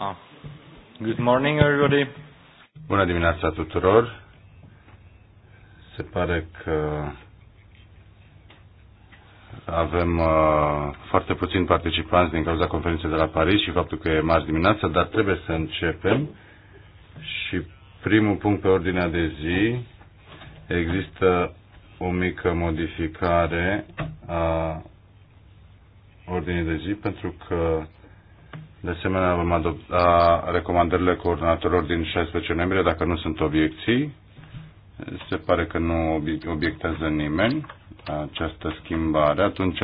Ah. Good morning, everybody. Bună dimineața tuturor. Se pare că avem uh, foarte puțini participanți din cauza conferinței de la Paris și faptul că e marți dimineața, dar trebuie să începem. Și primul punct pe ordinea de zi există o mică modificare a ordinii de zi pentru că de asemenea, vom adopta recomandările coordonatorilor din 16 noiembrie, dacă nu sunt obiecții. Se pare că nu obiectează nimeni această schimbare. Atunci,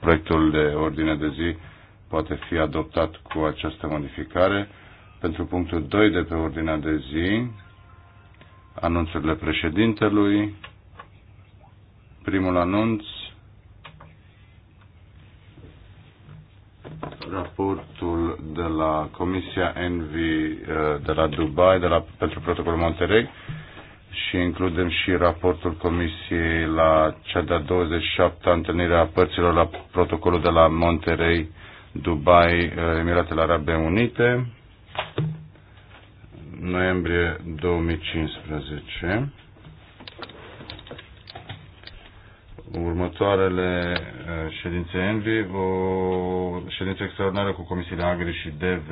proiectul de ordine de zi poate fi adoptat cu această modificare. Pentru punctul 2 de pe ordinea de zi, anunțurile președintelui. Primul anunț raportul de la Comisia Envi eh, de la Dubai de la, pentru protocolul Monterrey și includem și raportul Comisiei la cea de-a 27-a întâlnire a părților la protocolul de la Monterrey, Dubai, eh, Emiratele Arabe Unite, noiembrie 2015. următoarele ședințe ENVI, o ședință extraordinară cu comisiile Agri și DV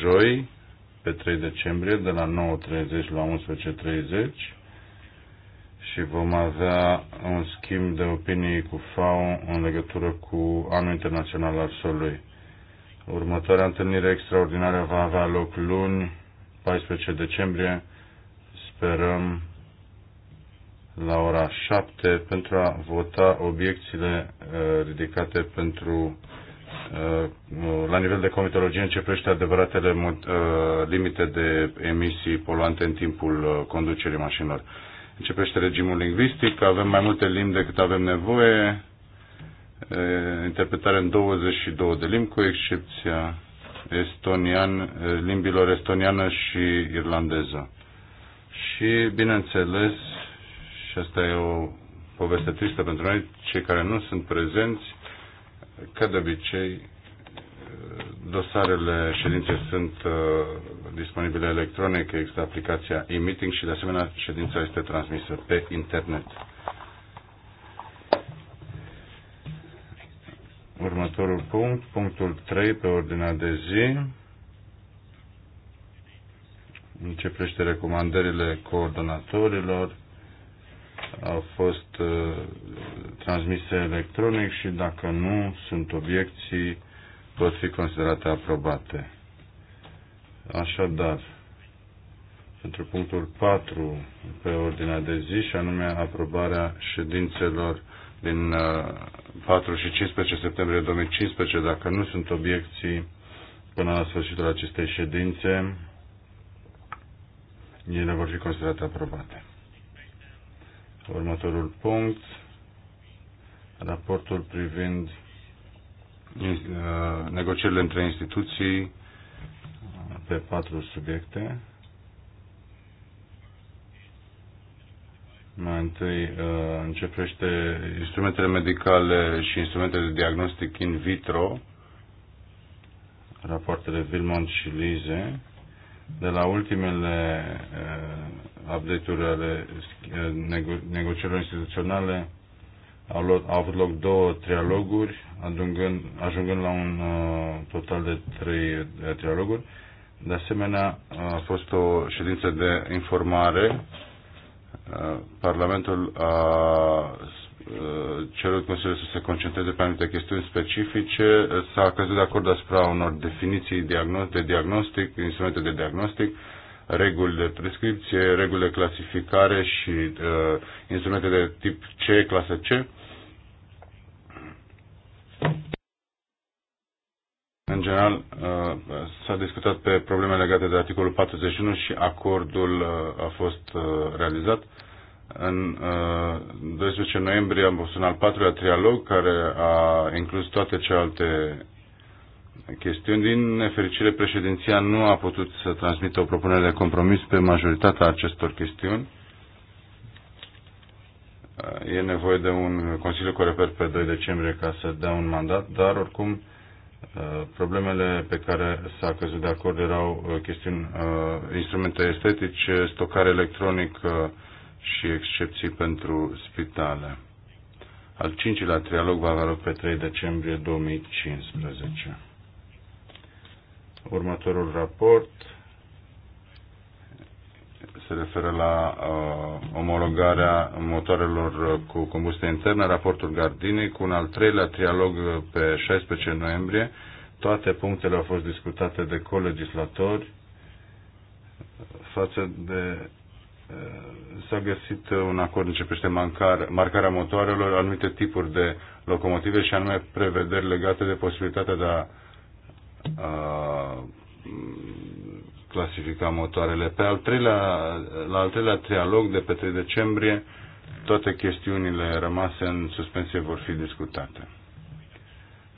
joi, pe 3 decembrie, de la 9.30 la 11.30 și vom avea un schimb de opinii cu FAO în legătură cu Anul Internațional al Solului. Următoarea întâlnire extraordinară va avea loc luni, 14 decembrie. Sperăm la ora 7 pentru a vota obiecțiile uh, ridicate pentru uh, la nivel de comitologie începește adevăratele uh, limite de emisii poluante în timpul conducerii mașinilor. Începește regimul lingvistic, avem mai multe limbi decât avem nevoie, interpretare în 22 de limbi, cu excepția estonian, limbilor estoniană și irlandeză. Și, bineînțeles, și asta e o poveste tristă pentru noi. Cei care nu sunt prezenți, ca de obicei, dosarele ședințe sunt uh, disponibile electronic, există aplicația e-meeting și de asemenea ședința este transmisă pe internet. Următorul punct, punctul 3 pe ordinea de zi, începește recomandările coordonatorilor au fost uh, transmise electronic și dacă nu sunt obiecții, pot fi considerate aprobate. Așadar, pentru punctul 4 pe ordinea de zi și anume aprobarea ședințelor din 4 uh, și 15 septembrie 2015, dacă nu sunt obiecții până la sfârșitul acestei ședințe, ele vor fi considerate aprobate. Următorul punct, raportul privind uh, negocierile între instituții pe patru subiecte. Mai întâi uh, începește instrumentele medicale și instrumentele de diagnostic in vitro, rapoartele Vilmont și Lize de la ultimele uh, update-uri ale eh, nego- negocierilor instituționale au, luat, au avut loc două trialoguri, adungând, ajungând la un uh, total de trei uh, trialoguri. De asemenea, a fost o ședință de informare. Parlamentul a Uh, cerut Consiliul să se concentreze pe anumite chestiuni specifice, s-a căzut de acord asupra unor definiții de diagnostic, instrumente de diagnostic, reguli de prescripție, reguli de clasificare și uh, instrumente de tip C, clasă C. În general, uh, s-a discutat pe probleme legate de articolul 41 și acordul uh, a fost realizat. În 12 uh, noiembrie am fost în al patrulea trialog care a inclus toate celelalte chestiuni. Din nefericire, președinția nu a putut să transmită o propunere de compromis pe majoritatea acestor chestiuni. Uh, e nevoie de un Consiliu Coreper pe 2 decembrie ca să dea un mandat, dar oricum uh, problemele pe care s-a căzut de acord erau chestiuni, instrumente estetice, stocare electronică, și excepții pentru spitale. Al cincilea trialog va avea loc pe 3 decembrie 2015. Următorul raport se referă la uh, omologarea motoarelor cu combustie internă, raportul Gardini, cu un al treilea trialog pe 16 noiembrie. Toate punctele au fost discutate de colegislatori față de Eh, s-a găsit un acord în ce privește marcarea motoarelor, anumite tipuri de locomotive și anume prevederi legate de posibilitatea de a, a mm, clasifica motoarele. Pe al treilea, la al treilea trialog de pe 3 decembrie, toate chestiunile rămase în suspensie vor fi discutate.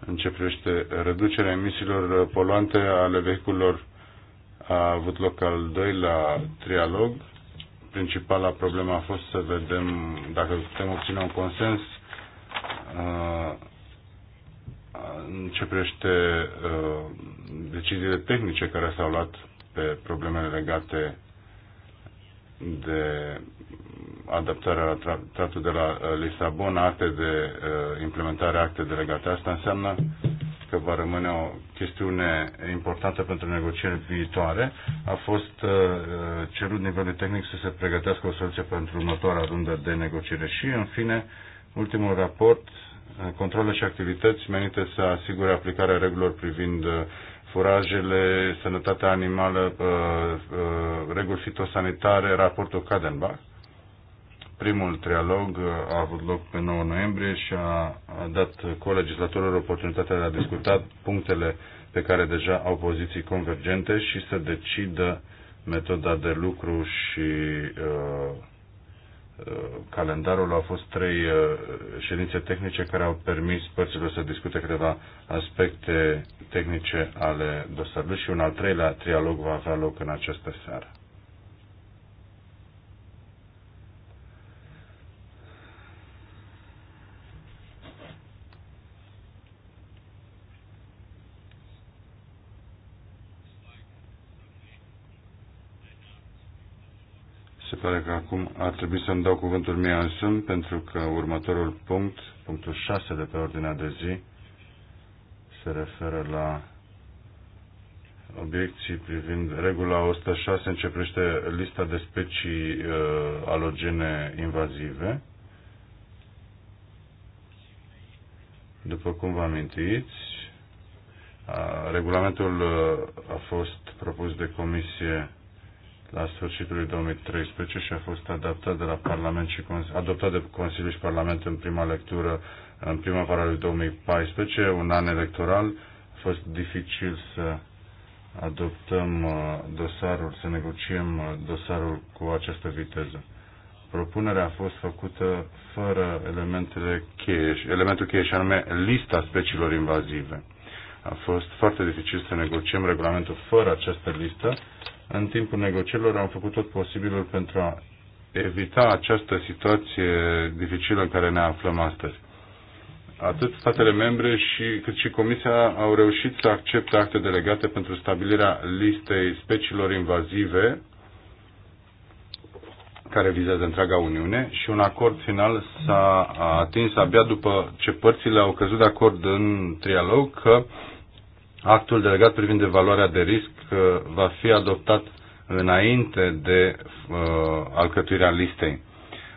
În ce privește reducerea emisiilor poluante ale vehiculelor a avut loc al doilea trialog principala problemă a fost să vedem dacă putem obține un consens uh, în ce privește uh, deciziile tehnice care s-au luat pe problemele legate de adaptarea la tratul de la uh, Lisabona, acte de implementare, acte delegate. Asta înseamnă că va rămâne o chestiune importantă pentru negocieri viitoare. A fost uh, cerut nivelul tehnic să se pregătească o soluție pentru următoarea rundă de negociere și, în fine, ultimul raport, uh, controle și activități menite să asigure aplicarea regulilor privind uh, furajele, sănătatea animală, reguli fitosanitare, raportul Cadenbach Primul trialog uh, a avut loc pe 9 noiembrie și a dat colegislatorilor oportunitatea de a discuta punctele pe care deja au poziții convergente și să decidă metoda de lucru și uh, uh, calendarul au fost trei ședințe tehnice care au permis părților să discute câteva aspecte tehnice ale dosarului și un al treilea trialog va avea loc în această seară. pare că acum ar trebui să-mi dau cuvântul mie însumi, pentru că următorul punct, punctul 6 de pe ordinea de zi, se referă la obiecții privind regula 106 începește lista de specii uh, alogene invazive. După cum vă amintiți, uh, regulamentul uh, a fost propus de comisie la sfârșitul 2013 și a fost adaptat de la Parlament și adoptat de Consiliu și Parlament în prima lectură în primăvara lui 2014, un an electoral. A fost dificil să adoptăm uh, dosarul, să negociem uh, dosarul cu această viteză. Propunerea a fost făcută fără elementele cheie, elementul cheie și anume lista speciilor invazive. A fost foarte dificil să negociem regulamentul fără această listă în timpul negocierilor am făcut tot posibilul pentru a evita această situație dificilă în care ne aflăm astăzi. Atât statele membre și, cât și Comisia au reușit să accepte acte delegate pentru stabilirea listei speciilor invazive care vizează întreaga Uniune și un acord final s-a atins abia după ce părțile au căzut de acord în trialog că uh, Actul delegat privind evaluarea de risc uh, va fi adoptat înainte de uh, alcătuirea listei.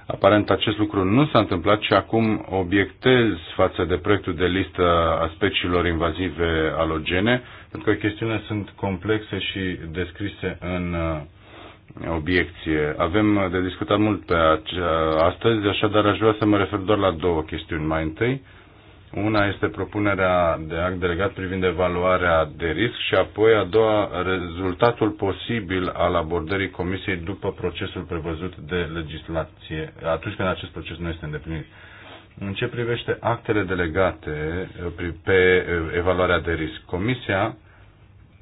Aparent acest lucru nu s-a întâmplat și acum obiectez față de proiectul de listă a speciilor invazive alogene, pentru că chestiunile sunt complexe și descrise în uh, obiecție. Avem de discutat mult pe acea, astăzi, așadar aș vrea să mă refer doar la două chestiuni mai întâi. Uh, una este propunerea de act delegat privind evaluarea de risc și apoi a doua rezultatul posibil al abordării comisiei după procesul prevăzut de legislație, atunci când acest proces nu este îndeplinit. În ce privește actele delegate eh, pe eh, evaluarea de risc, comisia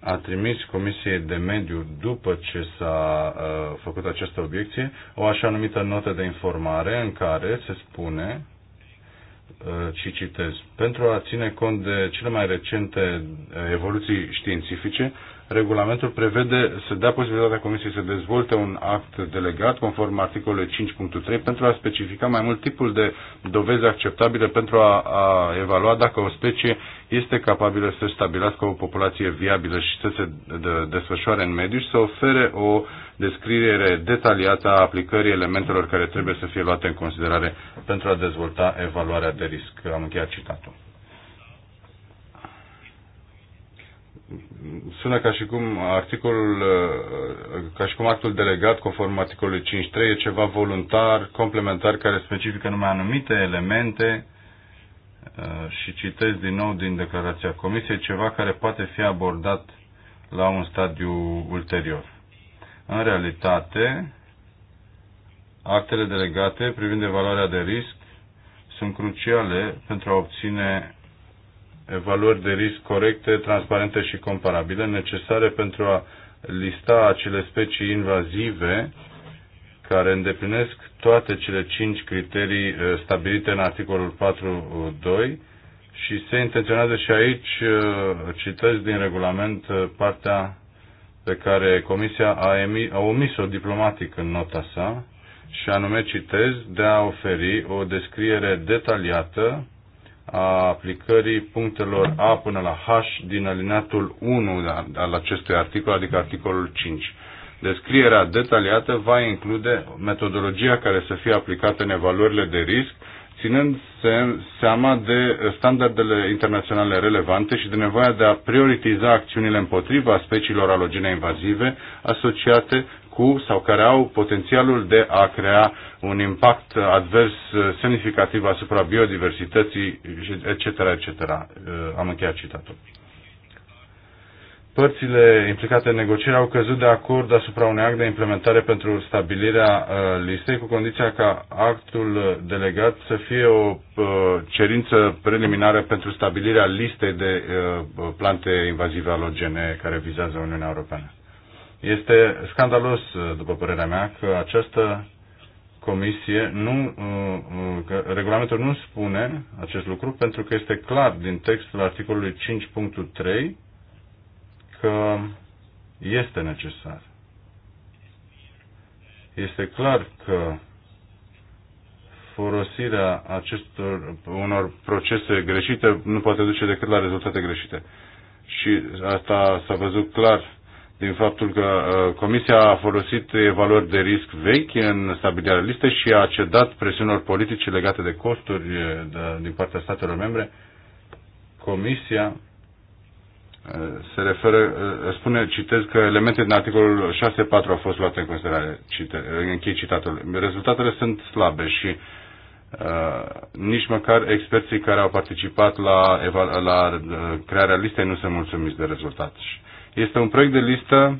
a trimis Comisiei de Mediu, după ce s-a uh, făcut această obiecție, o așa numită notă de informare în care se spune Uh, și citez. Pentru a ține cont de cele mai recente uh, evoluții științifice, regulamentul prevede să dea posibilitatea Comisiei să dezvolte un act delegat conform articolului 5.3 pentru a specifica mai mult tipul de dovezi acceptabile pentru a, a evalua dacă o specie este capabilă să stabilească o populație viabilă și să se desfășoare în mediu și să ofere o descriere detaliată a aplicării elementelor care trebuie să fie luate în considerare pentru a dezvolta evaluarea de risc. Am încheiat citatul. sună ca și cum articolul, uh, ca și cum actul delegat conform articolului 5.3 e ceva voluntar, complementar, care specifică numai anumite elemente uh, și citesc din nou din declarația Comisiei ceva care poate fi abordat la un stadiu ulterior. În realitate, actele delegate privind evaluarea de risc sunt cruciale pentru a obține evaluări de risc corecte, transparente și comparabile, necesare pentru a lista acele specii invazive care îndeplinesc toate cele cinci criterii uh, stabilite în articolul 4.2 uh, și se intenționează și aici, uh, citesc din regulament, partea pe care Comisia a, emis, a omis-o diplomatic în nota sa, și anume citez, de a oferi o descriere detaliată a aplicării punctelor A până la H din alineatul 1 al acestui articol, adică articolul 5. Descrierea detaliată va include metodologia care să fie aplicată în evaluările de risc, ținând seama de standardele internaționale relevante și de nevoia de a prioritiza acțiunile împotriva speciilor alogene invazive asociate cu sau care au potențialul de a crea un impact advers uh, semnificativ asupra biodiversității, etc. etc. Uh, am încheiat citatul. Părțile implicate în negocieri au căzut de acord asupra unui act de implementare pentru stabilirea uh, listei, cu condiția ca actul delegat să fie o cerință preliminară pentru stabilirea listei de plante invazive alogene care vizează Uniunea Europeană. Este scandalos, după părerea mea, că această comisie nu, uh, că regulamentul nu spune acest lucru pentru că este clar din textul articolului 5.3 că este necesar. Este clar că folosirea acestor unor procese greșite nu poate duce decât la rezultate greșite. Și asta s-a văzut clar din faptul că uh, Comisia a folosit evaluări de risc vechi în stabilirea listei și a cedat presiunilor politice legate de costuri uh, din partea statelor membre. Comisia uh, se referă, spune, citez că elemente din articolul 6.4 au fost luate în considerare, cite, închei citatul. Rezultatele sunt slabe și Uh, nici măcar experții care au participat la, la crearea listei nu sunt mulțumiți de rezultat. Și este un proiect de listă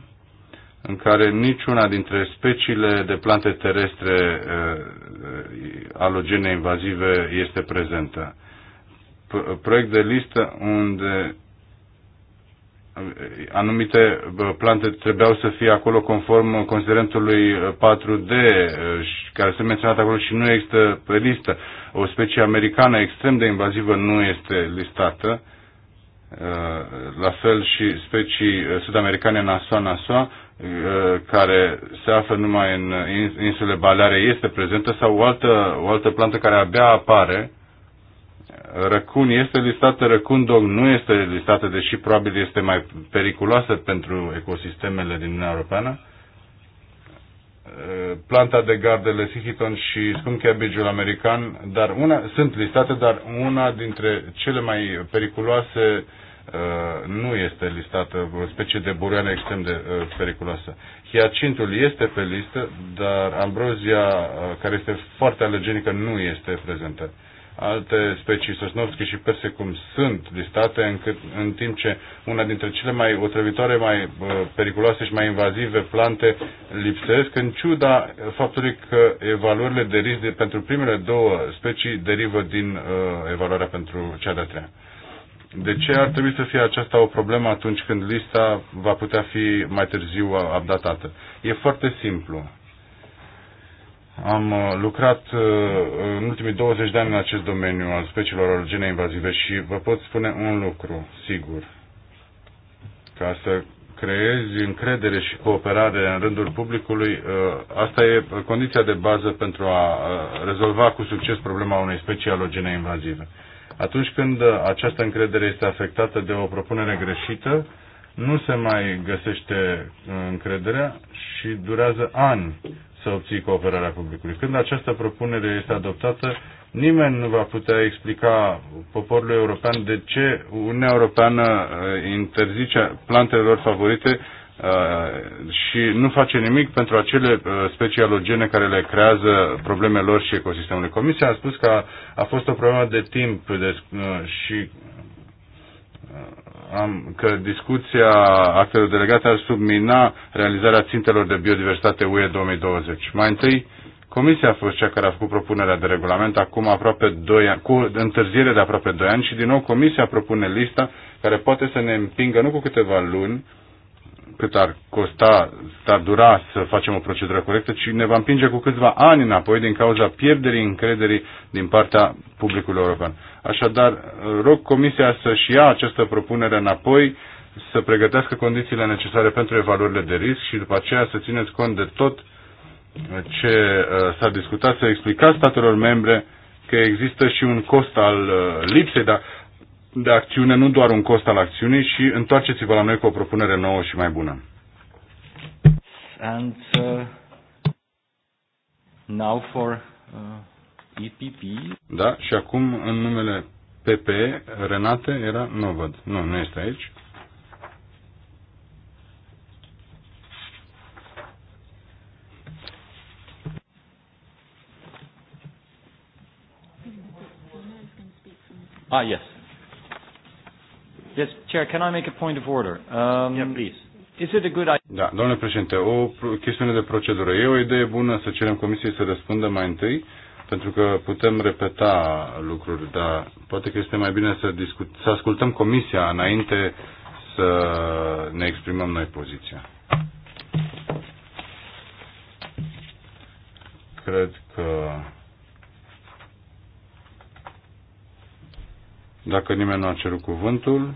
în care niciuna dintre speciile de plante terestre uh, uh, alogene invazive este prezentă. Proiect de listă unde uh, anumite plante trebuiau să fie acolo conform considerentului 4D care sunt menționate acolo și nu există pe listă. O specie americană extrem de invazivă nu este listată Uh, la fel și specii uh, sud-americane nasoa Nassau, uh, care se află numai în insule Baleare, este prezentă, sau o altă, o altă plantă care abia apare, răcun este listată, răcun dog nu este listată, deși probabil este mai periculoasă pentru ecosistemele din Uniunea Europeană, planta de gard de lesihiton și spun cabbage-ul american, dar una, sunt listate, dar una dintre cele mai periculoase uh, nu este listată, o specie de bureană extrem de uh, periculoasă. Hiacintul este pe listă, dar ambrozia, uh, care este foarte alergenică, nu este prezentă alte specii sosnovski și perse cum sunt listate, încât, în timp ce una dintre cele mai otrăvitoare, mai periculoase și mai invazive plante lipsesc, în ciuda faptului că evaluările de risc de, pentru primele două specii derivă din uh, evaluarea pentru cea de-a treia. De ce ar trebui să fie aceasta o problemă atunci când lista va putea fi mai târziu updatată? E foarte simplu am uh, lucrat uh, în ultimii 20 de ani în acest domeniu al speciilor orogene invazive și vă pot spune un lucru, sigur. Ca să creezi încredere și cooperare în rândul publicului, uh, asta e condiția de bază pentru a rezolva cu succes problema unei specii alogene invazive. Atunci când această încredere este afectată de o propunere greșită, nu se mai găsește încrederea și durează ani să obții cooperarea publicului. Când această propunere este adoptată, nimeni nu va putea explica poporului european de ce Uniunea Europeană uh, interzice plantelor favorite uh, și nu face nimic pentru acele uh, specii alogene care le creează problemelor și ecosistemului. Comisia a spus că a fost o problemă de timp de, și am, că discuția actelor delegate ar submina realizarea țintelor de biodiversitate UE 2020. Mai întâi, Comisia a fost cea care a făcut propunerea de regulament acum aproape 2 ani, cu întârziere de aproape 2 ani și din nou Comisia propune lista care poate să ne împingă nu cu câteva luni, cât ar costa, ar dura să facem o procedură corectă, ci ne va împinge cu câțiva ani înapoi din cauza pierderii încrederii din partea publicului european. Așadar, rog Comisia să-și ia această propunere înapoi, să pregătească condițiile necesare pentru evaluările de risc și după aceea să țineți cont de tot ce uh, s-a discutat, să explicați statelor membre că există și un cost al uh, lipsei, dar de acțiune, nu doar un cost al acțiunii și întoarceți-vă la noi cu o propunere nouă și mai bună. And uh, now for uh, EPP. Da, și acum în numele PP, Renate era, nu văd, nu, nu este aici. Ah, yes. Yes, Chair, can I make a point of order? Um, yeah, please. Is it a good idea? Da, domnule președinte, o chestiune de procedură. E o idee bună să cerem comisiei să răspundă mai întâi, pentru că putem repeta lucruri, dar poate că este mai bine să, discut, să ascultăm comisia înainte să ne exprimăm noi poziția. Cred că Dacă nimeni nu a cerut cuvântul,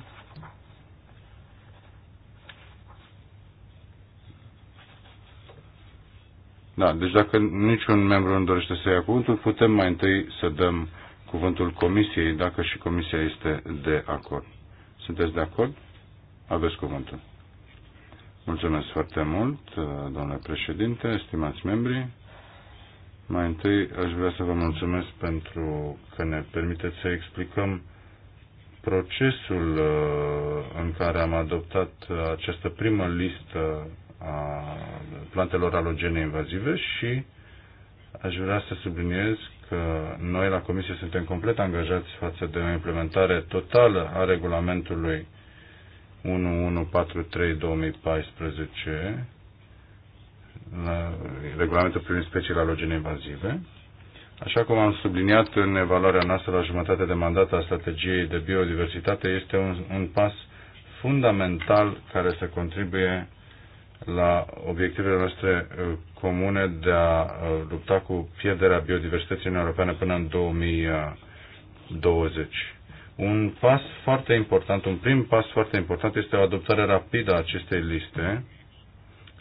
Da, deci dacă niciun membru nu dorește să ia cuvântul, putem mai întâi să dăm cuvântul comisiei, dacă și comisia este de acord. Sunteți de acord? Aveți cuvântul. Mulțumesc foarte mult, domnule președinte, stimați membri. Mai întâi aș vrea să vă mulțumesc pentru că ne permiteți să explicăm procesul uh, în care am adoptat uh, această primă listă a plantelor alogene invazive și aș vrea să subliniez că noi la Comisie suntem complet angajați față de o implementare totală a regulamentului 1143-2014, regulamentul privind speciile alogene invazive, Așa cum am subliniat în evaluarea noastră la jumătate de mandat a strategiei de biodiversitate, este un, un pas fundamental care să contribuie la obiectivele noastre uh, comune de a uh, lupta cu pierderea biodiversității în europeană până în 2020. Uh, un pas foarte important, un prim pas foarte important este o adoptare rapidă a acestei liste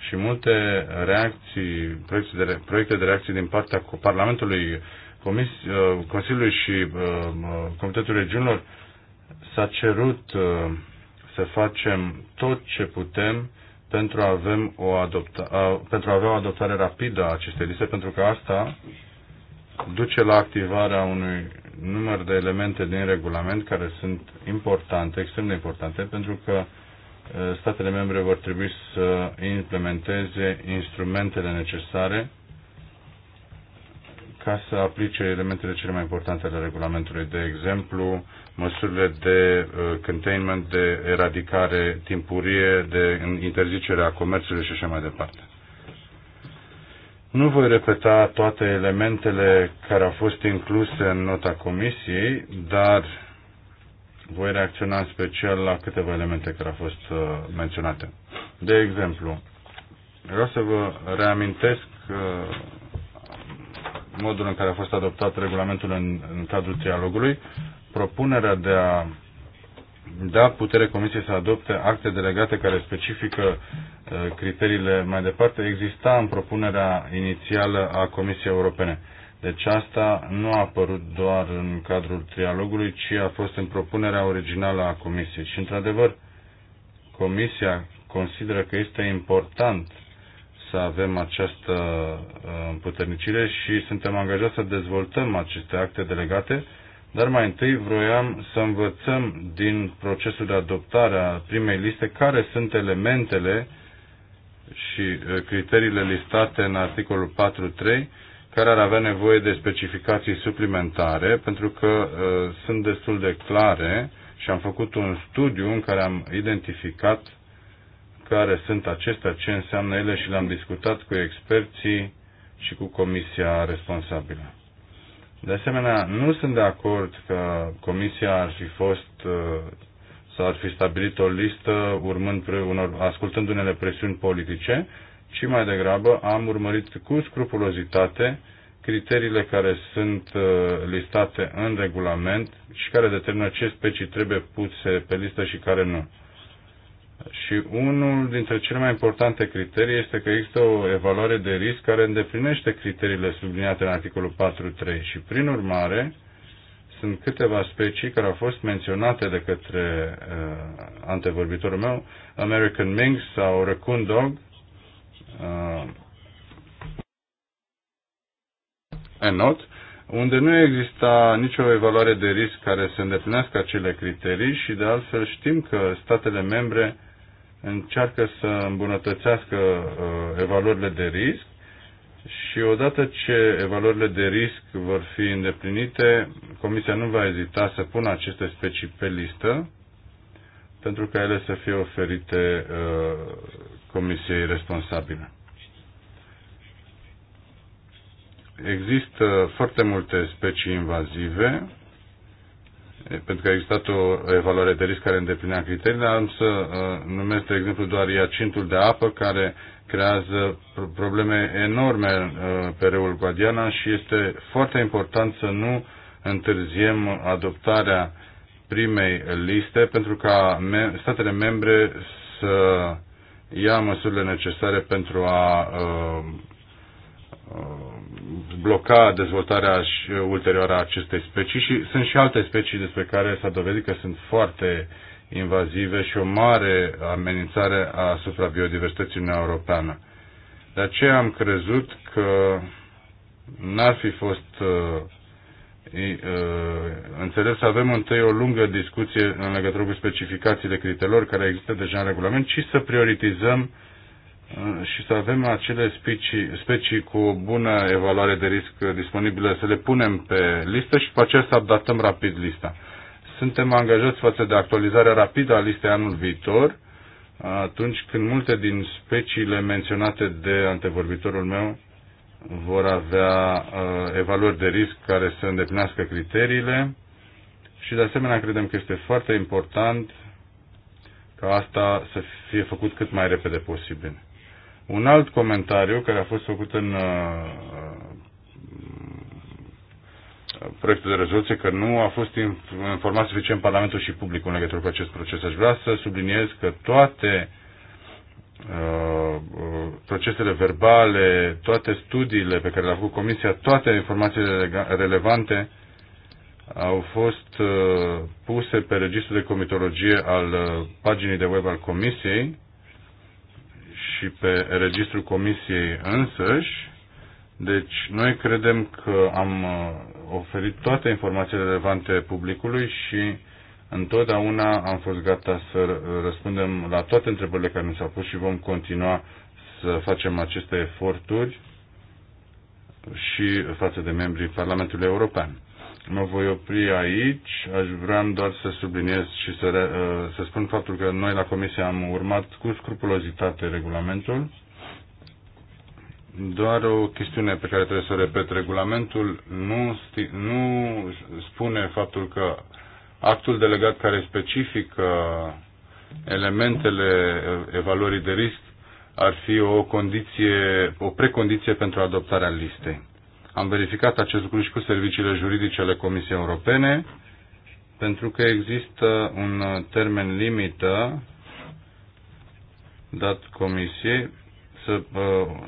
și multe reacții, proiecte de, proiecte de reacții din partea Parlamentului, Comis, uh, Consiliului și uh, uh, Comitetul Regiunilor, s-a cerut să facem tot ce putem pentru a, avem o adopta, pentru a avea o adoptare rapidă a acestei liste, pentru că asta duce la activarea unui număr de elemente din regulament care sunt importante, extrem de importante, pentru că uh, statele membre vor trebui să implementeze instrumentele necesare ca să aplice elementele cele mai importante ale regulamentului, de exemplu, măsurile de uh, containment, de eradicare timpurie, de interzicerea comerțului și așa mai departe. Nu voi repeta toate elementele care au fost incluse în nota comisiei, dar voi reacționa în special la câteva elemente care au fost uh, menționate. De exemplu, vreau să vă reamintesc uh, modul în care a fost adoptat regulamentul în, în cadrul trialogului, propunerea de a da putere Comisiei să adopte acte delegate care specifică uh, criteriile mai departe exista în propunerea inițială a Comisiei Europene. Deci asta nu a apărut doar în cadrul trialogului, ci a fost în propunerea originală a Comisiei. Și, într-adevăr, Comisia consideră că este important să avem această uh, împuternicire și suntem angajați să dezvoltăm aceste acte delegate, dar mai întâi vroiam să învățăm din procesul de adoptare a primei liste care sunt elementele și uh, criteriile listate în articolul 4.3 care ar avea nevoie de specificații suplimentare, pentru că uh, sunt destul de clare și am făcut un studiu în care am identificat care sunt acestea, ce înseamnă ele și le-am discutat cu experții și cu comisia responsabilă. De asemenea, nu sunt de acord că comisia ar fi fost uh, sau ar fi stabilit o listă urmând ascultând unele presiuni politice, ci mai degrabă am urmărit cu scrupulozitate criteriile care sunt uh, listate în regulament și care determină ce specii trebuie puse pe listă și care nu. Și unul dintre cele mai importante criterii este că există o evaluare de risc care îndeplinește criteriile subliniate în articolul 4.3 și, prin urmare, sunt câteva specii care au fost menționate de către uh, antevorbitorul meu, American Minx sau Raccoon Dog, uh, ENOT, unde nu exista nicio evaluare de risc care să îndeplinească acele criterii și de altfel știm că statele membre încearcă să îmbunătățească uh, evaluările de risc și odată ce evaluările de risc vor fi îndeplinite, Comisia nu va ezita să pună aceste specii pe listă pentru ca ele să fie oferite uh, comisiei responsabile. Există foarte multe specii invazive, pentru că a existat o evaluare de risc care îndeplinea criterii, dar am să uh, numesc, de exemplu, doar iacintul de apă, care creează probleme enorme uh, pe râul Guadiana și este foarte important să nu întârziem adoptarea primei liste pentru ca statele membre să ia măsurile necesare pentru a uh, uh, bloca dezvoltarea și ulterioară a acestei specii și sunt și alte specii despre care s-a dovedit că sunt foarte invazive și o mare amenințare asupra biodiversității în europeană. De aceea am crezut că n-ar fi fost uh, Ă, înțeles să avem întâi o lungă discuție în legătură cu specificațiile criteriilor care există deja în regulament, și să prioritizăm ă, și să avem acele specii, specii cu o bună evaluare de risc disponibile, să le punem pe listă și după aceea să updatăm rapid lista. Suntem angajați față de actualizarea rapidă a listei anul viitor, atunci când multe din speciile menționate de antevorbitorul meu vor avea uh, evaluări de risc care să îndeplinească criteriile și de asemenea credem că este foarte important ca asta să fie făcut cât mai repede posibil. Un alt comentariu care a fost făcut în uh, uh, proiectul de rezoluție că nu a fost informat suficient Parlamentul și publicul în legătură cu acest proces. Aș vrea să subliniez că toate uh, Uh, uh, procesele verbale, toate studiile pe care le-a făcut Comisia, toate informațiile relevante au fost uh, puse pe registrul de comitologie al paginii de web al Comisiei și pe registrul Comisiei însăși. Deci noi credem că am oferit toate informațiile relevante publicului și Întotdeauna am fost gata să răspundem la toate întrebările care ni s-au pus și vom continua să facem aceste eforturi și față de membrii Parlamentului European. Mă voi opri aici. Aș vrea doar să subliniez și să, re, uh, să spun faptul că noi la Comisie am urmat cu scrupulozitate regulamentul. Doar o chestiune pe care trebuie să o repet. Regulamentul nu, nu spune faptul că actul delegat care specifică elementele evaluării de risc ar fi o condiție, o precondiție pentru adoptarea listei. Am verificat acest lucru și cu serviciile juridice ale Comisiei Europene, pentru că există un termen limită dat Comisiei să uh,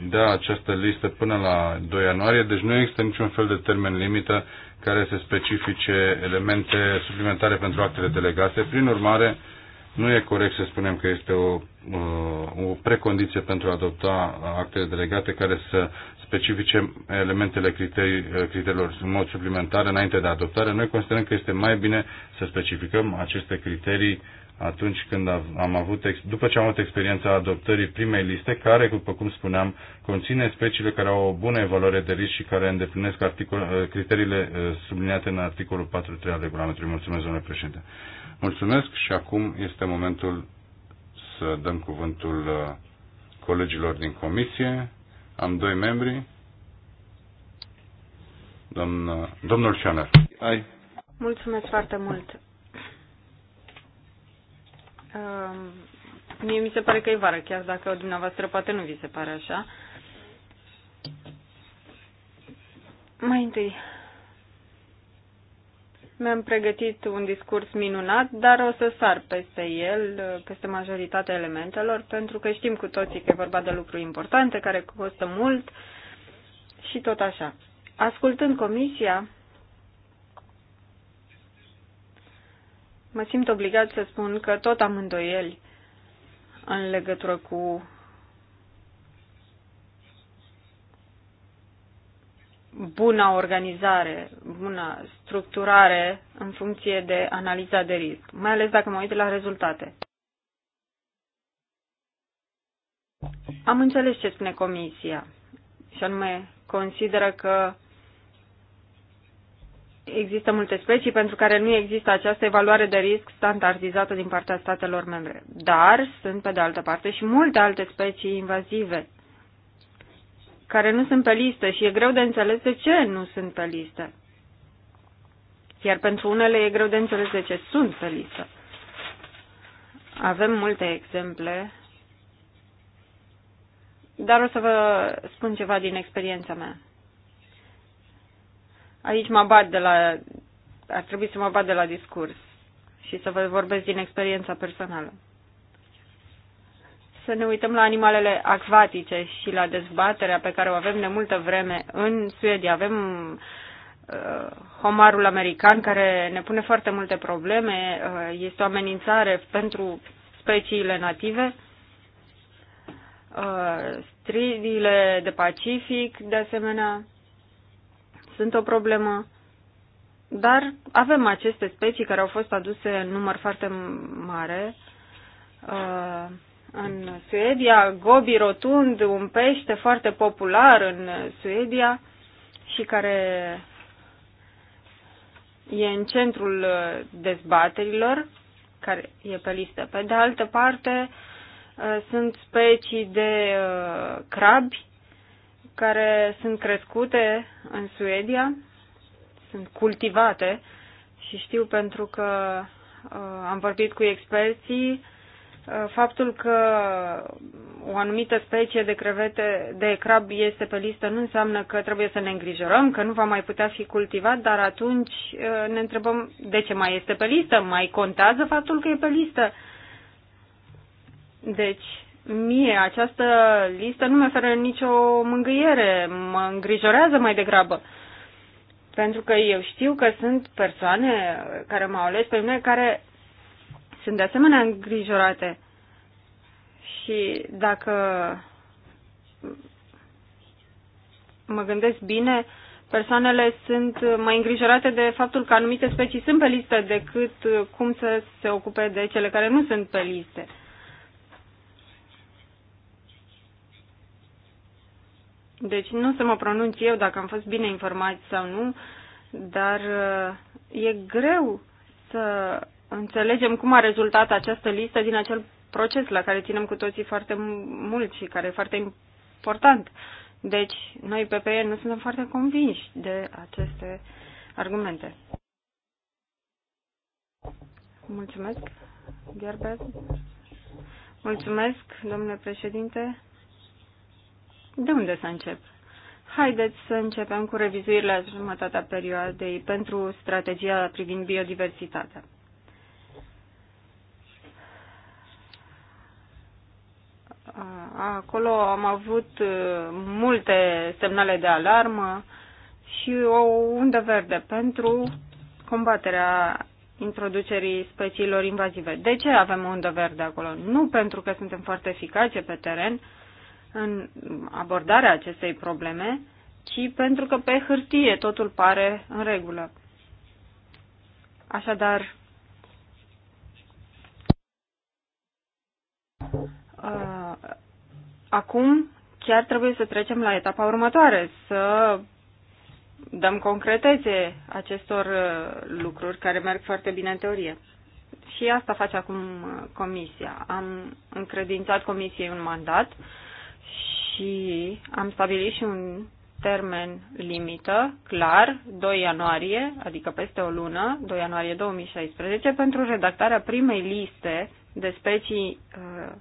dea această listă până la 2 ianuarie, deci nu există niciun fel de termen limită care să specifice elemente suplimentare pentru actele delegate. Prin urmare, nu e corect să spunem că este o, uh, o precondiție pentru a adopta actele delegate care să specifice elementele criterii, uh, criteriilor în mod suplimentar înainte de adoptare. Noi considerăm că este mai bine să specificăm aceste criterii atunci când am avut, după ce am avut experiența adoptării primei liste, care, după cum spuneam, conține speciile care au o bună evaluare de risc și care îndeplinesc articol, eh, criteriile eh, subliniate în articolul 4.3 al regulamentului. Mulțumesc, domnule președinte. Mulțumesc și acum este momentul să dăm cuvântul eh, colegilor din comisie. Am doi membri. Domn, domnul Șaner. Ai. Mulțumesc foarte mult. Ehm, mie mi se pare că e vară, chiar dacă dumneavoastră poate nu vi se pare așa. Mai întâi, mi-am pregătit un discurs minunat, dar o să sar peste el, peste majoritatea elementelor, pentru că știm cu toții că e vorba de lucruri importante, care costă mult și tot așa. Ascultând comisia, mă simt obligat să spun că tot am îndoieli în legătură cu buna organizare, buna structurare în funcție de analiza de risc, mai ales dacă mă uit la rezultate. Am înțeles ce spune comisia și anume consideră că Există multe specii pentru care nu există această evaluare de risc standardizată din partea statelor membre. Dar sunt, pe de altă parte, și multe alte specii invazive care nu sunt pe listă și e greu de înțeles de ce nu sunt pe listă. Iar pentru unele e greu de înțeles de ce sunt pe listă. Avem multe exemple, dar o să vă spun ceva din experiența mea. Aici mă bat de la, ar trebui să mă bat de la discurs și să vă vorbesc din experiența personală. Să ne uităm la animalele acvatice și la dezbaterea pe care o avem de multă vreme în Suedia. Avem uh, homarul american care ne pune foarte multe probleme, uh, este o amenințare pentru speciile native. Uh, stridiile de Pacific, de asemenea, sunt o problemă, dar avem aceste specii care au fost aduse în număr foarte mare. Uh, în Suedia, gobi rotund, un pește foarte popular în Suedia și care e în centrul uh, dezbaterilor, care e pe listă. Pe de altă parte, uh, sunt specii de crabi care sunt crescute în Suedia, sunt cultivate și știu pentru că uh, am vorbit cu experții uh, faptul că o anumită specie de crevete, de crab este pe listă nu înseamnă că trebuie să ne îngrijorăm, că nu va mai putea fi cultivat, dar atunci uh, ne întrebăm de ce mai este pe listă, mai contează faptul că e pe listă. Deci, mie această listă nu mi oferă nicio mângâiere, mă îngrijorează mai degrabă. Pentru că eu știu că sunt persoane care m-au ales pe mine care sunt de asemenea îngrijorate. Și dacă mă gândesc bine, persoanele sunt mai îngrijorate de faptul că anumite specii sunt pe listă decât cum să se ocupe de cele care nu sunt pe listă. Deci nu să mă pronunț eu dacă am fost bine informați sau nu, dar uh, e greu să înțelegem cum a rezultat această listă din acel proces la care ținem cu toții foarte mult și care e foarte important. Deci, noi PPE nu suntem foarte convinși de aceste argumente. Mulțumesc, Gerber. Mulțumesc, domnule președinte. De unde să încep? Haideți să începem cu revizuirile la jumătatea perioadei pentru strategia privind biodiversitatea. Acolo am avut uh, multe semnale de alarmă și o undă verde pentru combaterea introducerii speciilor invazive. De ce avem o undă verde acolo? Nu pentru că suntem foarte eficace pe teren, în abordarea acestei probleme, ci pentru că pe hârtie totul pare în regulă. Așadar, uh, acum chiar trebuie să trecem la etapa următoare, să dăm concretețe acestor uh, lucruri care merg foarte bine în teorie. Și asta face acum uh, comisia. Am încredințat comisiei un mandat și am stabilit și un termen limită, clar, 2 ianuarie, adică peste o lună, 2 ianuarie 2016, pentru redactarea primei liste de specii uh,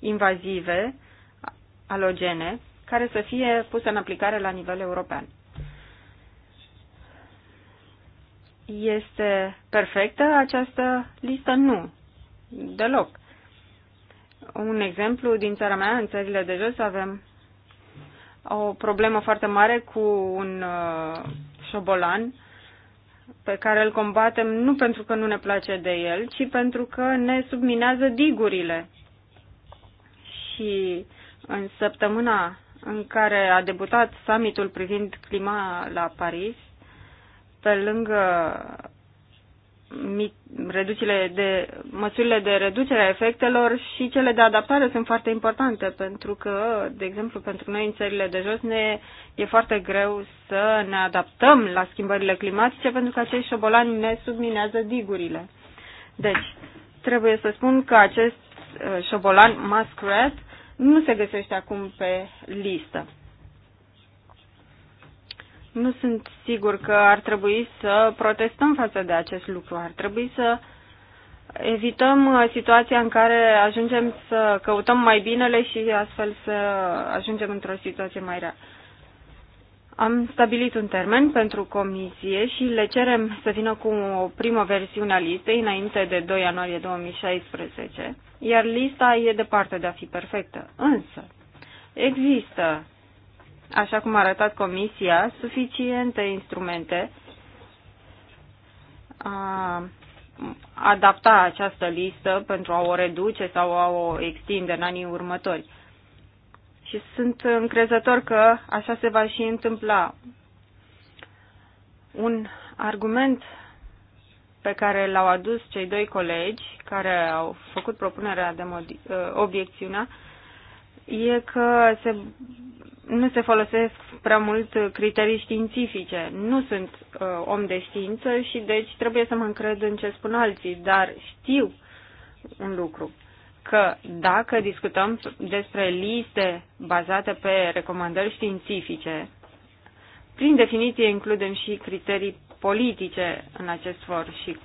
invazive alogene care să fie pusă în aplicare la nivel european. Este perfectă această listă? Nu, deloc. Un exemplu din țara mea, în țările de jos, avem o problemă foarte mare cu un uh, șobolan pe care îl combatem nu pentru că nu ne place de el, ci pentru că ne subminează digurile. Și în săptămâna în care a debutat summitul privind clima la Paris, pe lângă reducile de, măsurile de reducere a efectelor și cele de adaptare sunt foarte importante pentru că, de exemplu, pentru noi în țările de jos ne e foarte greu să ne adaptăm la schimbările climatice pentru că acești șobolani ne subminează digurile. Deci, trebuie să spun că acest uh, șobolan muskrat nu se găsește acum pe listă. Nu sunt sigur că ar trebui să protestăm față de acest lucru. Ar trebui să evităm uh, situația în care ajungem să căutăm mai binele și astfel să ajungem într-o situație mai rea. Am stabilit un termen pentru comisie și le cerem să vină cu o primă versiune a listei înainte de 2 ianuarie 2016, iar lista e departe de a fi perfectă. Însă, există așa cum a arătat Comisia, suficiente instrumente a adapta această listă pentru a o reduce sau a o extinde în anii următori. Și sunt încrezător că așa se va și întâmpla. Un argument pe care l-au adus cei doi colegi care au făcut propunerea de ă, obiecțiunea e că se nu se folosesc prea mult criterii științifice. Nu sunt uh, om de știință și deci trebuie să mă încred în ce spun alții, dar știu un lucru, că dacă discutăm despre liste bazate pe recomandări științifice, prin definiție includem și criterii politice în acest for și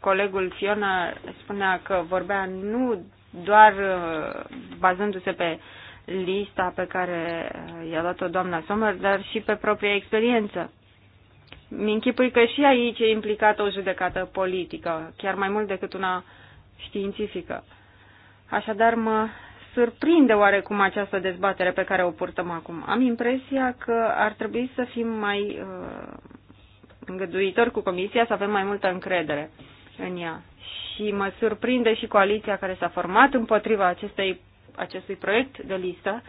colegul Fiona spunea că vorbea nu doar uh, bazându-se pe uh, lista pe care i-a dat-o doamna Sommer, dar și pe propria experiență. Mi-închipui că și aici e implicată o judecată politică, chiar mai mult decât una științifică. Așadar, mă surprinde oarecum această dezbatere pe care o purtăm acum. Am impresia că ar trebui să fim mai uh, îngăduitori cu Comisia, să avem mai multă încredere în ea. Și mă surprinde și coaliția care s-a format împotriva acestei acestui proiect de listă.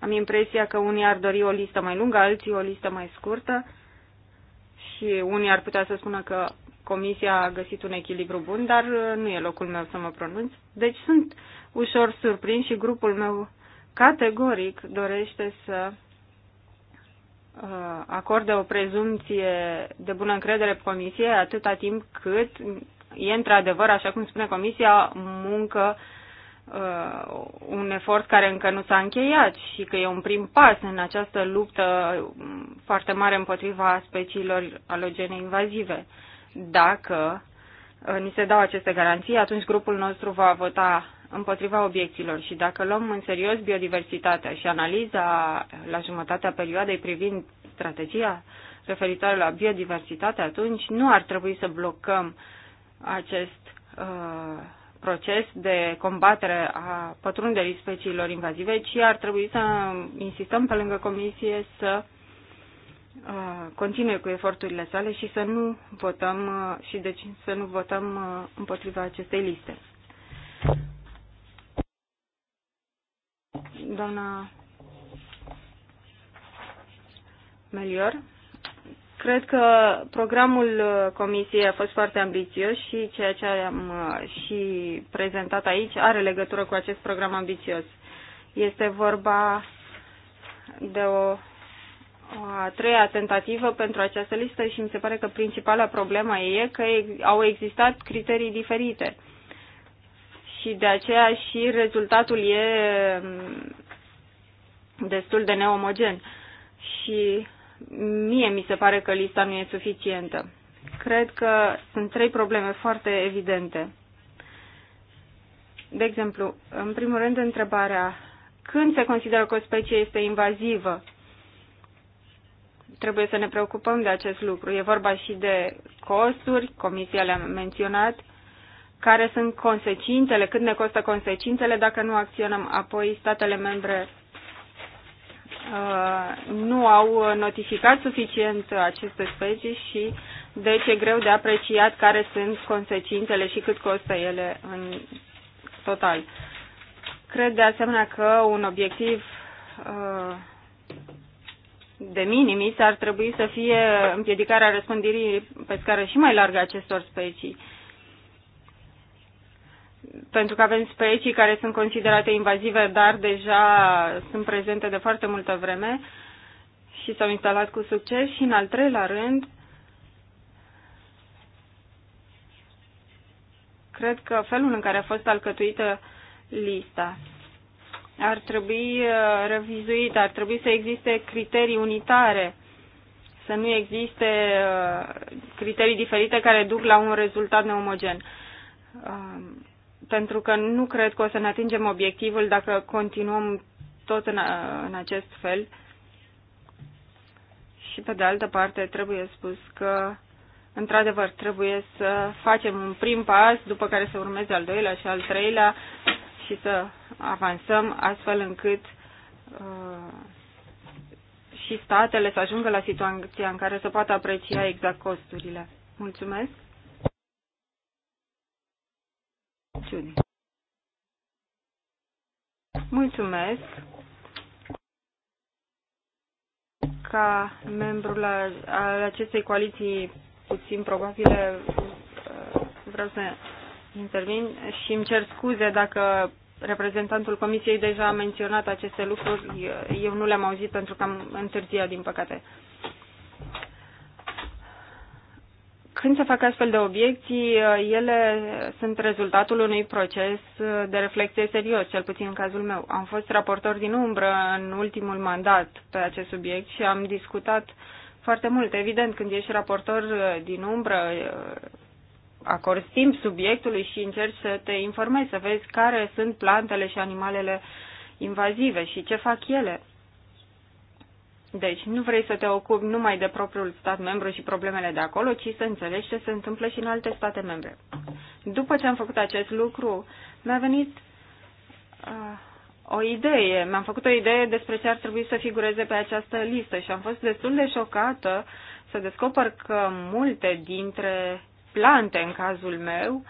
Am impresia că unii ar dori o listă mai lungă, alții o listă mai scurtă și unii ar putea să spună că comisia a găsit un echilibru bun, dar uh, nu e locul meu să mă pronunț. Deci sunt ușor surprins și grupul meu categoric dorește să uh, acorde o prezumție de bună încredere comisiei atâta timp cât e într-adevăr, așa cum spune comisia, muncă uh, un efort care încă nu s-a încheiat și că e un prim pas în această luptă foarte mare împotriva speciilor alogene invazive. Dacă uh, ni se dau aceste garanții, atunci grupul nostru va vota împotriva obiecțiilor și dacă luăm în serios biodiversitatea și analiza la jumătatea perioadei privind strategia referitoare la biodiversitate, atunci nu ar trebui să blocăm acest uh, proces de combatere a pătrunderii speciilor invazive, ci ar trebui să insistăm pe lângă comisie să uh, continue cu eforturile sale și să nu votăm uh, și deci să nu votăm uh, împotriva acestei liste. Doamna Melior. Cred că programul uh, Comisiei a fost foarte ambițios și ceea ce am uh, și prezentat aici are legătură cu acest program ambițios. Este vorba de o, a treia tentativă pentru această listă și mi se pare că principala problemă e că au existat criterii diferite. Și de aceea și rezultatul e mm, destul de neomogen. Și mie mi se pare că lista nu e suficientă. Cred că sunt trei probleme foarte evidente. De exemplu, în primul rând întrebarea când se consideră că o specie este invazivă? Trebuie să ne preocupăm de acest lucru. E vorba și de costuri, comisia le-a menționat, care sunt consecințele, cât ne costă consecințele dacă nu acționăm. Apoi statele membre Uh, nu au notificat suficient aceste specii și deci e greu de apreciat care sunt consecințele și cât costă ele în total. Cred de asemenea că un obiectiv uh, de minimis ar trebui să fie împiedicarea răspândirii pe scară și mai largă acestor specii pentru că avem specii care sunt considerate invazive, dar deja sunt prezente de foarte multă vreme și s-au instalat cu succes. Și în al treilea rând, cred că felul în care a fost alcătuită lista ar trebui uh, revizuit, ar trebui să existe criterii unitare, să nu existe uh, criterii diferite care duc la un rezultat neomogen. Um, pentru că nu cred că o să ne atingem obiectivul dacă continuăm tot în, în acest fel. Și pe de altă parte trebuie spus că într-adevăr trebuie să facem un prim pas, după care să urmeze al doilea și al treilea și să avansăm astfel încât uh, și statele să ajungă la situația în care să poată aprecia exact costurile. Mulțumesc! Julie. Mulțumesc. Ca membrul al acestei coaliții puțin probabil uh, vreau să intervin și îmi cer scuze dacă reprezentantul comisiei deja a menționat aceste lucruri. Eu nu le-am auzit pentru că am întârziat, din păcate. Uh, când se fac astfel de obiecții, ele sunt rezultatul unui proces de reflexie serios, cel puțin în cazul meu. Am fost raportor din umbră în ultimul mandat pe acest subiect și am discutat foarte mult. Evident, când ești raportor din umbră, acorzi timp subiectului și încerci să te informezi, să vezi care sunt plantele și animalele invazive și ce fac ele. Deci nu vrei să te ocupi numai de propriul stat membru și problemele de acolo, ci să înțelegi ce se întâmplă și în alte state membre. După ce am făcut acest lucru, mi-a venit uh, o idee, mi-am făcut o idee despre ce ar trebui să figureze pe această listă și am fost destul de șocată să descoper că multe dintre plante în cazul meu,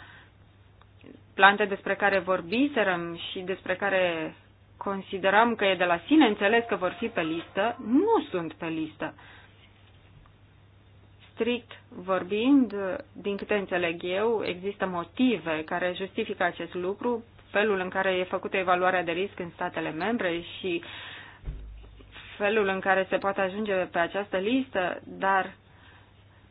plante despre care vorbiserăm și despre care considerăm că e de la sine înțeles că vor fi pe listă, nu sunt pe listă. Strict vorbind, din câte înțeleg eu, există motive care justifică acest lucru, felul în care e făcută evaluarea de risc în statele membre și felul în care se poate ajunge pe această listă, dar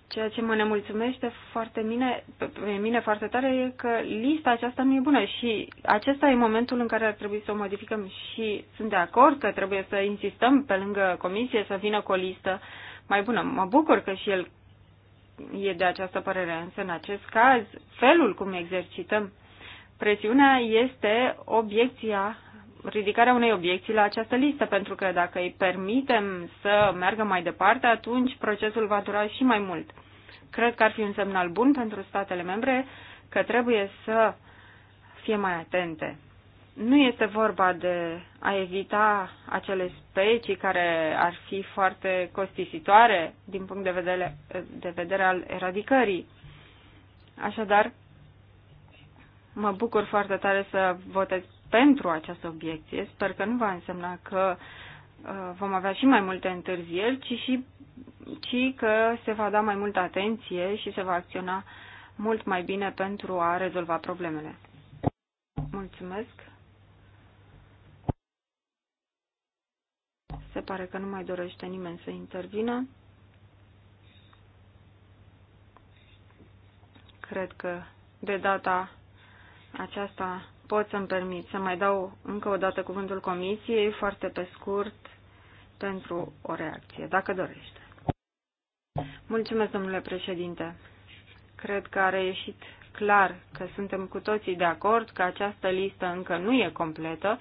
Ceea ce mă nemulțumește foarte mine, pe mine foarte tare e că lista aceasta nu e bună și acesta e momentul în care ar trebui să o modificăm și sunt de acord că trebuie să insistăm pe lângă comisie să vină cu o listă mai bună. Mă bucur că și el e de această părere, însă în acest caz felul cum exercităm presiunea este obiecția ridicarea unei obiecții la această listă, pentru că dacă îi permitem să meargă mai departe, atunci procesul va dura și mai mult. Cred că ar fi un semnal bun pentru statele membre că trebuie să fie mai atente. Nu este vorba de a evita acele specii care ar fi foarte costisitoare din punct de vedere, de vedere al eradicării. Așadar, mă bucur foarte tare să votez pentru această obiecție. Sper că nu va însemna că uh, vom avea și mai multe întârzieri, ci, și, ci că se va da mai multă atenție și se va acționa mult mai bine pentru a rezolva problemele. Mulțumesc! Se pare că nu mai dorește nimeni să intervină. Cred că de data aceasta pot să-mi permit să mai dau încă o dată cuvântul comisiei, foarte pe scurt, pentru o reacție, dacă dorește. Mulțumesc, domnule președinte. Cred că a reieșit clar că suntem cu toții de acord că această listă încă nu e completă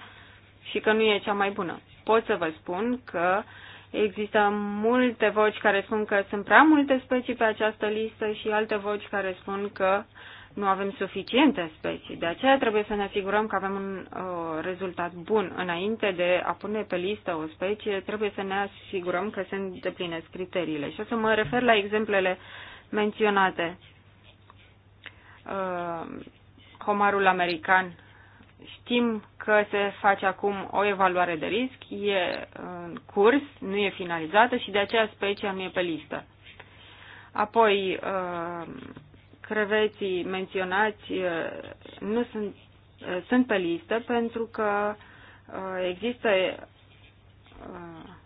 și că nu e cea mai bună. Pot să vă spun că există multe voci care spun că sunt prea multe specii pe această listă și alte voci care spun că uh, nu avem suficiente specii. De aceea trebuie să ne asigurăm că avem un uh, rezultat bun. Înainte de a pune pe listă o specie, trebuie să ne asigurăm că se îndeplinesc criteriile. Și o să mă refer la exemplele menționate. Uh, homarul american. Știm că se face acum o evaluare de risc, e în curs, nu e finalizată și de aceea specia nu e pe listă. Apoi, uh, creveții menționați uh, nu sunt, uh, sunt pe listă pentru că uh, există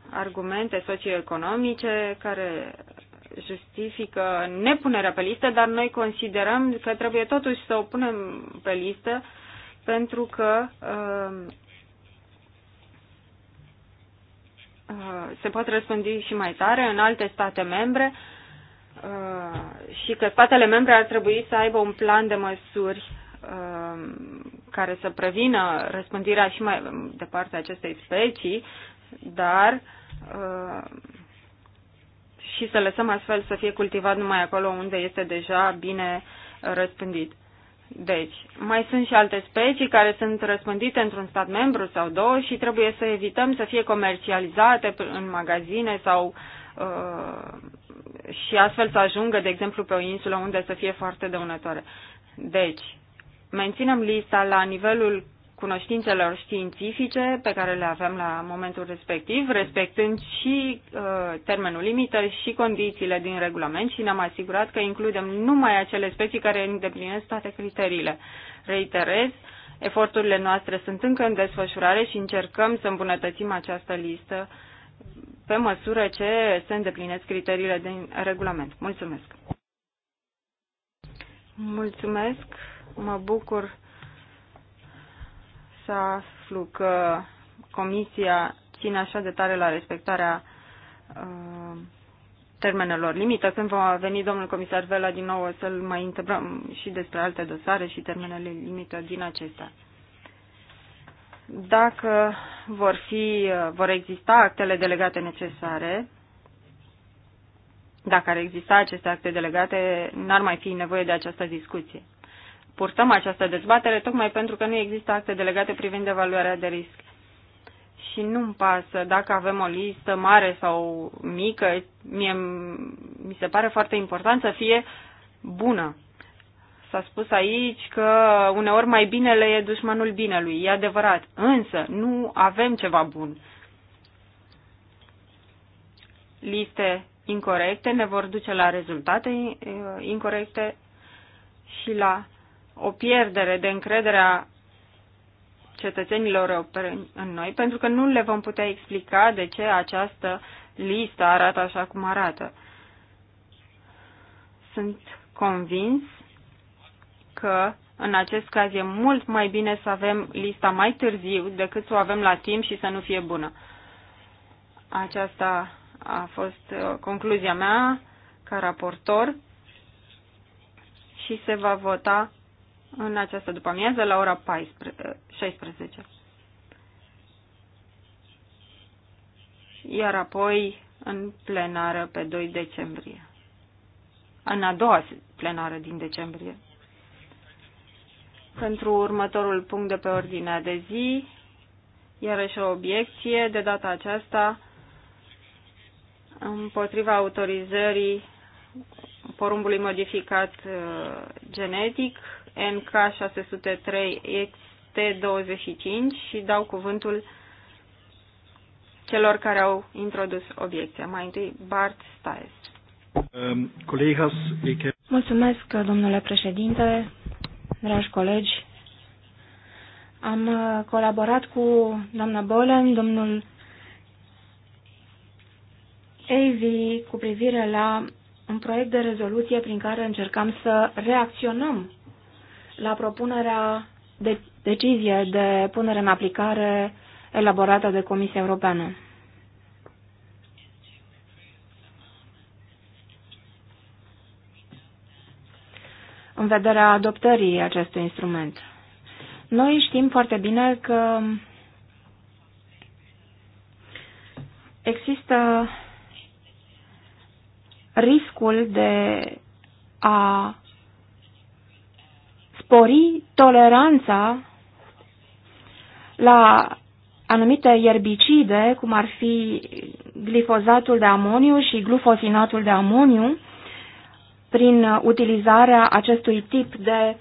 argumente socioeconomice care justifică nepunerea pe listă, dar noi considerăm că trebuie totuși să o punem pe listă pentru că se pot răspândi și mai tare în alte state membre Uh, și că statele membre ar trebui să aibă un plan de măsuri um, care să prevină răspândirea și mai departe acestei specii, dar uh, și să lăsăm astfel să fie cultivat numai acolo unde este deja bine răspândit. Deci, mai sunt și alte specii care sunt răspândite într-un stat membru sau două și trebuie să evităm să fie comercializate în magazine sau uh, și astfel să ajungă, de exemplu, pe o insulă unde să fie foarte dăunătoare. Deci, menținem lista la nivelul cunoștințelor științifice pe care le avem la momentul respectiv, respectând și uh, termenul limită și condițiile din regulament și ne-am asigurat că includem numai acele specii care îndeplinesc toate criteriile. Reiterez, eforturile noastre sunt încă în desfășurare și încercăm să îmbunătățim această listă pe măsură ce se îndeplinesc criteriile din regulament. Mulțumesc! Mulțumesc! Mă bucur să aflu că Comisia ține așa de tare la respectarea uh, termenelor limită. Când va veni domnul comisar Vela din nou, o să-l mai întrebăm și despre alte dosare și termenele limită din acestea dacă vor, fi, vor exista actele delegate necesare, dacă ar exista aceste acte delegate, n-ar mai fi nevoie de această discuție. Purtăm această dezbatere tocmai pentru că nu există acte delegate privind evaluarea de risc. Și nu-mi pasă dacă avem o listă mare sau mică, mie, mi se pare foarte important să fie bună S-a spus aici că uneori mai binele e dușmanul binelui. E adevărat. Însă nu avem ceva bun. Liste incorrecte ne vor duce la rezultate uh, incorrecte și la o pierdere de încredere a cetățenilor în noi, pentru că nu le vom putea explica de ce această listă arată așa cum arată. Sunt convins că în acest caz e mult mai bine să avem lista mai târziu decât să o avem la timp și să nu fie bună. Aceasta a fost uh, concluzia mea ca raportor și se va vota în această după-amiază la ora 16. Iar apoi în plenară pe 2 decembrie. În a doua plenară din decembrie pentru următorul punct de pe ordinea de zi. Iarăși o obiecție, de data aceasta, împotriva autorizării porumbului modificat uh, genetic NK603XT25 și dau cuvântul celor care au introdus obiecția. Mai întâi, Bart Staes. Um, Mulțumesc, domnule președinte, dragi colegi. Am uh, colaborat cu doamna Bolen, domnul Avi, cu privire la un proiect de rezoluție prin care încercam să reacționăm la propunerea de decizie de punere în aplicare elaborată de Comisia Europeană. în vederea adoptării acestui instrument. Noi știm foarte bine că există riscul de a spori toleranța la anumite ierbicide, cum ar fi glifozatul de amoniu și glufosinatul de amoniu, prin uh, utilizarea acestui tip de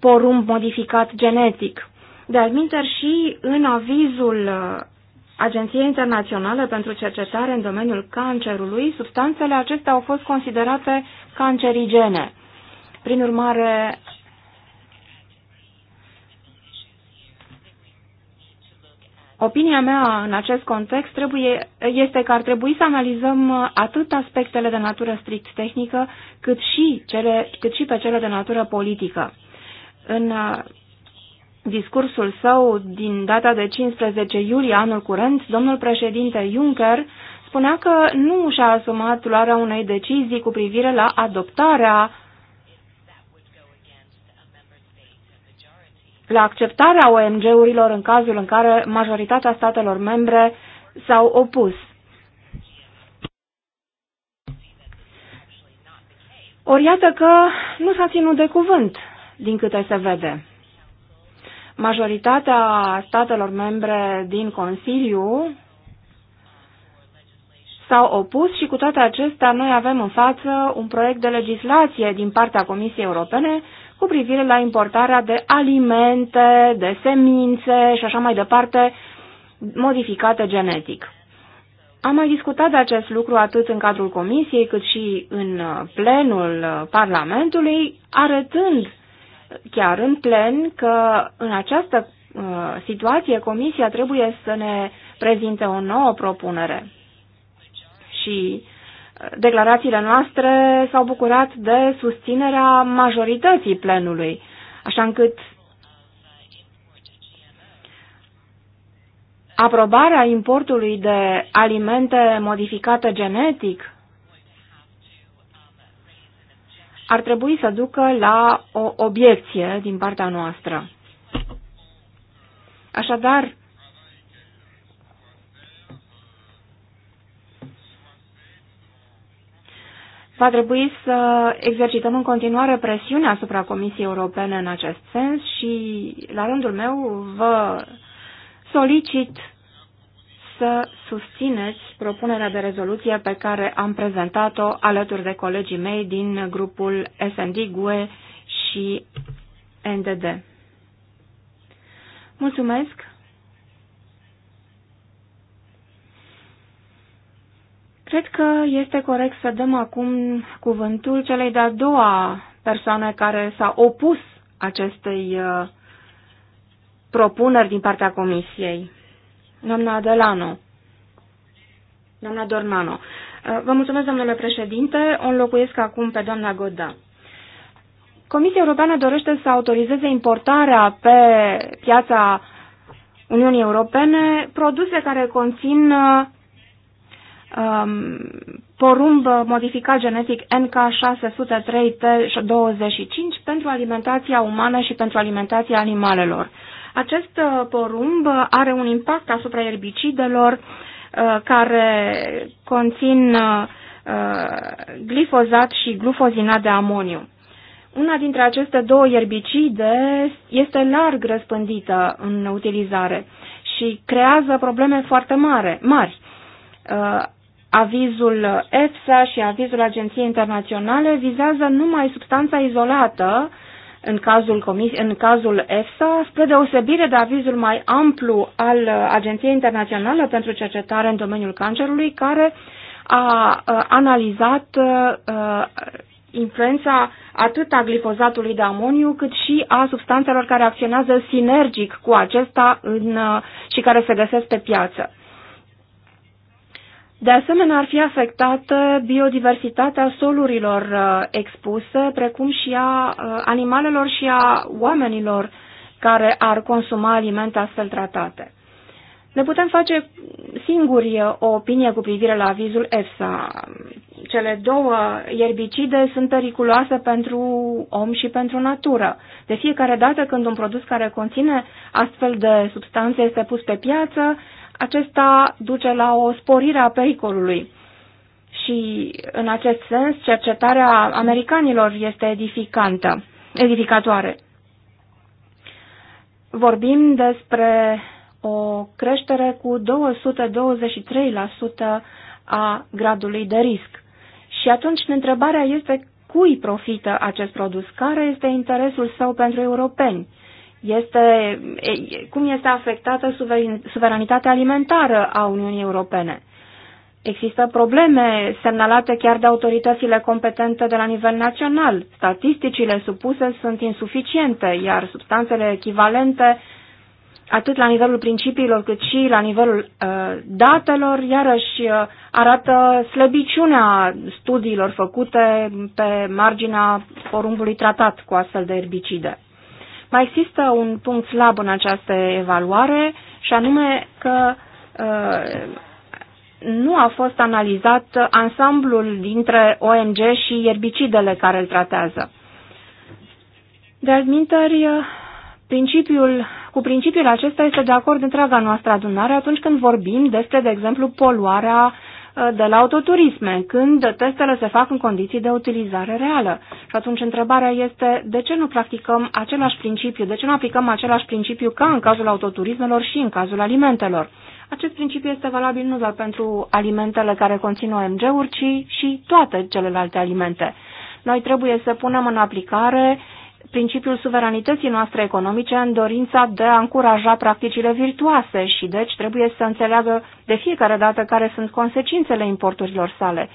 porumb modificat genetic. De alminter și în avizul uh, Agenției Internaționale pentru Cercetare în domeniul cancerului, substanțele acestea au fost considerate cancerigene. Prin urmare, Opinia mea în acest context trebuie, este că ar trebui să analizăm uh, atât aspectele de natură strict tehnică, cât și, cele, cât și pe cele de natură politică. În uh, discursul său din data de 15 iulie anul curent, domnul președinte Juncker spunea că nu și-a asumat luarea unei decizii cu privire la adoptarea la acceptarea OMG-urilor în cazul în care majoritatea statelor membre s-au opus. Ori iată că nu s-a ținut de cuvânt, din câte se vede. Majoritatea statelor membre din Consiliu s-au opus și cu toate acestea noi avem în față un proiect de legislație din partea Comisiei Europene cu privire la importarea de alimente, de semințe și așa mai departe, modificate genetic. Am mai discutat de acest lucru atât în cadrul Comisiei cât și în uh, plenul uh, Parlamentului, arătând chiar în plen că în această uh, situație Comisia trebuie să ne prezinte o nouă propunere. Și uh, declarațiile noastre s-au bucurat de susținerea majorității plenului, așa încât aprobarea importului de alimente modificate genetic ar trebui să ducă la o obiecție din partea noastră. Așadar, Va trebui să exercităm în continuare presiunea asupra Comisiei Europene în acest sens și, la rândul meu, vă solicit să susțineți propunerea de rezoluție pe care am prezentat-o alături de colegii mei din grupul SND, GUE și NDD. Mulțumesc! Cred că este corect să dăm acum cuvântul celei de-a doua persoane care s-a opus acestei uh, propuneri din partea Comisiei, doamna Adelano. Doamna Dornano. Uh, vă mulțumesc, domnule președinte. O înlocuiesc acum pe doamna Goda. Comisia Europeană dorește să autorizeze importarea pe piața Uniunii Europene produse care conțin uh, um, porumb modificat genetic NK603-25 pentru alimentația umană și pentru alimentația animalelor. Acest uh, porumb are un impact asupra erbicidelor uh, care conțin uh, glifozat și glufozinat de amoniu. Una dintre aceste două erbicide este larg răspândită în utilizare și creează probleme foarte mare, mari. Avizul EFSA și avizul Agenției Internaționale vizează numai substanța izolată în cazul, comis- în cazul EFSA, spre deosebire de avizul mai amplu al Agenției Internaționale pentru Cercetare în domeniul cancerului, care a analizat influența atât a glifozatului de amoniu, cât și a substanțelor care acționează sinergic cu acesta în, și care se găsesc pe piață. De asemenea, ar fi afectată biodiversitatea solurilor uh, expuse, precum și a uh, animalelor și a oamenilor care ar consuma alimente astfel tratate. Ne putem face singuri uh, o opinie cu privire la avizul EFSA. Cele două ierbicide sunt periculoase pentru om și pentru natură. De fiecare dată când un produs care conține astfel de substanțe este pus pe piață, acesta duce la o sporire a pericolului. Și în acest sens, cercetarea americanilor este edificantă, edificatoare. Vorbim despre o creștere cu 223% a gradului de risc. Și atunci întrebarea este cui profită acest produs, care este interesul său pentru europeni este, cum este afectată suveranitatea alimentară a Uniunii Europene. Există probleme semnalate chiar de autoritățile competente de la nivel național. Statisticile supuse sunt insuficiente, iar substanțele echivalente, atât la nivelul principiilor cât și la nivelul uh, datelor, iarăși uh, arată slăbiciunea studiilor făcute pe marginea porumbului tratat cu astfel de erbicide. Mai există un punct slab în această evaluare și anume că uh, nu a fost analizat ansamblul dintre OMG și erbicidele care îl tratează. De admintări, uh, principiul, cu principiul acesta este de acord întreaga noastră adunare atunci când vorbim despre, de exemplu, poluarea de la autoturisme, când testele se fac în condiții de utilizare reală. Și atunci întrebarea este de ce nu practicăm același principiu, de ce nu aplicăm același principiu ca în cazul autoturismelor și în cazul alimentelor. Acest principiu este valabil nu doar pentru alimentele care conțin OMG-uri, ci și toate celelalte alimente. Noi trebuie să punem în aplicare principiul suveranității noastre economice în dorința de a încuraja practicile virtuoase și deci trebuie să înțeleagă de fiecare dată care sunt consecințele importurilor sale.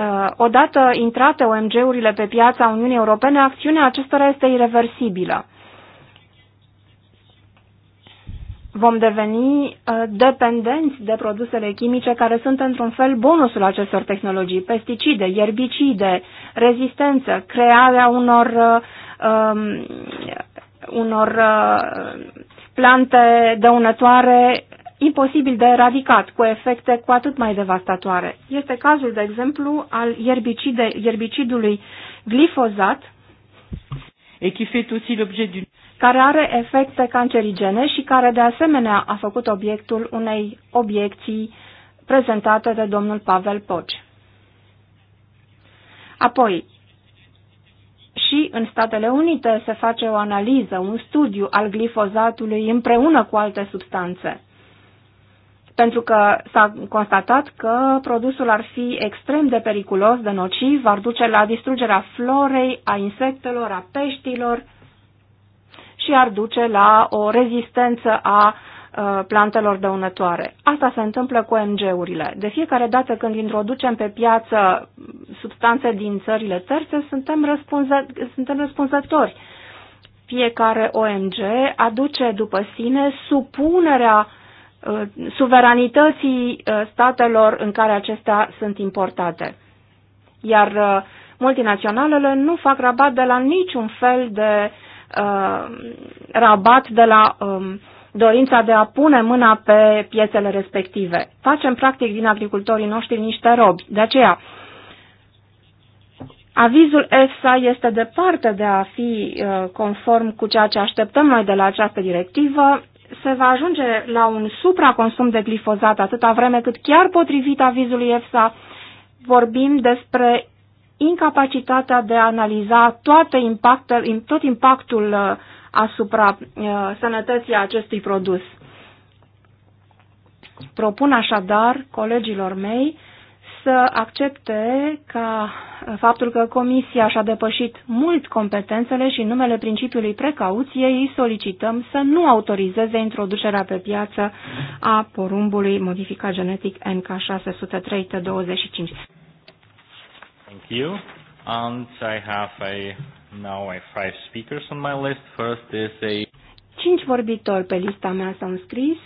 Uh, odată intrate OMG-urile pe piața Uniunii Europene, acțiunea acestora este irreversibilă. vom deveni ă, dependenți de produsele chimice care sunt într-un fel bonusul acestor tehnologii, pesticide, ierbicide, rezistență, crearea unor, um, unor uh, plante dăunătoare imposibil de eradicat, cu efecte cu atât mai devastatoare. Este cazul, de exemplu, al ierbicidului glifozat, et qui fait aussi l'objet d'une care are efecte cancerigene și care de asemenea a făcut obiectul unei obiecții prezentate de domnul Pavel Poci. Apoi, și în Statele Unite se face o analiză, un studiu al glifozatului împreună cu alte substanțe pentru că s-a constatat că produsul ar fi extrem de periculos, de nociv, ar duce la distrugerea florei, a insectelor, a peștilor și ar duce la o rezistență a plantelor dăunătoare. Asta se întâmplă cu MG-urile. De fiecare dată când introducem pe piață substanțe din țările terțe, suntem, răspunză, suntem răspunzători. Fiecare OMG aduce după sine supunerea Uh, suveranității uh, statelor în care acestea sunt importate. Iar uh, multinaționalele nu fac rabat de la niciun fel de uh, rabat de la um, dorința de a pune mâna pe piețele respective. Facem practic din agricultorii noștri niște robi. De aceea, avizul EFSA este departe de a fi uh, conform cu ceea ce așteptăm noi de la această directivă se va ajunge la un supraconsum de glifozat atâta vreme cât chiar potrivit avizului EFSA vorbim despre incapacitatea de a analiza toate impactul, tot impactul uh, asupra uh, sănătății acestui produs. Propun așadar colegilor mei să accepte ca faptul că Comisia și-a depășit mult competențele și în numele principiului precauției îi solicităm să nu autorizeze introducerea pe piață a porumbului modificat genetic NK603-25. Thank you. And I have a, now I five speakers on my list. First is a... Cinci vorbitori pe lista mea s-au înscris.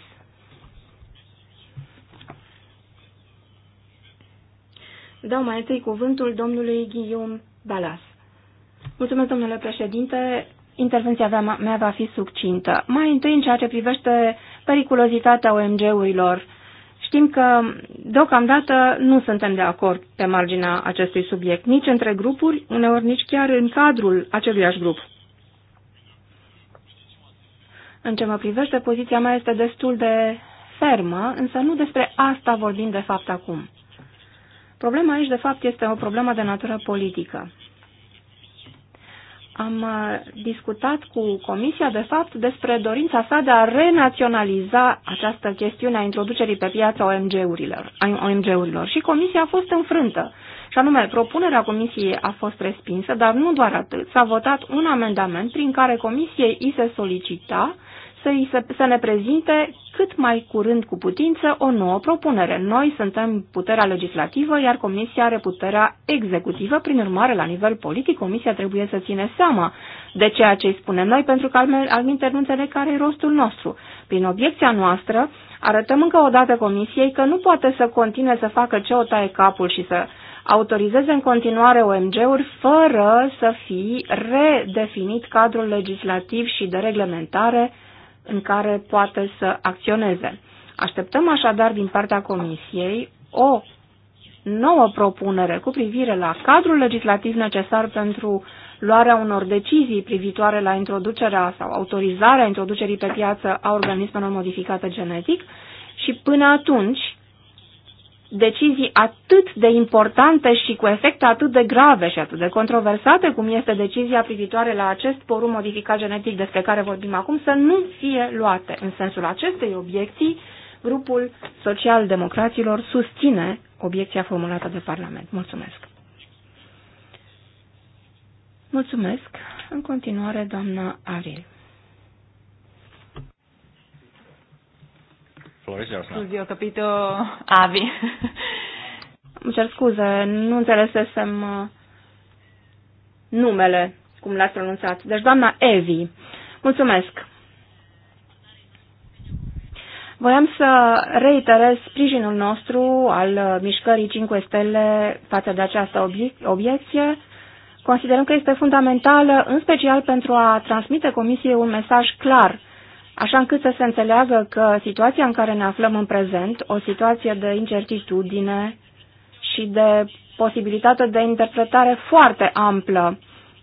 Dau mai întâi cuvântul domnului Guillaume Balas. Mulțumesc, domnule președinte. Intervenția mea va fi succintă. Mai întâi, în ceea ce privește periculozitatea OMG-urilor, știm că deocamdată nu suntem de acord pe marginea acestui subiect, nici între grupuri, uneori nici chiar în cadrul aceluiași grup. În ce mă privește, poziția mea este destul de fermă, însă nu despre asta vorbim de fapt acum. Problema aici, de fapt, este o problemă de natură politică. Am uh, discutat cu Comisia, de fapt, despre dorința sa de a renaționaliza această chestiune a introducerii pe piață OMG-urilor. OMG-urilor. Și Comisia a fost înfrântă. Și anume, propunerea Comisiei a fost respinsă, dar nu doar atât. S-a votat un amendament prin care Comisiei i se solicita uh, să, se, să ne prezinte cât mai curând cu putință o nouă propunere. Noi suntem puterea legislativă, iar Comisia are puterea executivă. Prin urmare, la nivel politic, Comisia trebuie să ține seama de ceea ce îi spunem noi, pentru că alminte nu înțeleg care e rostul nostru. Prin obiecția noastră, arătăm încă o dată Comisiei că nu poate să continue să facă ce o taie capul și să autorizeze în continuare OMG-uri fără să fi redefinit cadrul legislativ și de reglementare în care poate să acționeze. Așteptăm așadar din partea Comisiei o nouă propunere cu privire la cadrul legislativ necesar pentru luarea unor decizii privitoare la introducerea sau autorizarea introducerii pe piață a organismelor modificate genetic și până atunci decizii atât de importante și cu efecte atât de grave și atât de controversate, cum este decizia privitoare la acest porum modificat genetic despre care vorbim acum, să nu fie luate. În sensul acestei obiecții, grupul social-democraților susține obiecția formulată de Parlament. Mulțumesc! Mulțumesc! În continuare, doamna Aril. Floris Scuzi, ho capito uh, Avi. Îmi cer scuze, nu înțelesesem uh, numele, cum l-ați pronunțat. Deci, doamna Evi, mulțumesc. Voiam să reiterez sprijinul nostru al uh, mișcării 5 stele față de această obiecție. Considerăm că este fundamentală, în special pentru a transmite Comisiei un mesaj clar așa încât să se înțeleagă că situația în care ne aflăm în prezent, o situație de incertitudine și de posibilitate de interpretare foarte amplă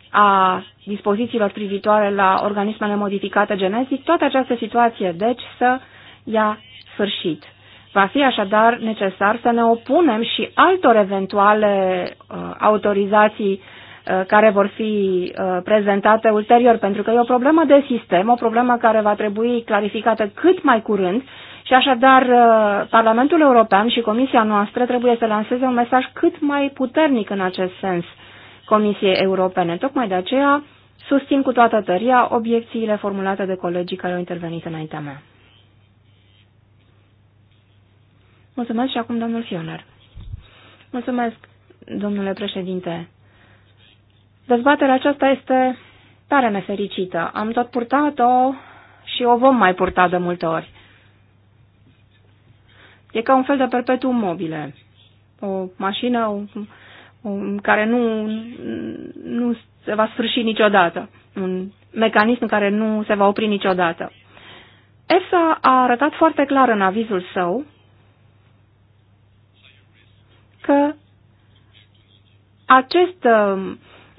a dispozițiilor privitoare la organismele modificate genetic, toată această situație, deci, să ia sfârșit. Va fi așadar necesar să ne opunem și altor eventuale uh, autorizații Uh, care vor fi uh, prezentate ulterior, pentru că e o problemă de sistem, o problemă care va trebui clarificată cât mai curând și așadar uh, Parlamentul European și Comisia noastră trebuie să lanseze un mesaj cât mai puternic în acest sens Comisiei Europene. Tocmai de aceea susțin cu toată tăria obiecțiile formulate de colegii care au intervenit înaintea mea. Mulțumesc și acum domnul Fioner. Mulțumesc, domnule președinte. Dezbaterea aceasta este tare nefericită. Am tot purtat-o și o vom mai purta de multe ori. E ca un fel de perpetuum mobile. O mașină care nu, nu se va sfârși niciodată. Un mecanism care nu se va opri niciodată. ESA a arătat foarte clar în avizul său că acest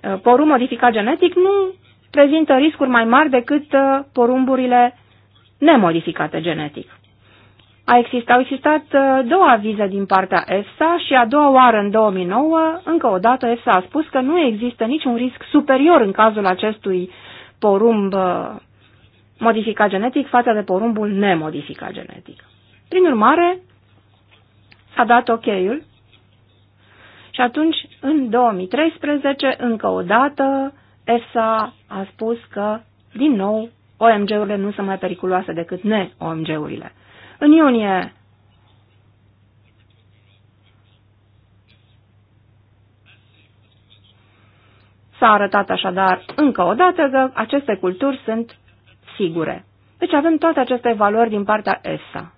Uh, porum modificat genetic nu prezintă riscuri mai mari decât uh, porumburile nemodificate genetic. A existat, au existat uh, două avize din partea EFSA și a doua oară în 2009, încă o dată EFSA a spus că nu există niciun risc superior în cazul acestui porumb modificat genetic față de porumbul nemodificat genetic. Prin urmare, s-a dat ok-ul și atunci, în 2013, încă o dată, ESA a spus că, din nou, OMG-urile nu sunt mai periculoase decât ne-OMG-urile. În iunie S-a arătat așadar încă o dată că aceste culturi sunt sigure. Deci avem toate aceste valori din partea ESA.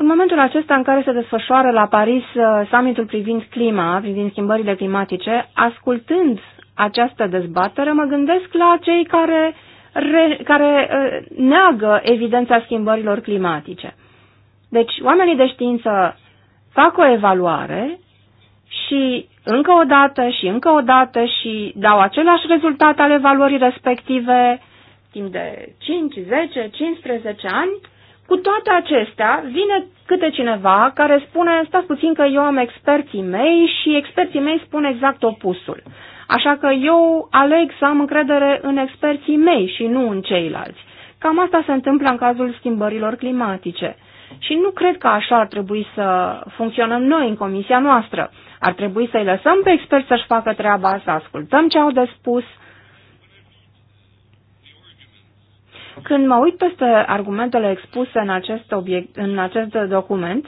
În momentul acesta în care se desfășoară la Paris uh, summitul privind clima, privind schimbările climatice, ascultând această dezbatere, mă gândesc la cei care, re, care uh, neagă evidența schimbărilor climatice. Deci, oamenii de știință fac o evaluare și încă o dată și încă o dată și dau același rezultat al evaluării respective timp de 5, 10, 15 ani cu toate acestea, vine câte cineva care spune, stați puțin că eu am experții mei și experții mei spun exact opusul. Așa că eu aleg să am încredere în experții mei și nu în ceilalți. Cam asta se întâmplă în cazul schimbărilor climatice. Și nu cred că așa ar trebui să funcționăm noi în comisia noastră. Ar trebui să-i lăsăm pe experți să-și facă treaba, să ascultăm ce au de spus, Când mă uit peste argumentele expuse în acest, obiect, în acest document,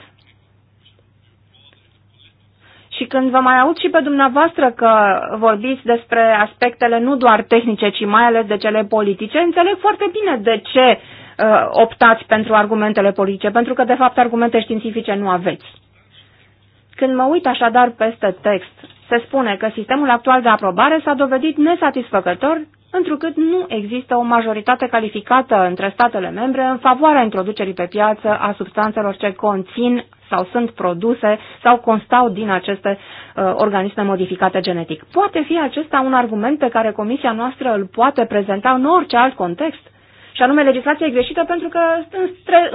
și când vă mai aud și pe dumneavoastră că vorbiți despre aspectele nu doar tehnice, ci mai ales de cele politice, înțeleg foarte bine de ce uh, optați pentru argumentele politice, pentru că, de fapt, argumente științifice nu aveți. Când mă uit așadar peste text, se spune că sistemul actual de aprobare s-a dovedit nesatisfăcător întrucât nu există o majoritate calificată între statele membre în favoarea introducerii pe piață a substanțelor ce conțin sau sunt produse sau constau din aceste uh, organisme modificate genetic. Poate fi acesta un argument pe care comisia noastră îl poate prezenta în orice alt context? Și anume, legislația e greșită pentru că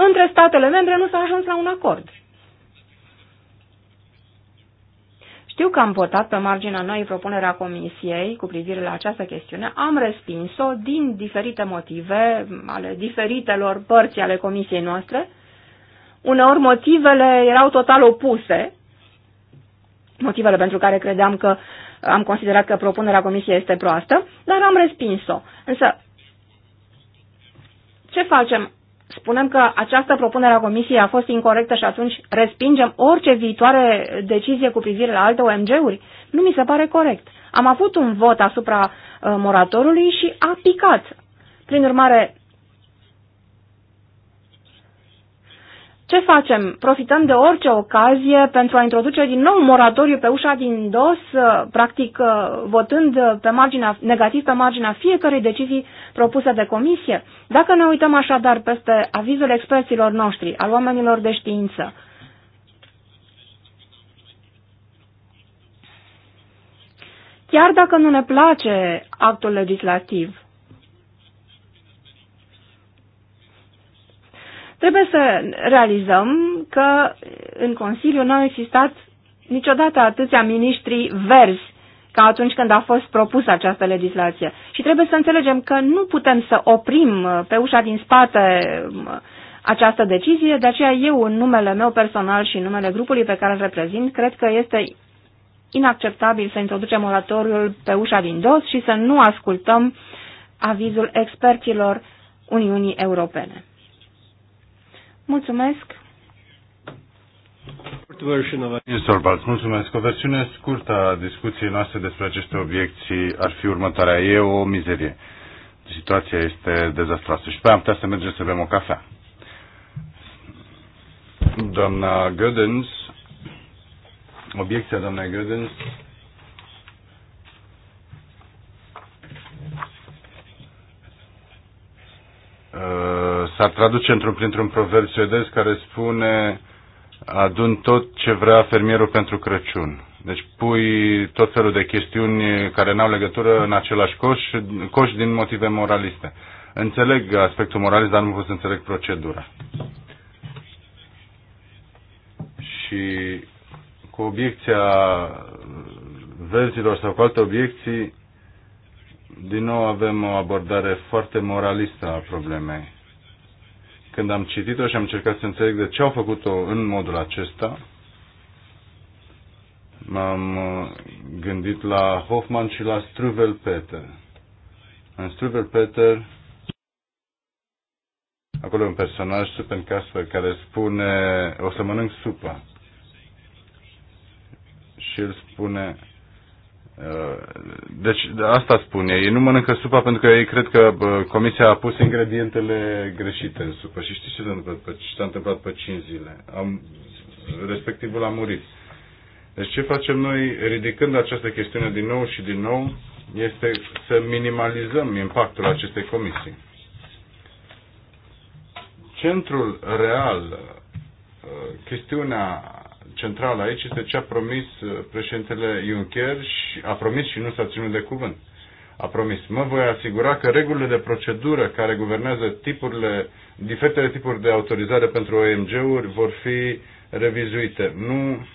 între, statele membre nu s-a ajuns la un acord. Știu că am votat pe marginea noii propunerea Comisiei cu privire la această chestiune. Am respins-o din diferite motive ale diferitelor părți ale Comisiei noastre. Uneori motivele erau total opuse, motivele pentru care credeam că am considerat că propunerea Comisiei este proastă, dar am respins-o. Însă, ce facem spunem că această propunere a Comisiei a fost incorrectă și atunci respingem orice viitoare decizie cu privire la alte OMG-uri, nu mi se pare corect. Am avut un vot asupra uh, moratorului și a picat. Prin urmare, Ce facem? Profităm de orice ocazie pentru a introduce din nou moratoriu pe ușa din dos, uh, practic uh, votând pe marginea, negativ pe marginea fiecărei decizii propuse de comisie? Dacă ne uităm așadar peste avizul experților noștri, al oamenilor de știință, chiar dacă nu ne place actul legislativ, Trebuie să realizăm că în Consiliu nu au existat niciodată atâția miniștri verzi ca atunci când a fost propusă această legislație. Și trebuie să înțelegem că nu putem să oprim uh, pe ușa din spate um, această decizie, de aceea eu, în numele meu personal și în numele grupului pe care îl reprezint, cred că este inacceptabil să introducem moratoriul pe ușa din dos și să nu ascultăm avizul experților Uniunii Europene. Mulțumesc! Mulțumesc. O versiune scurtă a discuției noastre despre aceste obiecții ar fi următoarea. E o mizerie. Situația este dezastroasă. Și pe am putea să mergem să bem o cafea. Doamna Gödens, obiecția doamnei Gödens s-ar traduce într-un, printr-un proverb suedez care spune adun tot ce vrea fermierul pentru Crăciun. Deci pui tot felul de chestiuni care n-au legătură în același coș, coș din motive moraliste. Înțeleg aspectul moralist, dar nu pot să înțeleg procedura. Și cu obiecția verzilor sau cu alte obiecții, din nou avem o abordare foarte moralistă a problemei când am citit-o și am încercat să înțeleg de ce au făcut-o în modul acesta, m-am uh, gândit la Hoffman și la Struvel Peter. În Struvel Peter, acolo e un personaj super casper care spune, o să mănânc supă. Și el spune, Eh, deci asta spune, ei. nu mănâncă supa pentru că ei cred că comisia a pus ingredientele greșite în supă. Și știți ce s-a întâmplat, ce s-a întâmplat pe 5 zile? Am, respectivul a murit. Deci ce facem noi ridicând această chestiune din nou și din nou este să minimalizăm impactul acestei comisii. Centrul real, eh, chestiunea centrală aici este ce a promis uh, președintele Juncker și a promis și nu s-a ținut de cuvânt. A promis. Mă voi asigura că regulile de procedură care guvernează tipurile, diferitele tipuri de autorizare pentru OMG-uri vor fi revizuite. Nu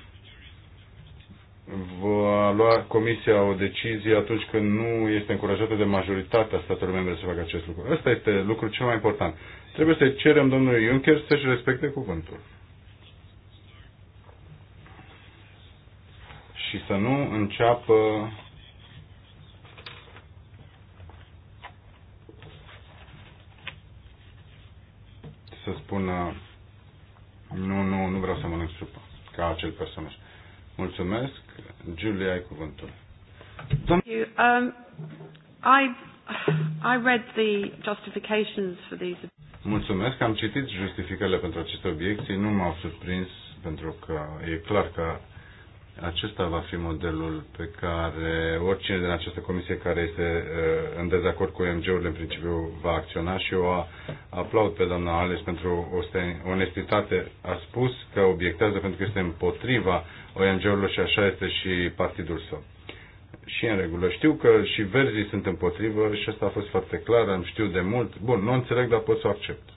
va lua Comisia o decizie atunci când nu este încurajată de majoritatea statelor membre să facă acest lucru. Ăsta este lucrul cel mai important. Trebuie să cerem domnului Juncker să-și respecte cuvântul. și să nu înceapă să spună nu, nu, nu vreau să mănânc supă ca acel personaj. Mulțumesc. Julia, ai cuvântul. Thank you. Um, I, I read the justifications for these. Mulțumesc, am citit justificările pentru aceste obiecții, nu m-au surprins pentru că e clar că acesta va fi modelul pe care oricine din această comisie care este uh, în dezacord cu OMG-urile în principiu va acționa și eu aplaud pe doamna Ales pentru o onestitate. A spus că obiectează pentru că este împotriva OMG-urilor și așa este și partidul său. Și în regulă. Știu că și verzii sunt împotrivă și asta a fost foarte clar, am știut de mult. Bun, nu înțeleg, dar pot să o accept.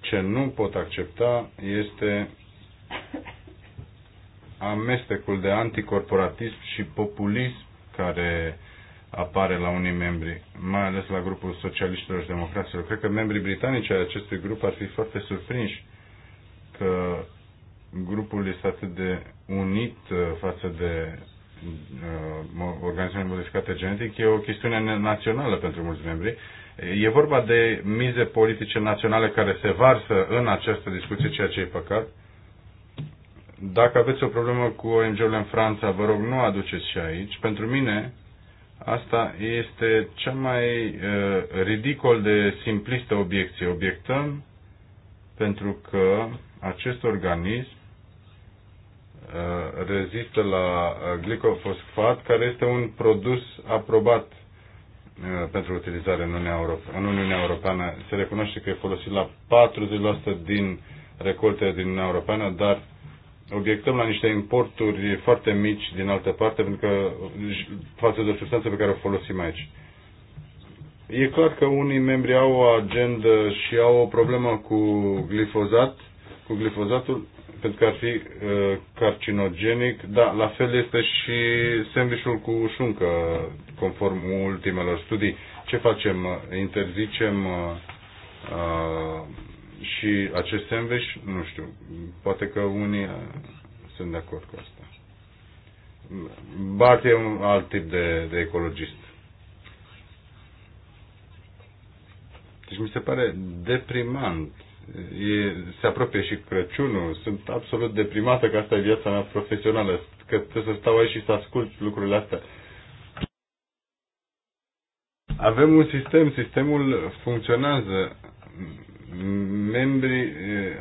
Ce nu pot accepta este amestecul de anticorporatism și populism care apare la unii membri, mai ales la grupul socialiștilor și democraților. Cred că membrii britanici ai acestui grup ar fi foarte surprinși că grupul este atât de unit uh, față de uh, organismele modificate genetic. E o chestiune națională pentru mulți membri. E vorba de mize politice naționale care se varsă în această discuție, ceea ce e păcat. Dacă aveți o problemă cu ONG-urile în Franța, vă rog, nu aduceți și aici. Pentru mine, asta este cea mai uh, ridicol de simplistă obiecție. Obiectăm pentru că acest organism uh, rezistă la uh, glicofosfat, care este un produs aprobat uh, pentru utilizare în Uniunea, Europa, în Uniunea Europeană. Se recunoaște că e folosit la 40% din recolte din Uniunea Europeană, dar obiectăm la niște importuri foarte mici din altă parte, pentru că față de substanță pe care o folosim aici. E clar că unii membri au o agendă și au o problemă cu glifozat, cu glifozatul, pentru că ar fi uh, carcinogenic, dar la fel este și sandvișul cu șuncă, conform ultimelor studii. Ce facem? Interzicem uh, uh și acest sandwich, nu știu, poate că unii uh, sunt de acord cu asta. Bart e un alt tip de, de ecologist. Deci mi se pare deprimant. E, se apropie și Crăciunul. Sunt absolut deprimată că asta e viața mea profesională. Că trebuie să stau aici și să ascult lucrurile astea. Avem un sistem, sistemul funcționează membrii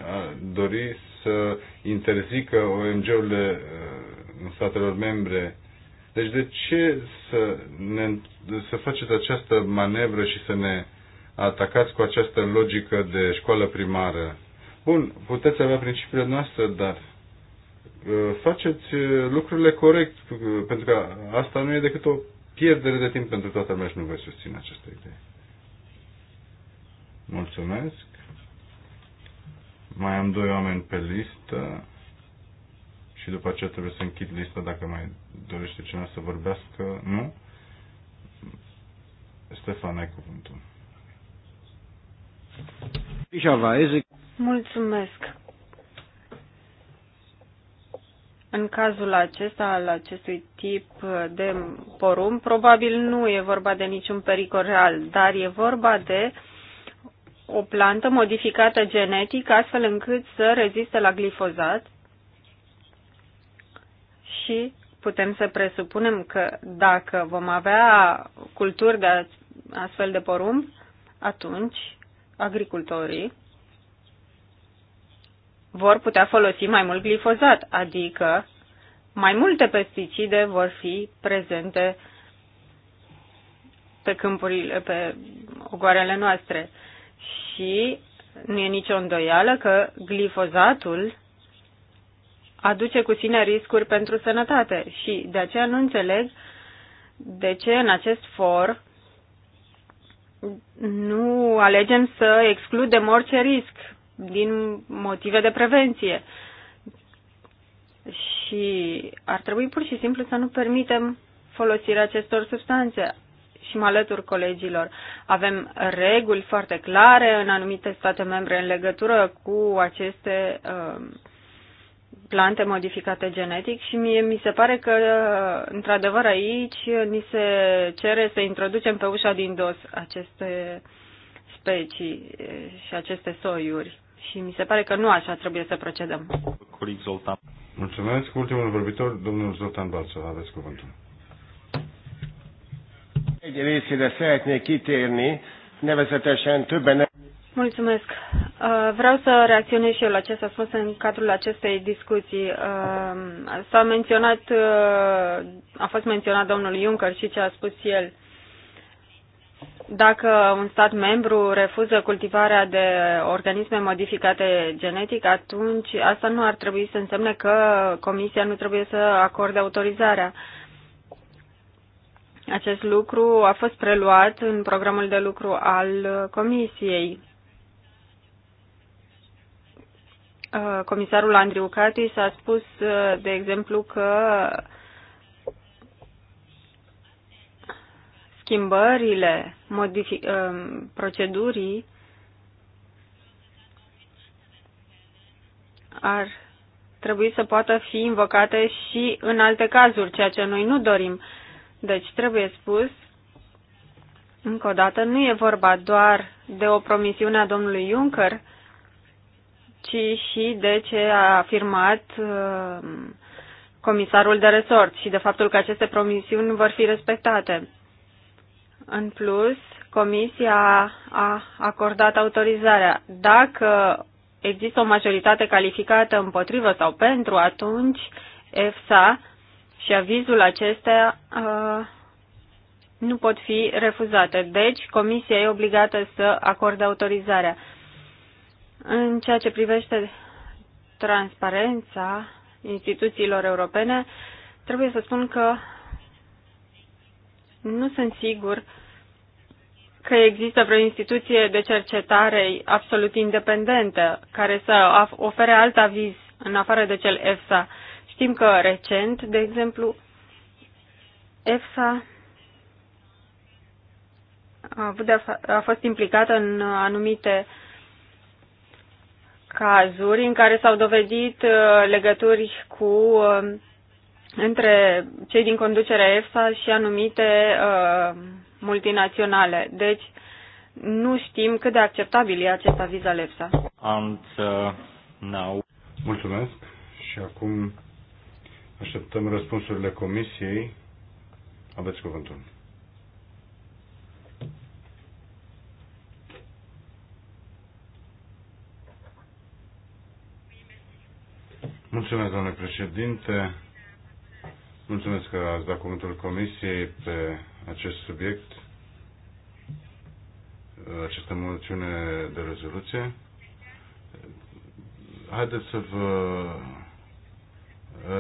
a dori să interzică OMG-urile în statelor membre. Deci de ce să, ne, să faceți această manevră și să ne atacați cu această logică de școală primară? Bun, puteți avea principiile noastre, dar faceți lucrurile corect, pentru că asta nu e decât o pierdere de timp pentru toată lumea și nu voi susține această idee. Mulțumesc. Mai am doi oameni pe listă și după aceea trebuie să închid lista dacă mai dorește cineva să vorbească. Nu? Stefan, ai cuvântul. Mulțumesc. În cazul acesta, al acestui tip de porum probabil nu e vorba de niciun pericol real, dar e vorba de uh, o plantă modificată genetic astfel încât să reziste la glifozat și putem să presupunem că dacă vom avea culturi de astfel de porumb, atunci agricultorii vor putea folosi mai mult glifozat, adică mai multe pesticide vor fi prezente pe câmpurile, pe ogoarele noastre și nu e nicio îndoială că glifozatul aduce cu sine riscuri pentru sănătate și de aceea nu înțeleg de ce în acest for nu alegem să excludem orice risc din motive de prevenție. Și ar trebui pur și simplu să nu permitem folosirea acestor substanțe și mă alătur colegilor. Avem reguli foarte clare în anumite state membre în legătură cu aceste um, plante modificate genetic și mie mi se pare că, într-adevăr, aici ni se cere să introducem pe ușa din dos aceste specii și aceste soiuri. Și mi se pare că nu așa trebuie să procedăm. Coleg Zoltan. Mulțumesc. Ultimul vorbitor, domnul Zoltan Balță, aveți cuvântul. Egy részére szeretnék kitérni, nevezetesen többen... Mulțumesc. Uh, vreau să reacționez și eu la ce s-a spus în cadrul acestei discuții. Uh, s-a menționat, uh, a fost menționat domnul Juncker și ce a spus el. Dacă un stat membru refuză cultivarea de organisme modificate genetic, atunci asta nu ar trebui să însemne că Comisia nu trebuie să acorde autorizarea. Uh, acest lucru a fost preluat în programul de lucru al Comisiei. Uh, comisarul Andriu s a spus, uh, de exemplu, că schimbările uh, procedurii ar trebui să poată fi invocate și în alte cazuri, ceea ce noi nu dorim. Deci, trebuie spus, încă o dată, nu e vorba doar de o promisiune a domnului Juncker, ci și de ce a afirmat uh, comisarul de resort și de faptul că aceste promisiuni vor fi respectate. În plus, Comisia a acordat autorizarea. Dacă există o majoritate calificată împotrivă sau pentru, atunci EFSA și avizul acestea uh, nu pot fi refuzate. Deci, Comisia e obligată să acorde autorizarea. În ceea ce privește transparența instituțiilor europene, trebuie să spun că nu sunt sigur că există vreo instituție de cercetare absolut independentă care să ofere alt aviz în afară de cel EFSA. Știm că recent, de exemplu, EFSA a, avut de a, a fost implicată în anumite cazuri în care s-au dovedit uh, legături cu uh, între cei din conducerea EFSA și anumite uh, multinaționale. Deci nu știm cât de acceptabil e acest aviz al EFSA. And, uh, now. Mulțumesc și acum Așteptăm răspunsurile comisiei. Aveți cuvântul. Mulțumesc, domnule președinte. Mulțumesc că ați dat cuvântul comisiei pe acest subiect, această moțiune de rezoluție. Haideți să vă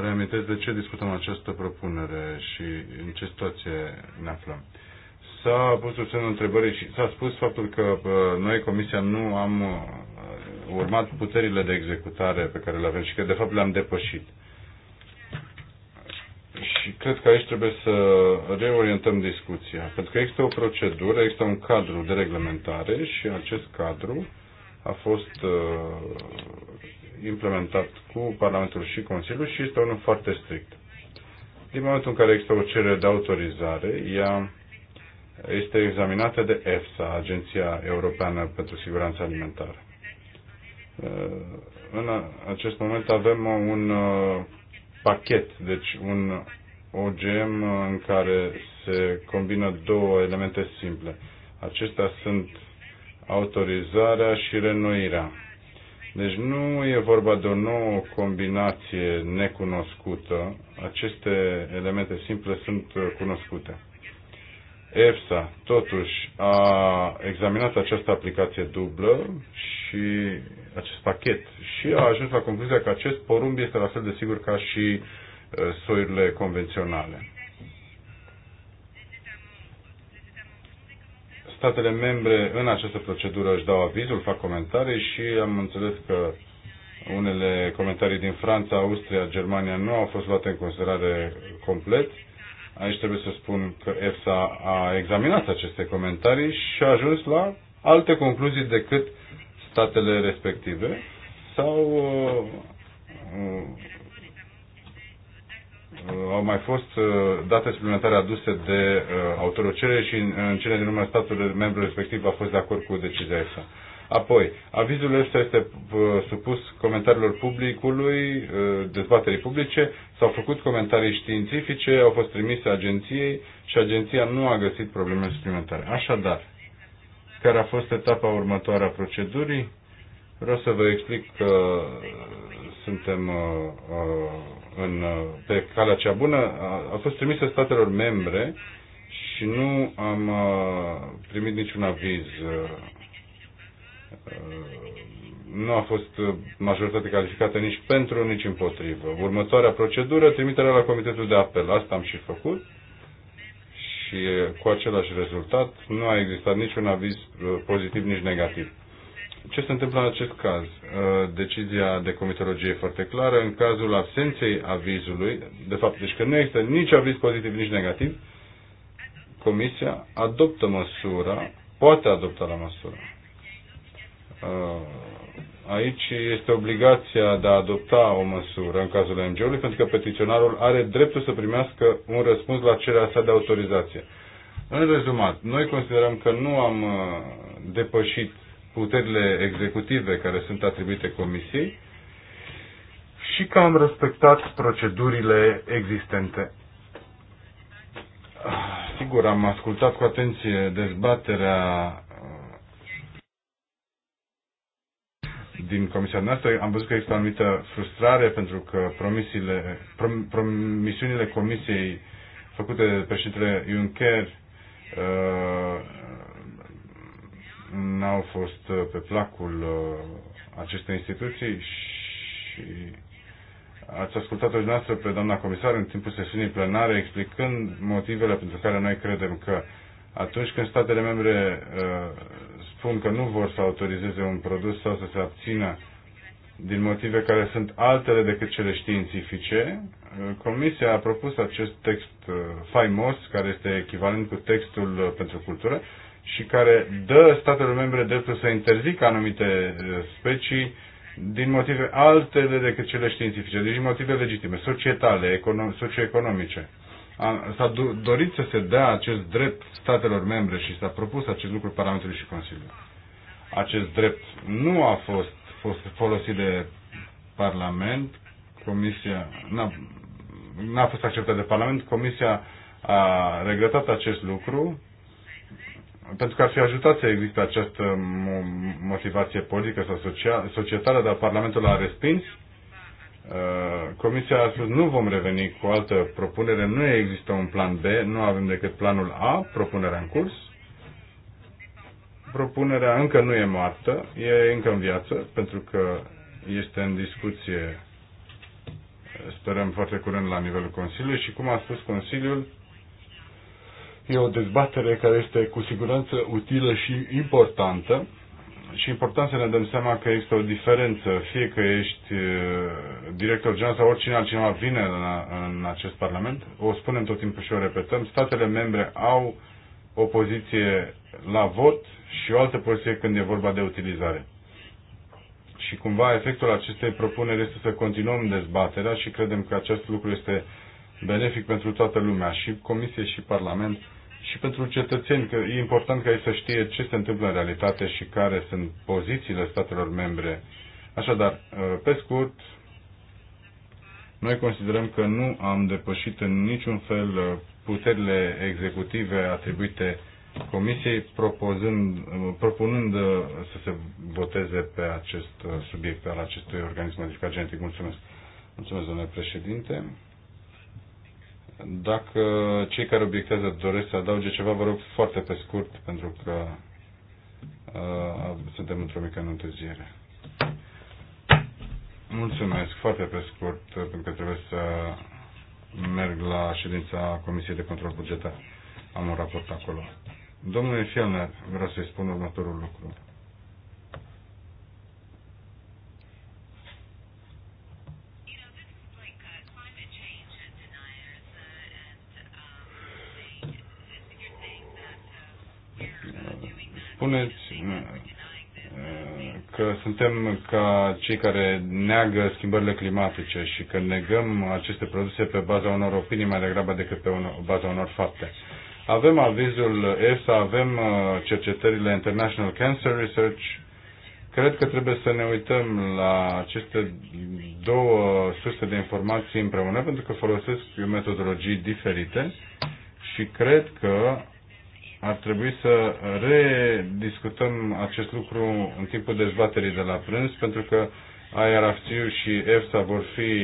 reamintesc de ce discutăm această propunere și în ce situație ne aflăm. S-a pus o semnă întrebări și s-a spus faptul că noi, Comisia, nu am uh, urmat puterile de executare pe care le avem și că, de fapt, le-am depășit. Și cred că aici trebuie să reorientăm discuția, pentru că există o procedură, există un cadru de reglementare și acest cadru a fost uh, implementat cu Parlamentul și Consiliul și este unul foarte strict. Din momentul în care există o cerere de autorizare, ea este examinată de EFSA, Agenția Europeană pentru Siguranța Alimentară. Uh, în acest moment avem un uh, pachet, deci un OGM în care se combină două elemente simple. Acestea sunt autorizarea și renoirea. Deci nu e vorba de o nouă combinație necunoscută. Aceste elemente simple sunt cunoscute. EFSA, totuși, a examinat această aplicație dublă și acest pachet și a ajuns la concluzia că acest porumb este la fel de sigur ca și uh, soiurile convenționale. Statele membre în această procedură își dau avizul, fac comentarii și am înțeles că unele comentarii din Franța, Austria, Germania nu au fost luate în considerare complet. Aici trebuie să spun că EFSA a examinat aceste comentarii și a ajuns la alte concluzii decât statele respective sau uh, uh, Uh, au mai fost uh, date suplimentare aduse de uh, autorul cererii și în cele din urmă statul membru respectiv a fost de acord cu decizia EFSA. Apoi, avizul ăsta este supus comentariilor publicului, dezbaterii publice, s-au făcut comentarii științifice, au fost trimise agenției și agenția nu a găsit probleme suplimentare. Așadar, care a fost etapa următoare a procedurii? Vreau să vă explic că suntem uh, uh, în, uh, pe calea cea bună, a, a fost trimisă statelor membre și nu am primit niciun aviz. Nu a fost majoritate calificată nici pentru, nici împotrivă. Următoarea procedură, trimiterea la Comitetul de Apel. Asta am și făcut și cu același rezultat. Nu a existat niciun aviz pozitiv, nici negativ. Ce se întâmplă în acest caz? Uh, decizia de comitologie e foarte clară. În cazul absenței avizului, de fapt, deci că nu există nici aviz pozitiv, nici negativ, Comisia adoptă măsura, poate adopta la măsură. Uh, aici este obligația de a adopta o măsură în cazul ONG-ului, pentru că petiționarul are dreptul să primească un răspuns la cererea sa de autorizație. În rezumat, noi considerăm că nu am uh, depășit puterile executive care sunt atribuite Comisiei și că am respectat procedurile existente. Sigur, am ascultat cu atenție dezbaterea uh, din comisia noastră. Am văzut că există o anumită frustrare pentru că promisiile, promisiunile comisiei făcute de președintele Juncker uh, n-au fost uh, pe placul uh, acestei instituții și ați ascultat-o noastră pe doamna comisar în timpul sesiunii plenare explicând motivele pentru care noi credem că atunci când statele membre uh, spun că nu vor să autorizeze un produs sau să se abțină din motive care sunt altele decât cele științifice, uh, Comisia a propus acest text faimos, care este echivalent cu textul pentru cultură, și care dă statelor membre dreptul să interzică anumite eh, specii din motive altele decât cele științifice, deci din motive legitime, societale, socioeconomice. S-a dorit să se dea acest drept statelor membre și s-a propus acest lucru Parlamentului și Consiliului. Acest drept nu a fost, fost folosit de Parlament, Comisia n-a, fost acceptat de Parlament, Comisia a regretat acest lucru pentru că ar fi ajutat să existe această motivație politică sau societală, dar Parlamentul a respins. Uh, Comisia a spus nu vom reveni cu altă propunere, nu există un plan B, nu avem decât planul A, propunerea în curs. Propunerea încă nu e moartă, e încă în viață, pentru că este în discuție, sperăm foarte curând la nivelul Consiliului și cum a spus Consiliul, E o dezbatere care este cu siguranță utilă și importantă și important să ne dăm seama că există o diferență, fie că ești director general sau oricine altcineva vine în acest Parlament, o spunem tot timpul și o repetăm, statele membre au o poziție la vot și o altă poziție când e vorba de utilizare. Și cumva efectul acestei propuneri este să continuăm dezbaterea și credem că acest lucru este benefic pentru toată lumea, și Comisie, și Parlament, și pentru cetățeni, că e important ca ei să știe ce se întâmplă în realitate și care sunt pozițiile statelor membre. Așadar, uh, pe scurt, noi considerăm că nu am depășit în niciun fel uh, puterile executive atribuite Comisiei, propunând, uh, propunând să se voteze pe acest subiect al acestui organism modificat genetic. Mulțumesc. Mulțumesc, domnule președinte. Dacă cei care obiectează doresc să adauge ceva, vă rog foarte pe scurt, pentru că uh, suntem într-o mică întârziere. Mulțumesc, foarte pe scurt, uh, pentru că trebuie să merg la ședința Comisiei de Control Bugetar. Am un raport acolo. Domnule Fielner, vreau să-i spun următorul lucru. spuneți că suntem ca cei care neagă schimbările climatice și că negăm aceste produse pe baza unor opinii mai degrabă decât pe baza unor fapte. Avem avizul ESA, avem uh, cercetările International Cancer Research. Cred că trebuie să ne uităm la aceste două surse de informații împreună pentru că folosesc metodologii diferite și cred că ar trebui să rediscutăm acest lucru în timpul dezbaterii de la prânz, pentru că IRFCU și EFSA vor fi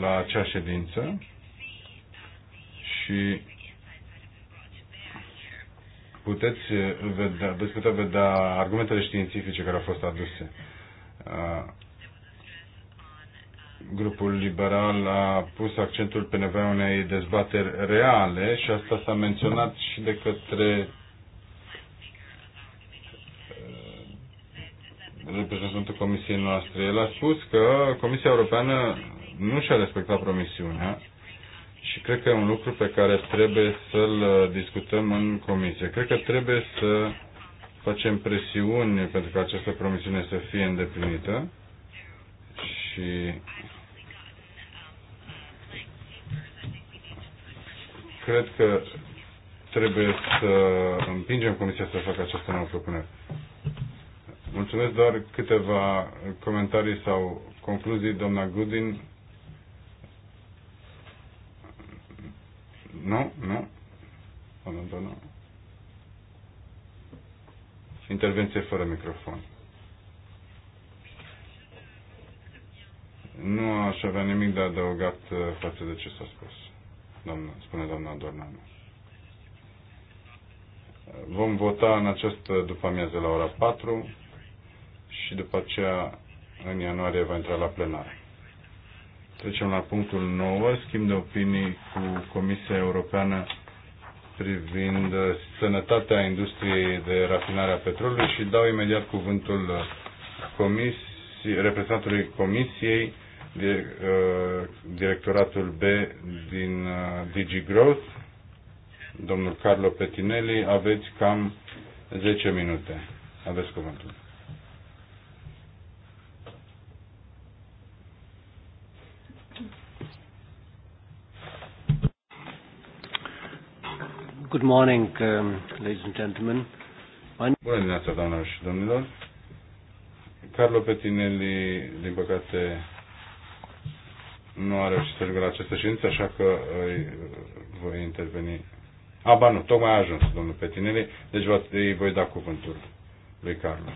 la acea ședință și puteți vedea, veți putea vedea argumentele științifice care au fost aduse grupul liberal a pus accentul pe nevoia unei dezbateri reale și asta s-a menționat și de către uh, reprezentantul Comisiei noastre. El a spus că Comisia Europeană nu și-a respectat promisiunea și cred că e un lucru pe care trebuie să-l discutăm în Comisie. Cred că trebuie să facem presiuni pentru că această promisiune să fie îndeplinită și cred că trebuie să împingem Comisia să facă această nouă propunere. Mulțumesc doar câteva comentarii sau concluzii, doamna Gudin. Nu? Nu? Abandonă. Intervenție fără microfon. Nu aș avea nimic de adăugat uh, față de ce s-a spus doamna, spune doamna Dornanu. Vom vota în această după amiază la ora 4 și după aceea în ianuarie va intra la plenar. Trecem la punctul 9, schimb de opinii cu Comisia Europeană privind sănătatea industriei de rafinare a petrolului și dau imediat cuvântul comis, reprezentantului Comisiei, Uh, directoratul B din uh, DigiGrowth, domnul Carlo Petinelli, aveți cam 10 minute. Aveți cuvântul. Good morning, um, ladies and gentlemen. Bună dimineața, doamnelor și domnilor. Carlo Petinelli, din păcate, nu a reușit să ajungă la această ședință, așa că îi uh, voi interveni. A, ba nu, tocmai a ajuns domnul Petinele, deci îi voi da cuvântul lui Carlo.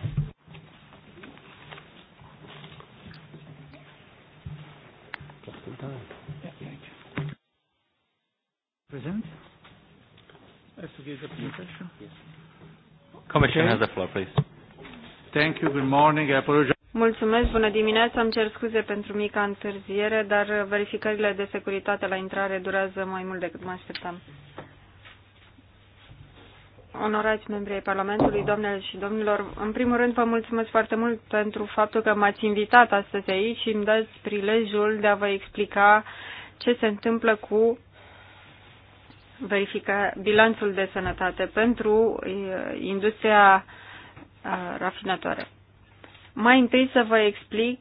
Present? As Commissioner has the floor, please. Thank you. Good morning. I apologize. Mulțumesc, bună dimineața, îmi cer scuze pentru mica întârziere, dar verificările de securitate la intrare durează mai mult decât mă așteptam. Onorați membri ai Parlamentului, doamnelor și domnilor, în primul rând vă mulțumesc foarte mult pentru faptul că m-ați invitat astăzi aici și îmi dați prilejul de a vă explica ce se întâmplă cu verifica bilanțul de sănătate pentru eh, industria eh, rafinatoare. Mai întâi să vă explic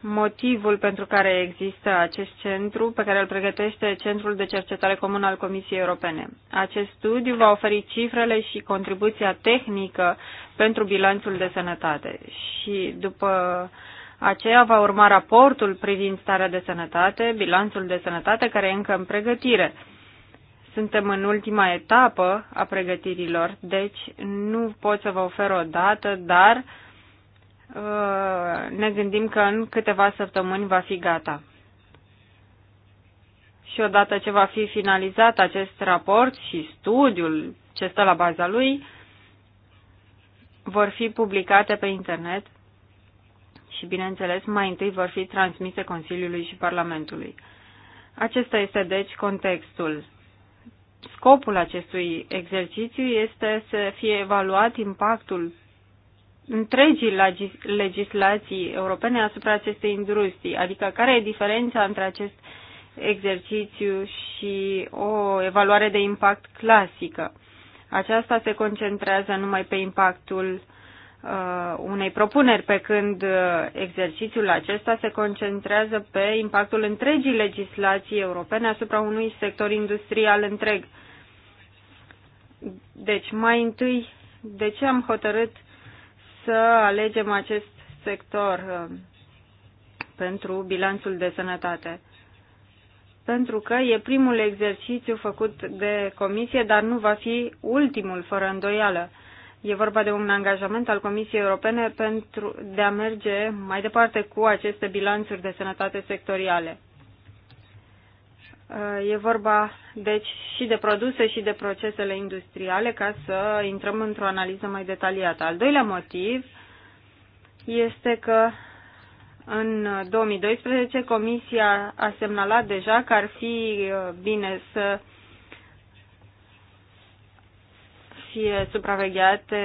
motivul pentru care există acest centru pe care îl pregătește Centrul de Cercetare Comun al Comisiei Europene. Acest studiu va oferi cifrele și contribuția tehnică pentru bilanțul de sănătate și după aceea va urma raportul privind starea de sănătate, bilanțul de sănătate care e încă în pregătire. Suntem în ultima etapă a pregătirilor, deci nu pot să vă ofer o dată, dar uh, ne gândim că în câteva săptămâni va fi gata. Și odată ce va fi finalizat acest raport și studiul ce stă la baza lui, vor fi publicate pe internet și, bineînțeles, mai întâi vor fi transmise Consiliului și Parlamentului. Acesta este, deci, contextul. Scopul acestui exercițiu este să fie evaluat impactul întregii legislații europene asupra acestei industrii, adică care e diferența între acest exercițiu și o evaluare de impact clasică. Aceasta se concentrează numai pe impactul uh, unei propuneri, pe când uh, exercițiul acesta se concentrează pe impactul întregii legislații europene asupra unui sector industrial întreg. Deci, mai întâi, de ce am hotărât să alegem acest sector um, pentru bilanțul de sănătate. Pentru că e primul exercițiu făcut de comisie, dar nu va fi ultimul, fără îndoială. E vorba de un angajament al Comisiei Europene pentru de a merge mai departe cu aceste bilanțuri de sănătate sectoriale. E vorba, deci, și de produse și de procesele industriale ca să intrăm într-o analiză mai detaliată. Al doilea motiv este că în 2012 Comisia a semnalat deja că ar fi uh, bine să fie supravegheate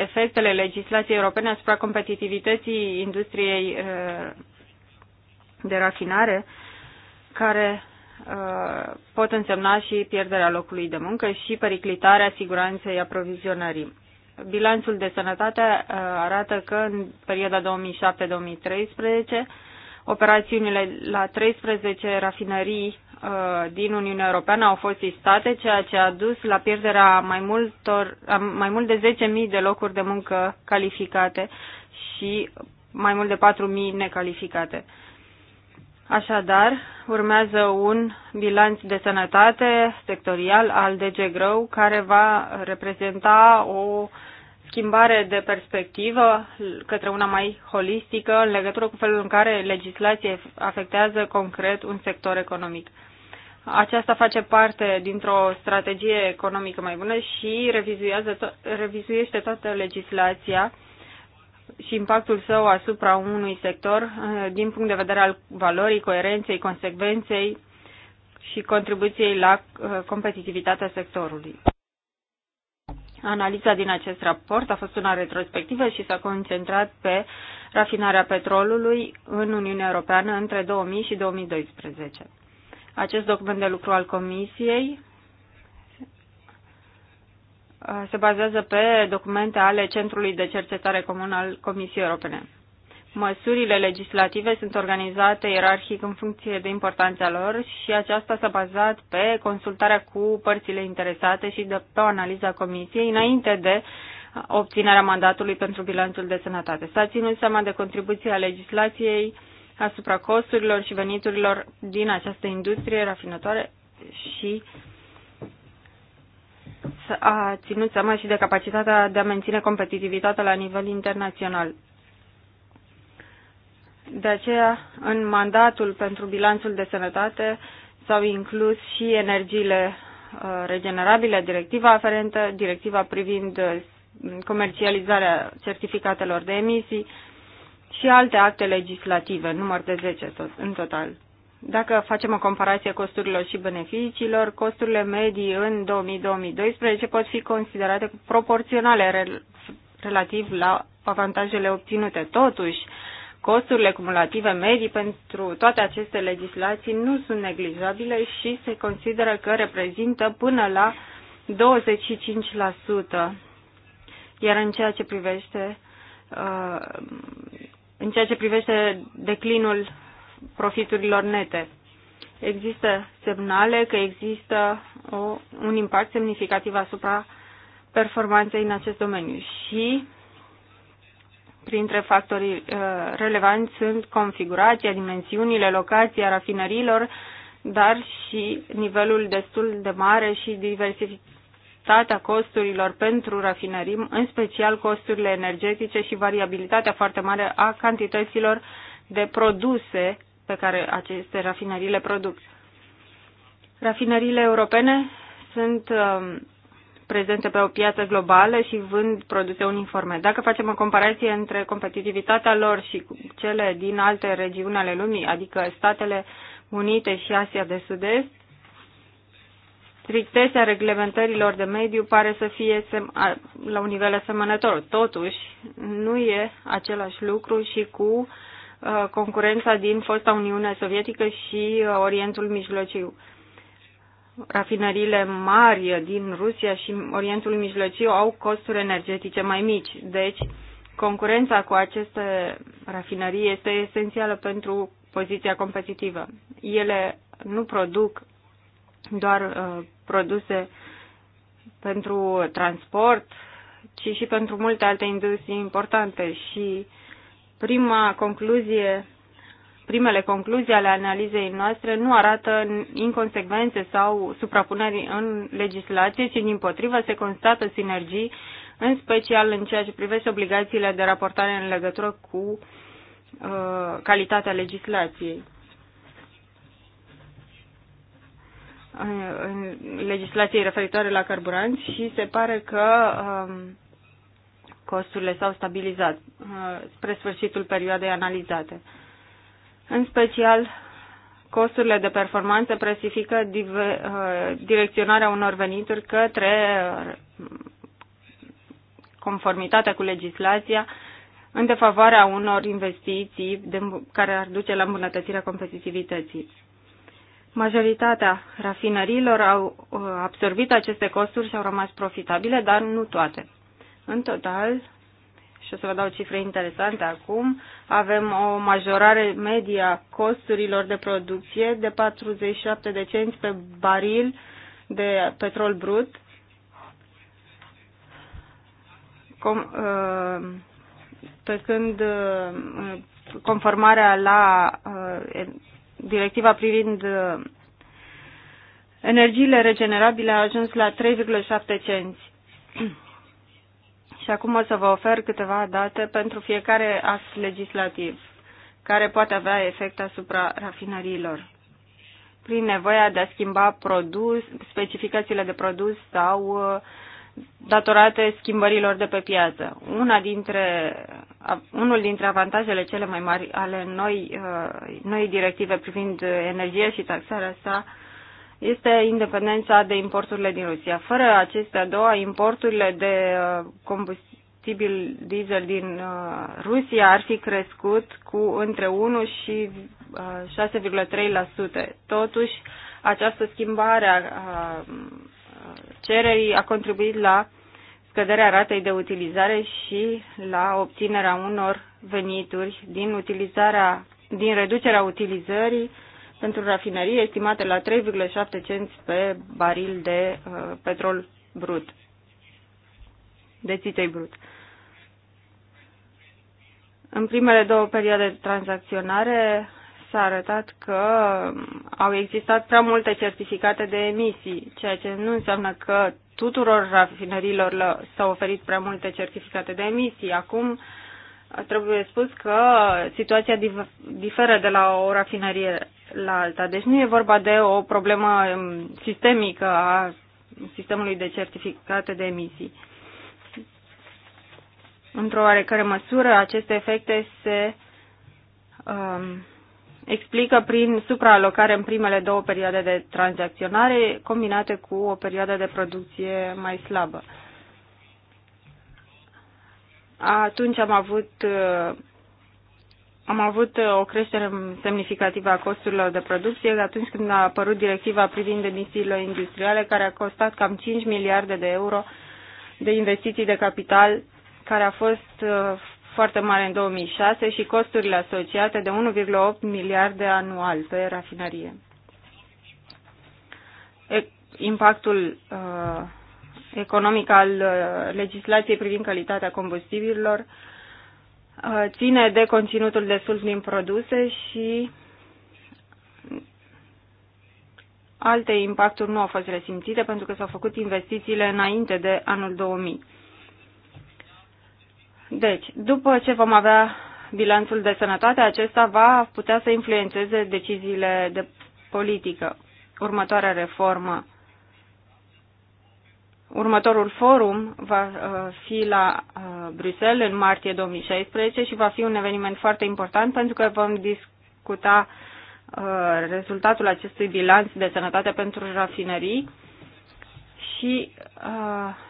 efectele legislației europene asupra competitivității industriei uh, de rafinare, care Uh, pot însemna și pierderea locului de muncă și periclitarea siguranței aprovizionării. Bilanțul de sănătate uh, arată că în perioada 2007-2013 operațiunile la 13 rafinării uh, din Uniunea Europeană au fost istate, ceea ce a dus la pierderea mai, multor, mai mult de 10.000 de locuri de muncă calificate și mai mult de 4.000 necalificate. Așadar, urmează un bilanț de sănătate sectorial al DG Grow care va reprezenta o schimbare de perspectivă către una mai holistică în legătură cu felul în care legislația afectează concret un sector economic. Aceasta face parte dintr-o strategie economică mai bună și revizuiește toată legislația și impactul său asupra unui sector eh, din punct de vedere al valorii, coerenței, consecvenței și contribuției la eh, competitivitatea sectorului. Analiza din acest raport a fost una retrospectivă și s-a concentrat pe rafinarea petrolului în Uniunea Europeană între 2000 și 2012. Acest document de lucru al Comisiei Uh, se bazează pe documente ale Centrului de Cercetare Comun al Comisiei Europene. Măsurile legislative sunt organizate ierarhic în funcție de importanța lor și aceasta s-a bazat pe consultarea cu părțile interesate și de, pe o analiză a Comisiei înainte de obținerea mandatului pentru bilanțul de sănătate. S-a ținut seama de contribuția legislației asupra costurilor și veniturilor din această industrie rafinătoare și uh, a ținut seama și de capacitatea de a menține competitivitatea la nivel internațional. De aceea, în mandatul pentru bilanțul de sănătate s-au inclus și energiile uh, regenerabile, directiva aferentă, directiva privind uh, comercializarea certificatelor de emisii și alte acte legislative, număr de 10 tot, în total. Dacă facem o comparație costurilor și beneficiilor, costurile medii în 2012 pot fi considerate proporționale relativ la avantajele obținute. Totuși, costurile cumulative medii pentru toate aceste legislații nu sunt neglijabile și se consideră că reprezintă până la 25%. Iar în ceea ce privește uh, în ceea ce privește declinul profiturilor nete. Există semnale că există o, un impact semnificativ asupra performanței în acest domeniu și printre factorii uh, relevanți sunt configurația, dimensiunile, locația rafinărilor, dar și nivelul destul de mare și diversitatea costurilor pentru rafinării, în special costurile energetice și variabilitatea foarte mare a cantităților de produse pe care aceste rafinării le produc. Rafinările europene sunt um, prezente pe o piață globală și vând produse uniforme. Dacă facem o comparație între competitivitatea lor și cele din alte regiuni ale lumii, adică Statele Unite și Asia de Sud-Est, strictețea reglementărilor de mediu pare să fie la un nivel asemănător. Totuși, nu e același lucru și cu Uh, concurența din fosta Uniune Sovietică și uh, Orientul Mijlociu. Rafinările mari din Rusia și Orientul Mijlociu au costuri energetice mai mici, deci concurența cu aceste rafinării este esențială pentru poziția competitivă. Ele nu produc doar uh, produse pentru transport, ci și pentru multe alte industrii importante și uh, prima concluzie, primele concluzii ale analizei noastre nu arată inconsecvențe sau suprapuneri în legislație, ci din potrivă se constată sinergii, în special în ceea ce privește obligațiile de raportare în legătură cu uh, calitatea legislației. în legislației referitoare la carburanți și se pare că um, Costurile s-au stabilizat uh, spre sfârșitul perioadei analizate. În special, costurile de performanță presifică uh, direcționarea unor venituri către uh, conformitatea cu legislația în defavoarea unor investiții care ar duce la îmbunătățirea competitivității. Majoritatea rafinărilor au absorbit aceste costuri și au rămas profitabile, dar nu toate. În total, și o să vă dau cifre interesante acum, avem o majorare media costurilor de producție de 47 de cenți pe baril de petrol brut, com, uh, pe când uh, conformarea la uh, directiva privind uh, energiile regenerabile a ajuns la 3,7 cenți. Și acum o să vă ofer câteva date pentru fiecare act legislativ care poate avea efect asupra rafinăriilor prin nevoia de a schimba produs, specificațiile de produs sau uh, datorate schimbărilor de pe piață. Una dintre, unul dintre avantajele cele mai mari ale noi, uh, noi directive privind energia și taxarea sa este independența de importurile din Rusia. Fără acestea două, importurile de uh, combustibil diesel din uh, Rusia ar fi crescut cu între 1 și 6,3%. Uh, Totuși, această schimbare a cererii a contribuit la scăderea ratei de utilizare și la obținerea unor venituri din utilizarea din reducerea utilizării pentru rafinărie, estimate la 3,7 cenți pe baril de uh, petrol brut, de țitei brut. În primele două perioade de tranzacționare s-a arătat că au existat prea multe certificate de emisii, ceea ce nu înseamnă că tuturor rafinărilor s-au oferit prea multe certificate de emisii. Acum uh, trebuie spus că situația diferă de la o rafinărie la alta. Deci nu e vorba de o problemă um, sistemică a sistemului de certificate de emisii. Într-o oarecare măsură, aceste efecte se um, explică prin supraalocare în primele două perioade de tranzacționare, combinate cu o perioadă de producție mai slabă. Atunci am avut, am avut o creștere semnificativă a costurilor de producție atunci când a apărut directiva privind emisiile industriale, care a costat cam 5 miliarde de euro de investiții de capital, care a fost uh, foarte mare în 2006 și costurile asociate de 1,8 miliarde anual pe rafinărie. Impactul uh, economic al uh, legislației privind calitatea combustibililor uh, ține de conținutul de sulf din produse și alte impacturi nu au fost resimțite pentru că s-au făcut investițiile înainte de anul 2000. Deci, după ce vom avea bilanțul de sănătate, acesta va putea să influențeze deciziile de politică. Următoarea reformă Următorul forum va uh, fi la uh, Bruxelles în martie 2016 și va fi un eveniment foarte important pentru că vom discuta uh, rezultatul acestui bilanț de sănătate pentru rafinării și,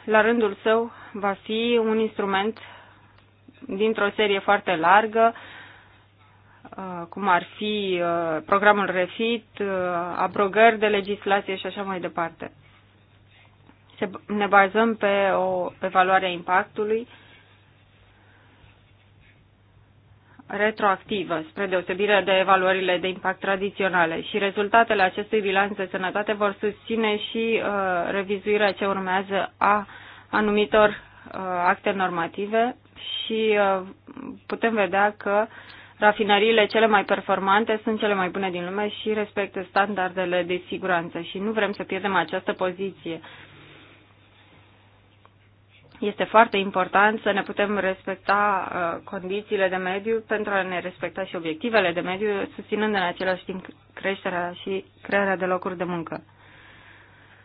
la rândul său, va fi un instrument dintr-o serie foarte largă, cum ar fi programul REFIT, abrogări de legislație și așa mai departe se, ne bazăm pe o evaluare a impactului retroactivă, spre deosebire de evaluările de impact tradiționale. Și rezultatele acestui bilanț de sănătate vor susține și uh, revizuirea ce urmează a anumitor uh, acte normative și uh, putem vedea că rafinăriile cele mai performante sunt cele mai bune din lume și respectă standardele de siguranță și nu vrem să pierdem această poziție. Este foarte important să ne putem respecta uh, condițiile de mediu pentru a ne respecta și obiectivele de mediu, susținând în același timp creșterea și crearea de locuri de muncă.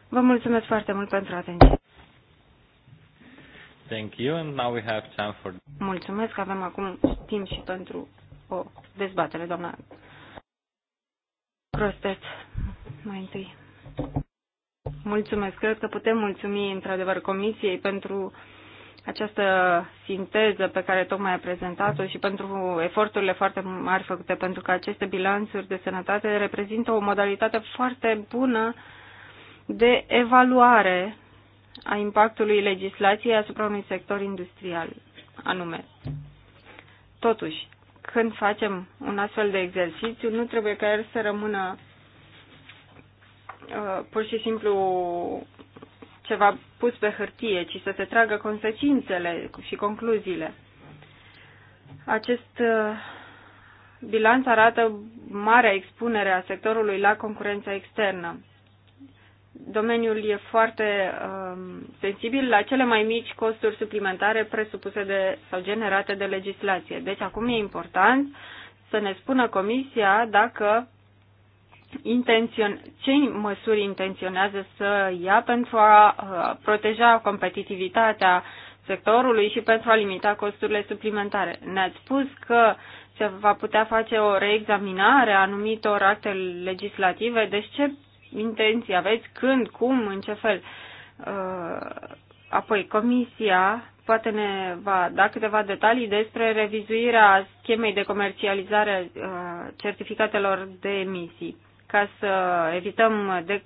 Vă mulțumesc foarte mult pentru atenție. Thank you, and now we have time for... Mulțumesc, avem acum timp și pentru o dezbatere, doamna Crostet, mai întâi. Mulțumesc. Cred că putem mulțumi într-adevăr Comisiei pentru această sinteză pe care tocmai a prezentat-o și pentru eforturile foarte mari făcute, pentru că aceste bilanțuri de sănătate reprezintă o modalitate foarte bună de evaluare a impactului legislației asupra unui sector industrial anume. Totuși, când facem un astfel de exercițiu, nu trebuie ca el să rămână Uh, pur și simplu ceva pus pe hârtie, ci să se tragă consecințele și concluziile. Acest uh, bilanț arată marea expunere a sectorului la concurența externă. Domeniul e foarte um, sensibil la cele mai mici costuri suplimentare presupuse de, sau generate de legislație. Deci acum e important să ne spună Comisia dacă intențion, ce măsuri intenționează să ia pentru a proteja competitivitatea sectorului și pentru a limita costurile suplimentare. Ne-ați spus că se va putea face o reexaminare a anumitor acte legislative, deci ce intenții aveți, când, cum, în ce fel? Apoi, Comisia poate ne va da câteva detalii despre revizuirea schemei de comercializare a certificatelor de emisii ca să evităm de,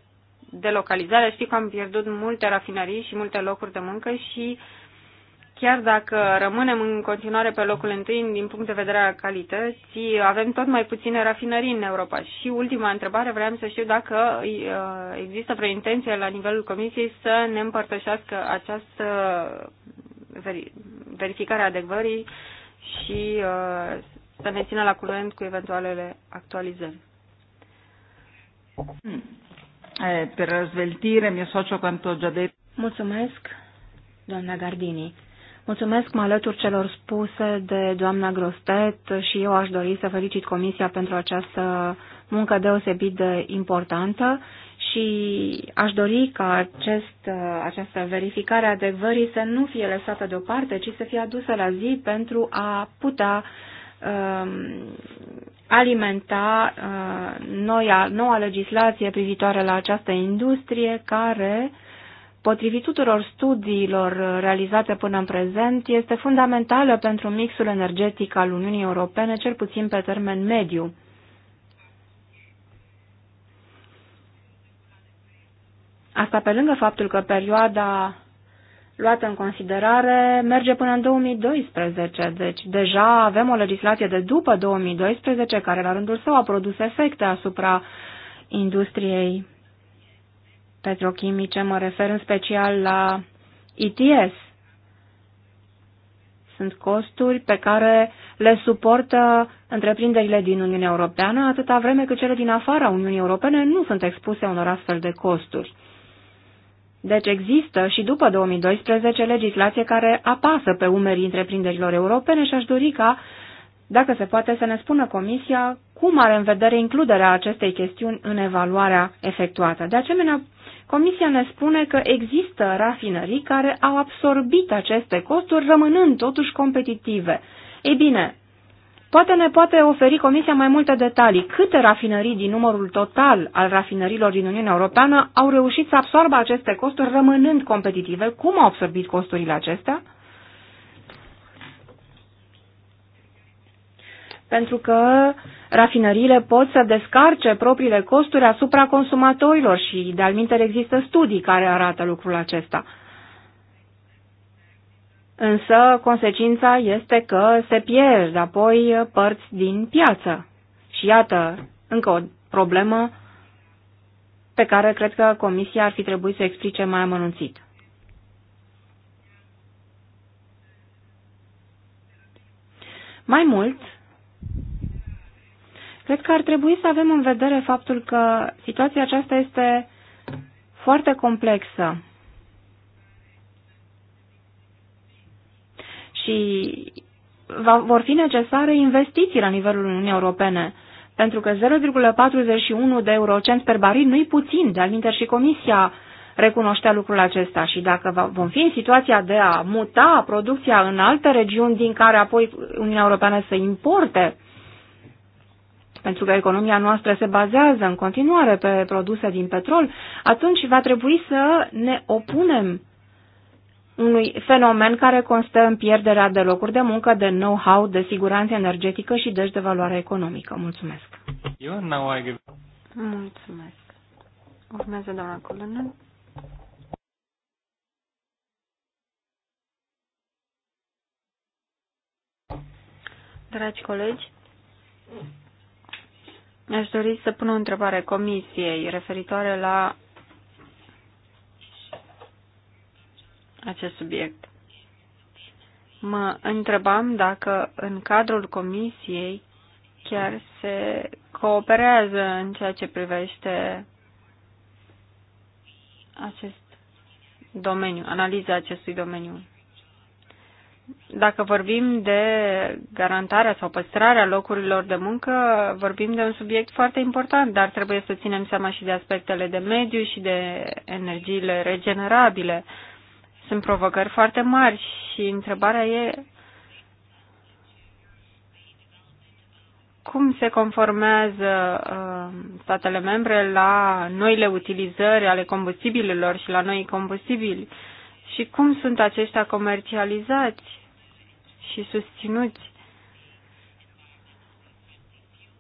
delocalizarea. Știi că am pierdut multe rafinării și multe locuri de muncă și chiar dacă rămânem în continuare pe locul întâi din punct de vedere al calității, avem tot mai puține rafinării în Europa. Și ultima întrebare, vreau să știu dacă uh, există vreo intenție la nivelul Comisiei să ne împărtășească această verificare a adecvării și uh, să ne țină la curent cu eventualele actualizări. Mm. Eh, per sveltire, mi associo quanto già detto. Mulțumesc, doamna Gardini. Mulțumesc, mă alătur celor spuse de doamna Grostet și eu aș dori să felicit Comisia pentru această muncă deosebit de importantă și aș dori ca acest, această verificare a să nu fie lăsată deoparte, ci să fie adusă la zi pentru a putea um, alimenta uh, noua, noua legislație privitoare la această industrie care, potrivit tuturor studiilor realizate până în prezent, este fundamentală pentru mixul energetic al Uniunii Europene, cel puțin pe termen mediu. Asta pe lângă faptul că perioada luată în considerare merge până în 2012, deci deja avem o legislație de după 2012 care la rândul său a produs efecte asupra industriei petrochimice, mă refer în special la ETS. Sunt costuri pe care le suportă întreprinderile din Uniunea Europeană atâta vreme cât cele din afara Uniunii Europene nu sunt expuse unor astfel de costuri. Deci există și după 2012 legislație care apasă pe umerii întreprinderilor europene și aș dori ca, dacă se poate, să ne spună Comisia cum are în vedere includerea acestei chestiuni în evaluarea efectuată. De asemenea, Comisia ne spune că există rafinării care au absorbit aceste costuri, rămânând totuși competitive. Ei bine, Poate ne poate oferi Comisia mai multe detalii. Câte rafinării din numărul total al rafinărilor din Uniunea Europeană au reușit să absorbă aceste costuri rămânând competitive? Cum au absorbit costurile acestea? Pentru că rafinările pot să descarce propriile costuri asupra consumatorilor și, de-al există studii care arată lucrul acesta însă consecința este că se pierd apoi părți din piață. Și iată, încă o problemă pe care cred că Comisia ar fi trebuit să explice mai amănunțit. Mai mult, cred că ar trebui să avem în vedere faptul că situația aceasta este foarte complexă și va, vor fi necesare investiții la nivelul Uniunii Europene, pentru că 0,41 de eurocenți per baril nu-i puțin, de-al și Comisia recunoștea lucrul acesta și dacă vom fi în situația de a muta producția în alte regiuni din care apoi Uniunea Europeană să importe, pentru că economia noastră se bazează în continuare pe produse din petrol, atunci va trebui să ne opunem unui fenomen care constă în pierderea de locuri de muncă, de know-how, de siguranță energetică și deci de valoare economică. Mulțumesc! Eu now I Mulțumesc! Urmează doamna Culănen. Dragi colegi, aș dori să pun o întrebare comisiei referitoare la acest subiect. Mă întrebam dacă în cadrul comisiei chiar se cooperează în ceea ce privește acest domeniu, analiza acestui domeniu. Dacă vorbim de garantarea sau păstrarea locurilor de muncă, vorbim de un subiect foarte important, dar trebuie să ținem seama și de aspectele de mediu și de energiile regenerabile. Uh, sunt provocări foarte mari și întrebarea e cum se conformează uh, statele membre la noile utilizări ale combustibililor și la noi combustibili și cum sunt aceștia comercializați și susținuți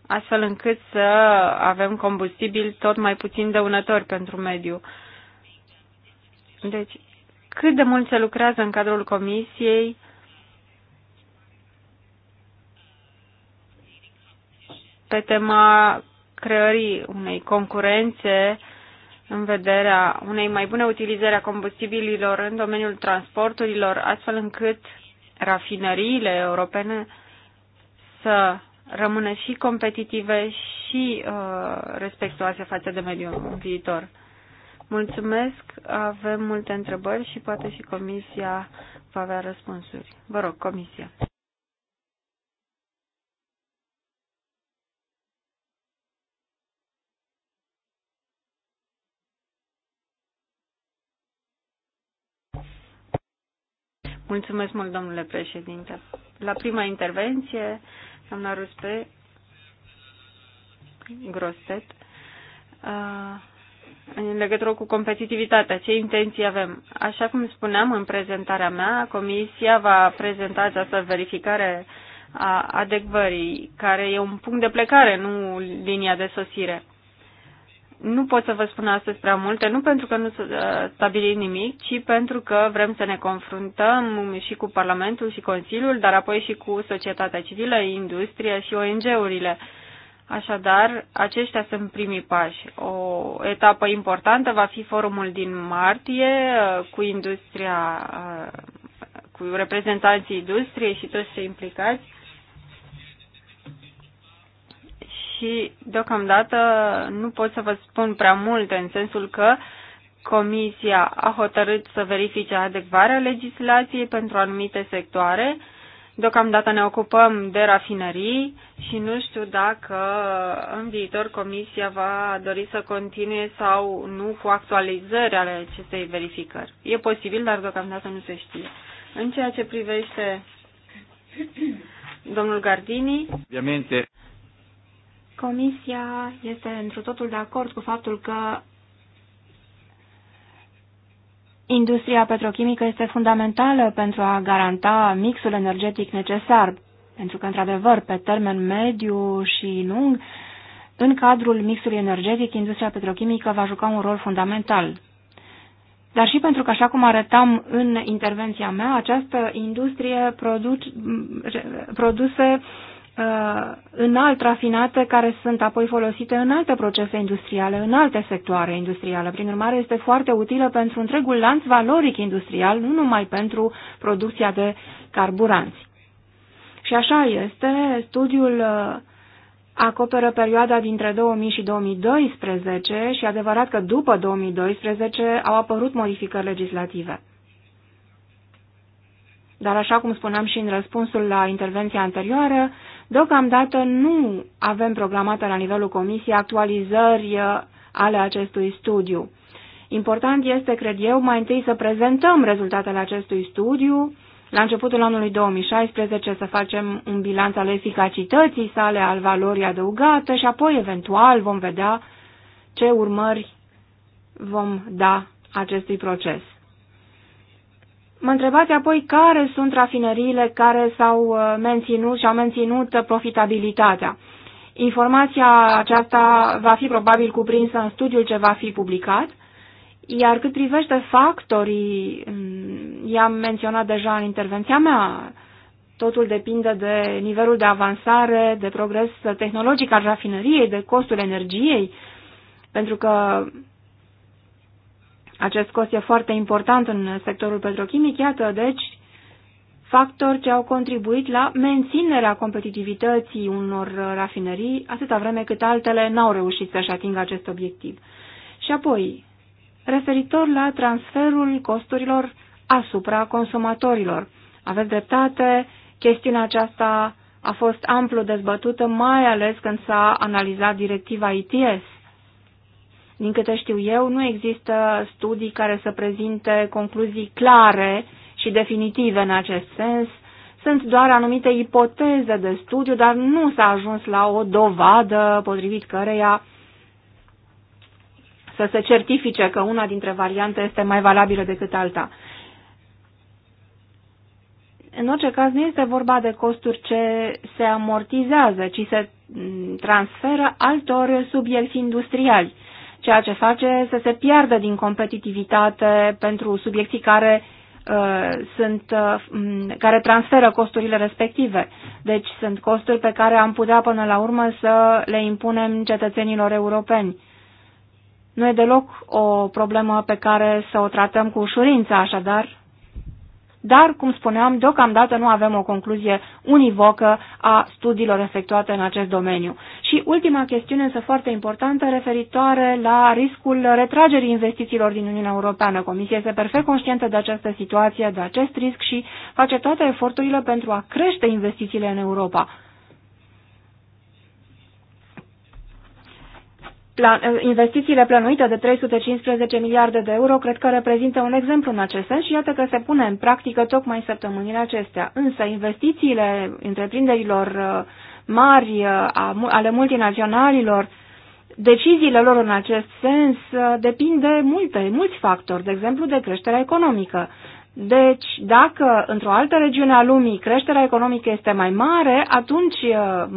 astfel încât să avem combustibili tot mai puțin dăunători pentru mediu. Deci, cât de mult se lucrează în cadrul comisiei pe tema creării unei concurențe în vederea unei mai bune utilizări a combustibililor în domeniul transporturilor, astfel încât rafinăriile europene să rămână și competitive și uh, respectuoase față de mediul în viitor. Mulțumesc, avem multe întrebări și poate și comisia va avea răspunsuri. Vă rog, comisia. Mulțumesc mult, domnule președinte. La prima intervenție, doamna Ruspe Groset uh, în legătură cu competitivitatea, ce intenții avem. Așa cum spuneam în prezentarea mea, Comisia va prezenta această verificare a adecvării, care e un punct de plecare, nu linia de sosire. Nu pot să vă spun astăzi prea multe, nu pentru că nu uh, stabilim nimic, ci pentru că vrem să ne confruntăm și cu Parlamentul și Consiliul, dar apoi și cu societatea civilă, industria și ONG-urile Așadar, aceștia sunt primii pași. O etapă importantă va fi forumul din martie uh, cu industria, uh, cu reprezentanții industriei și toți cei implicați. Și deocamdată nu pot să vă spun prea multe în sensul că Comisia a hotărât să verifice adecvarea legislației pentru anumite sectoare Deocamdată ne ocupăm de rafinării și nu știu dacă în viitor Comisia va dori să continue sau nu cu actualizări ale acestei verificări. E posibil, dar deocamdată nu se știe. În ceea ce privește domnul Gardini, Obviamente. Comisia este într totul de acord cu faptul că Industria petrochimică este fundamentală pentru a garanta mixul energetic necesar, pentru că, într-adevăr, pe termen mediu și lung, în cadrul mixului energetic, industria petrochimică va juca un rol fundamental. Dar și pentru că, așa cum arătam în intervenția mea, această industrie produce produse uh, înalt rafinate care sunt apoi folosite în alte procese industriale, în alte sectoare industriale. Prin urmare, este foarte utilă pentru întregul lanț valoric industrial, nu numai pentru producția de carburanți. Și așa este, studiul uh, acoperă perioada dintre 2000 și 2012 și adevărat că după 2012 au apărut modificări legislative. Dar așa cum spuneam și în răspunsul la intervenția anterioară, Deocamdată nu avem programată la nivelul comisiei actualizări uh, ale acestui studiu. Important este, cred eu, mai întâi să prezentăm rezultatele acestui studiu, la începutul anului 2016 să facem un bilanț al eficacității sale, al valorii adăugate și apoi eventual vom vedea ce urmări vom da acestui proces. Mă întrebați apoi care sunt rafinările care s-au uh, menținut și au menținut profitabilitatea. Informația aceasta va fi probabil cuprinsă în studiul ce va fi publicat, iar cât privește factorii, mm, i-am menționat deja în intervenția mea, totul depinde de nivelul de avansare, de progres tehnologic al rafinăriei, de costul energiei, pentru că acest cost e foarte important în sectorul petrochimic, iată, deci, factori ce au contribuit la menținerea competitivității unor rafinării, atâta vreme cât altele n-au reușit să-și atingă acest obiectiv. Și apoi, referitor la transferul costurilor asupra consumatorilor. Aveți dreptate, chestiunea aceasta a fost amplu dezbătută, mai ales când s-a analizat directiva ITS. Din câte știu eu, nu există studii care să prezinte concluzii clare și definitive în acest sens. Sunt doar anumite ipoteze de studiu, dar nu s-a ajuns la o dovadă potrivit căreia să se certifice că una dintre variante este mai valabilă decât alta. În orice caz, nu este vorba de costuri ce se amortizează, ci se transferă altor subiecti industriali ceea ce face să se piardă din competitivitate pentru subiecții care uh, sunt, uh, care transferă costurile respective. Deci sunt costuri pe care am putea până la urmă să le impunem cetățenilor europeni. Nu e deloc o problemă pe care să o tratăm cu ușurință, așadar dar, cum spuneam, deocamdată nu avem o concluzie univocă a studiilor efectuate în acest domeniu. Și ultima chestiune, însă foarte importantă, referitoare la riscul retragerii investițiilor din Uniunea Europeană. Comisia este perfect conștientă de această situație, de acest risc și face toate eforturile pentru a crește investițiile în Europa. plan, investițiile plănuite de 315 miliarde de euro cred că reprezintă un exemplu în acest sens și iată că se pune în practică tocmai săptămânile acestea. Însă investițiile întreprinderilor uh, mari, uh, ale multinaționalilor, deciziile lor în acest sens uh, depind de multe, mulți factori, de exemplu de creșterea economică. Deci, dacă într-o altă regiune a lumii creșterea economică este mai mare, atunci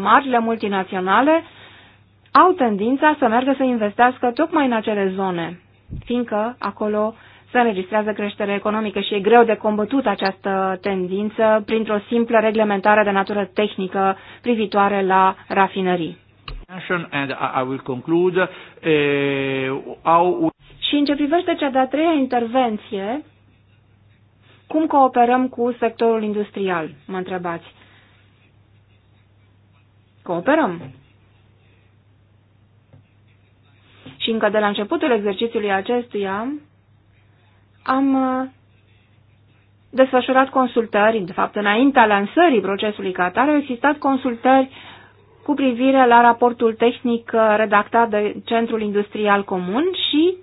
marile multinaționale uh, au tendința să meargă să investească tocmai în acele zone, fiindcă acolo se înregistrează creștere economică și e greu de combătut această tendință printr-o simplă reglementare de natură tehnică privitoare la rafinării. Eh, și în ce privește cea de-a treia intervenție, cum cooperăm cu sectorul industrial, mă întrebați? Cooperăm. și încă de la începutul exercițiului acestuia am uh, desfășurat consultări, de fapt înaintea lansării procesului Qatar au existat consultări cu privire la raportul tehnic uh, redactat de Centrul Industrial Comun și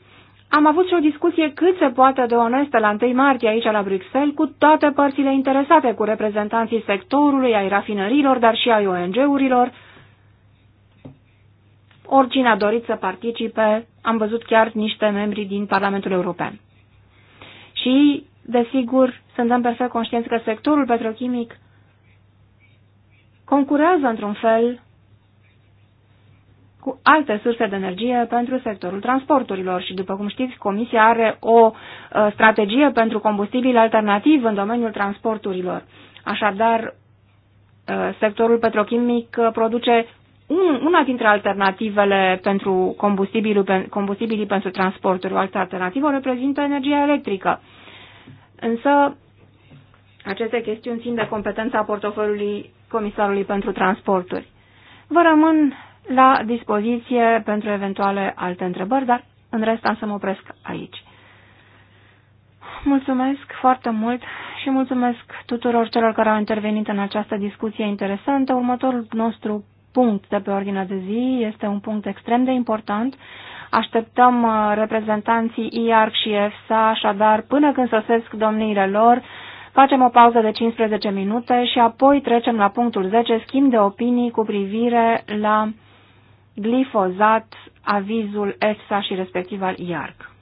am avut și o discuție cât se poate de onestă la 1 martie aici la Bruxelles cu toate părțile interesate, cu reprezentanții sectorului, ai rafinărilor, dar și ai ONG-urilor, oricine a dorit să participe, am văzut chiar niște membri din Parlamentul European. Și, desigur, suntem perfect conștienți că sectorul petrochimic concurează într-un fel cu alte surse de energie pentru sectorul transporturilor și, după cum știți, Comisia are o uh, strategie pentru combustibili alternativ în domeniul transporturilor. Așadar, uh, sectorul petrochimic uh, produce un, una dintre alternativele pentru combustibilul, combustibilii pentru transporturi, o altă alternativă, reprezintă energia electrică. Însă, aceste chestiuni țin de competența portofoliului Comisarului pentru Transporturi. Vă rămân la dispoziție pentru eventuale alte întrebări, dar în rest am să mă opresc aici. Mulțumesc foarte mult și mulțumesc tuturor celor care au intervenit în această discuție interesantă. Următorul nostru punct de pe ordinea de zi, este un punct extrem de important. Așteptăm uh, reprezentanții IARC și EFSA, așadar, până când sosesc domniile lor, facem o pauză de 15 minute și apoi trecem la punctul 10, schimb de opinii cu privire la glifozat, avizul EFSA și respectiv al IARC.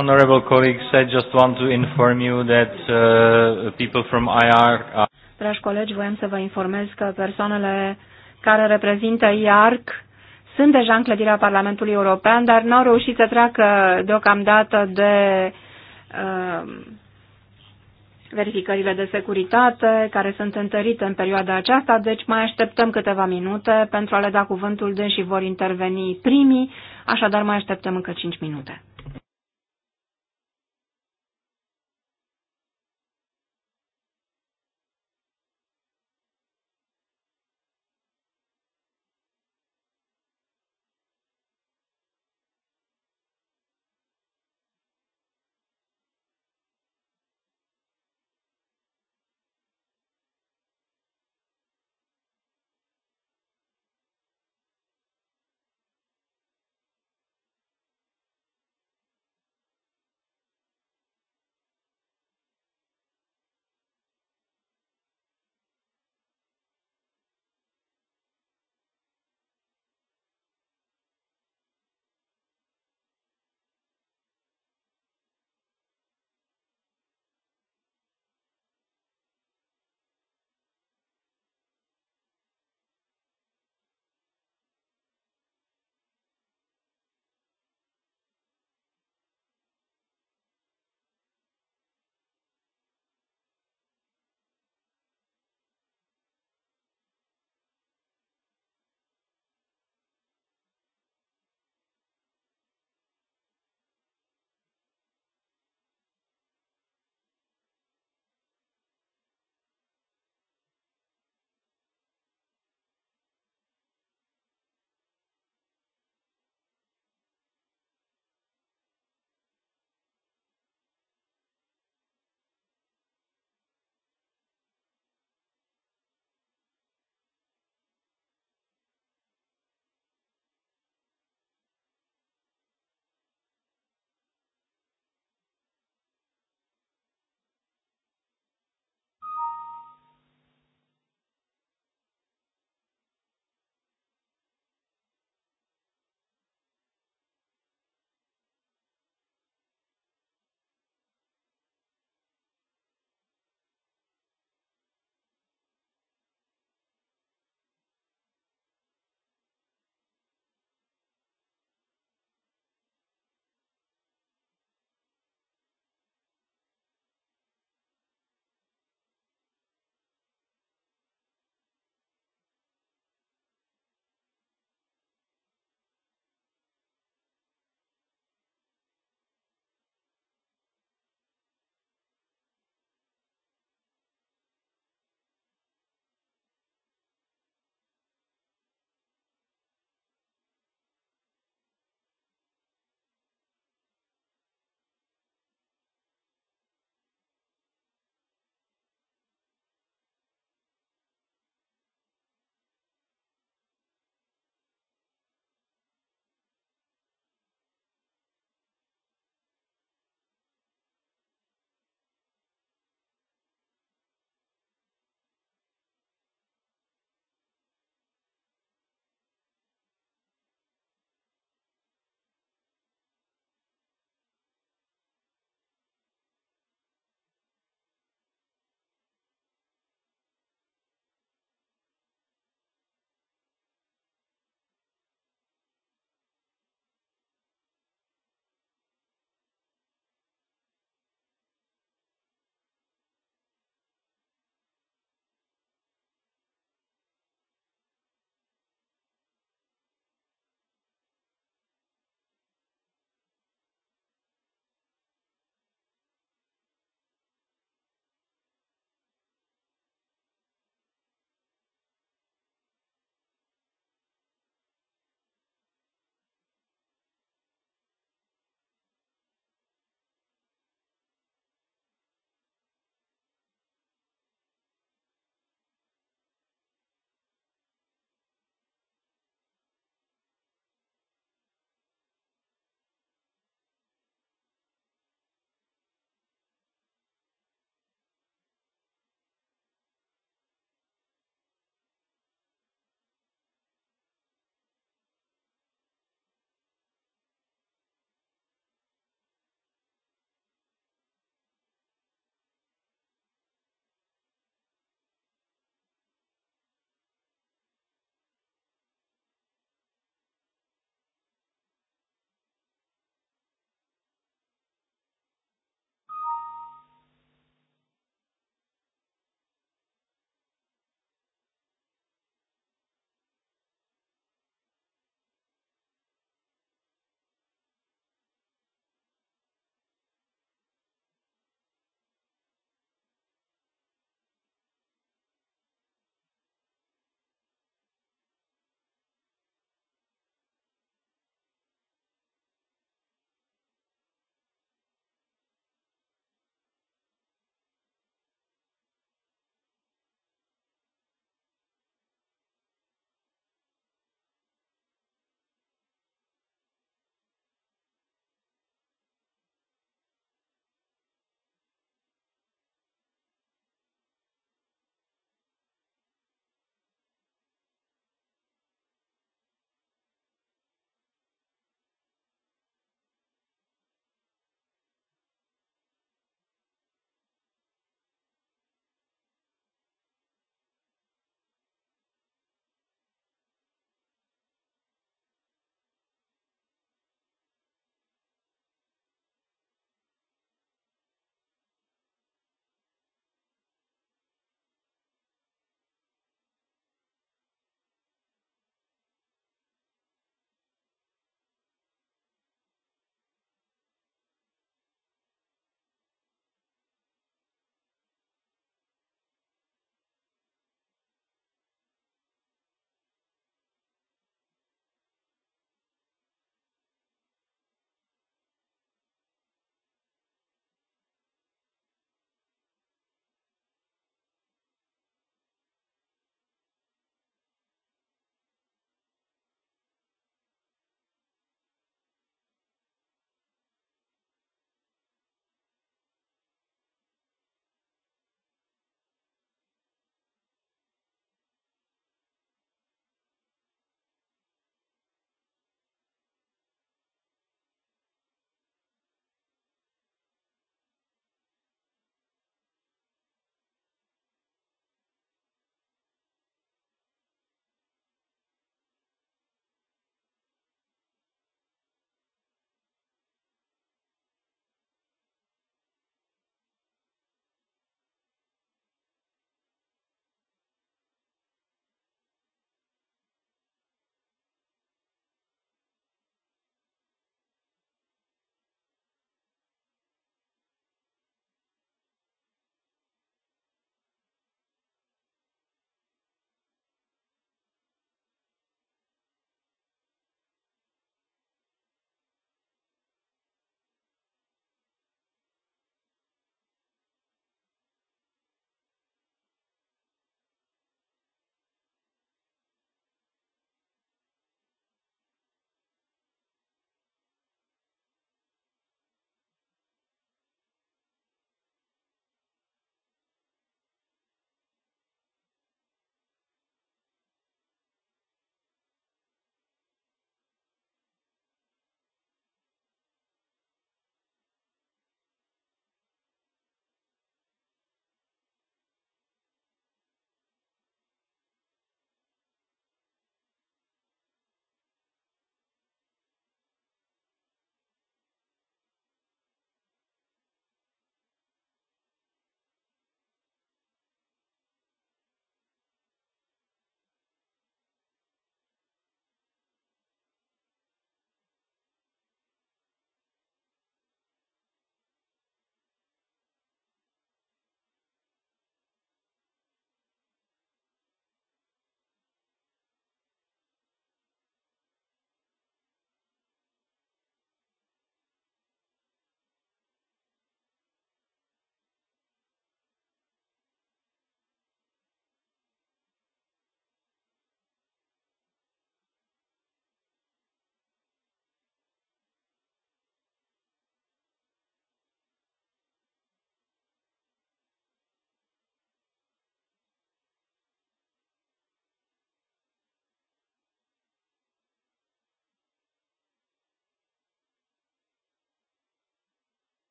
honorable colleagues, I just want to inform you that uh, people from IR are... Dragi colegi, voiam să vă informez că persoanele care reprezintă IARC sunt deja în clădirea Parlamentului European, dar n-au reușit să treacă deocamdată de uh, verificările de securitate care sunt întărite în perioada aceasta, deci mai așteptăm câteva minute pentru a le da cuvântul, de și vor interveni primii, așadar mai așteptăm încă 5 minute.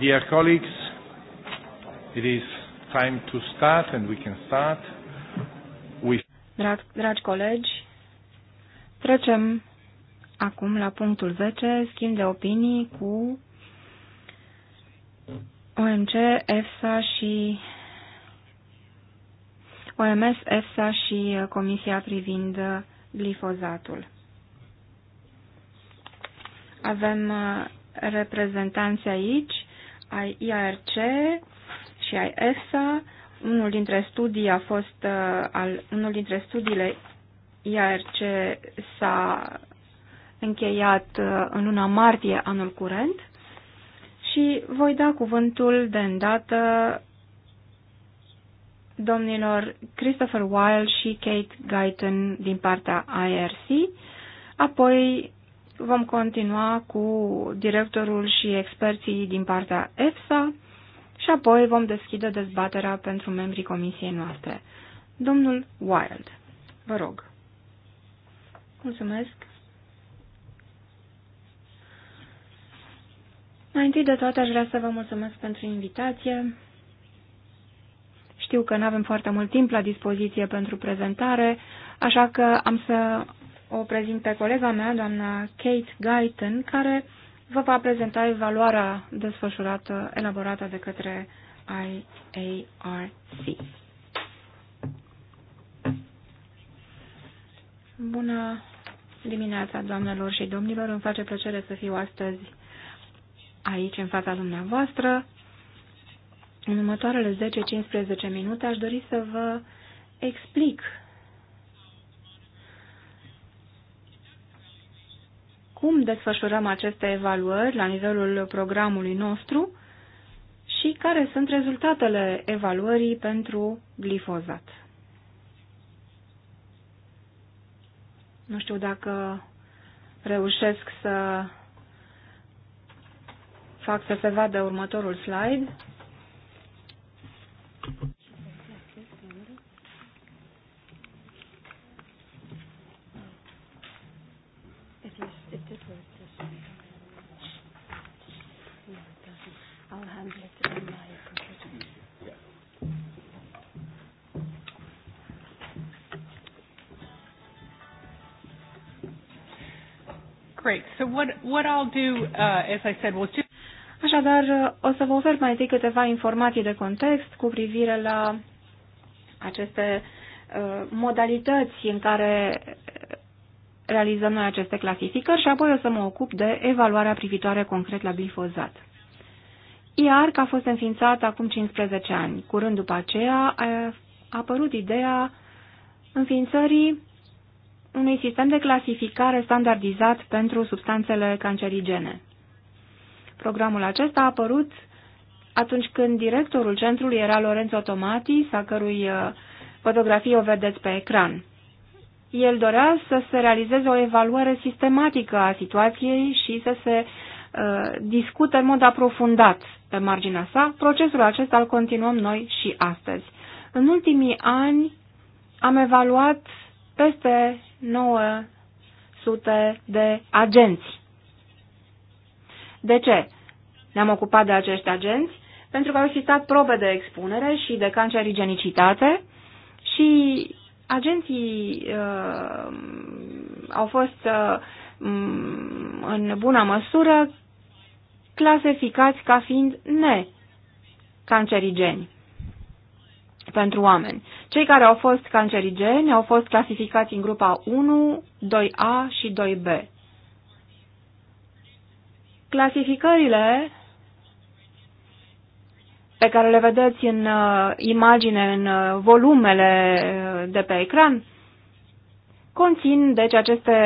Dear colleagues, it is time to start and we can start with... Drag, dragi colegi, trecem acum la punctul 10, schimb de opinii cu OMC, EFSA și OMS, EFSA și Comisia privind glifozatul. Avem reprezentanți aici ai IARC și ai ESA. Unul dintre studii a fost uh, al unul dintre studiile IARC s-a încheiat uh, în luna martie anul curent și voi da cuvântul de îndată domnilor Christopher Wild și Kate Guyton din partea IRC, apoi Vom continua cu directorul și experții din partea EFSA și apoi vom deschide dezbaterea pentru membrii comisiei noastre. Domnul Wild, vă rog. Mulțumesc. Mai întâi de toate aș vrea să vă mulțumesc pentru invitație. Știu că nu avem foarte mult timp la dispoziție pentru prezentare, așa că am să o prezint pe colega mea, doamna Kate Guyton, care vă va prezenta evaluarea desfășurată, elaborată de către IARC. Bună dimineața, doamnelor și domnilor. Îmi face plăcere să fiu astăzi aici, în fața dumneavoastră. În următoarele 10-15 minute aș dori să vă explic cum desfășurăm aceste evaluări la nivelul programului nostru și care sunt rezultatele evaluării pentru glifozat. Nu știu dacă reușesc să fac să se vadă următorul slide. what, what I'll do, uh, as I said, was just... Așadar, o să vă ofer mai întâi câteva informații de context cu privire la aceste uh, modalități în care realizăm noi aceste clasificări și apoi o să mă ocup de evaluarea privitoare concret la glifozat. IARC a fost înființat acum 15 ani. Curând după aceea a apărut ideea înființării unui sistem de clasificare standardizat pentru substanțele cancerigene. Programul acesta a apărut atunci când directorul centrului era Lorenzo Tomati, a cărui uh, fotografie o vedeți pe ecran. El dorea să se realizeze o evaluare sistematică a situației și să se uh, discute în mod aprofundat pe marginea sa. Procesul acesta îl continuăm noi și astăzi. În ultimii ani am evaluat peste 900 de agenți. De ce? Ne-am ocupat de acești agenți pentru că au existat probe de expunere și de cancerigenicitate și agenții uh, au fost uh, mm, în bună măsură clasificați ca fiind necancerigeni pentru oameni. Cei care au fost cancerigeni au fost clasificați în grupa 1, 2A și 2B. Clasificările pe care le vedeți în uh, imagine, în uh, volumele uh, de pe ecran, conțin deci aceste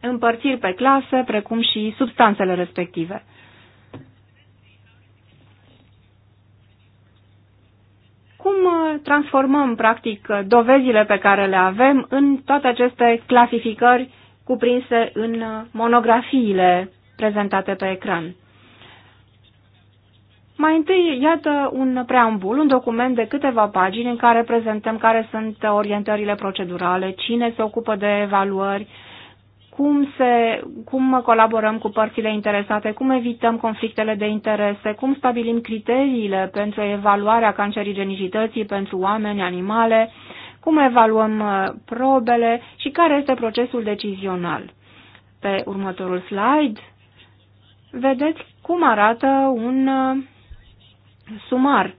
împărțiri pe clase, precum și substanțele respective. cum uh, transformăm, practic, dovezile pe care le avem în toate aceste clasificări cuprinse în uh, monografiile prezentate pe ecran. Mai întâi, iată un preambul, un document de câteva pagini în care prezentăm care sunt orientările procedurale, cine se ocupă de evaluări, cum, se, cum colaborăm cu părțile interesate, cum evităm conflictele de interese, cum stabilim criteriile pentru evaluarea cancerigenicității pentru oameni, animale, cum evaluăm uh, probele și care este procesul decizional. Pe următorul slide vedeți cum arată un uh, sumar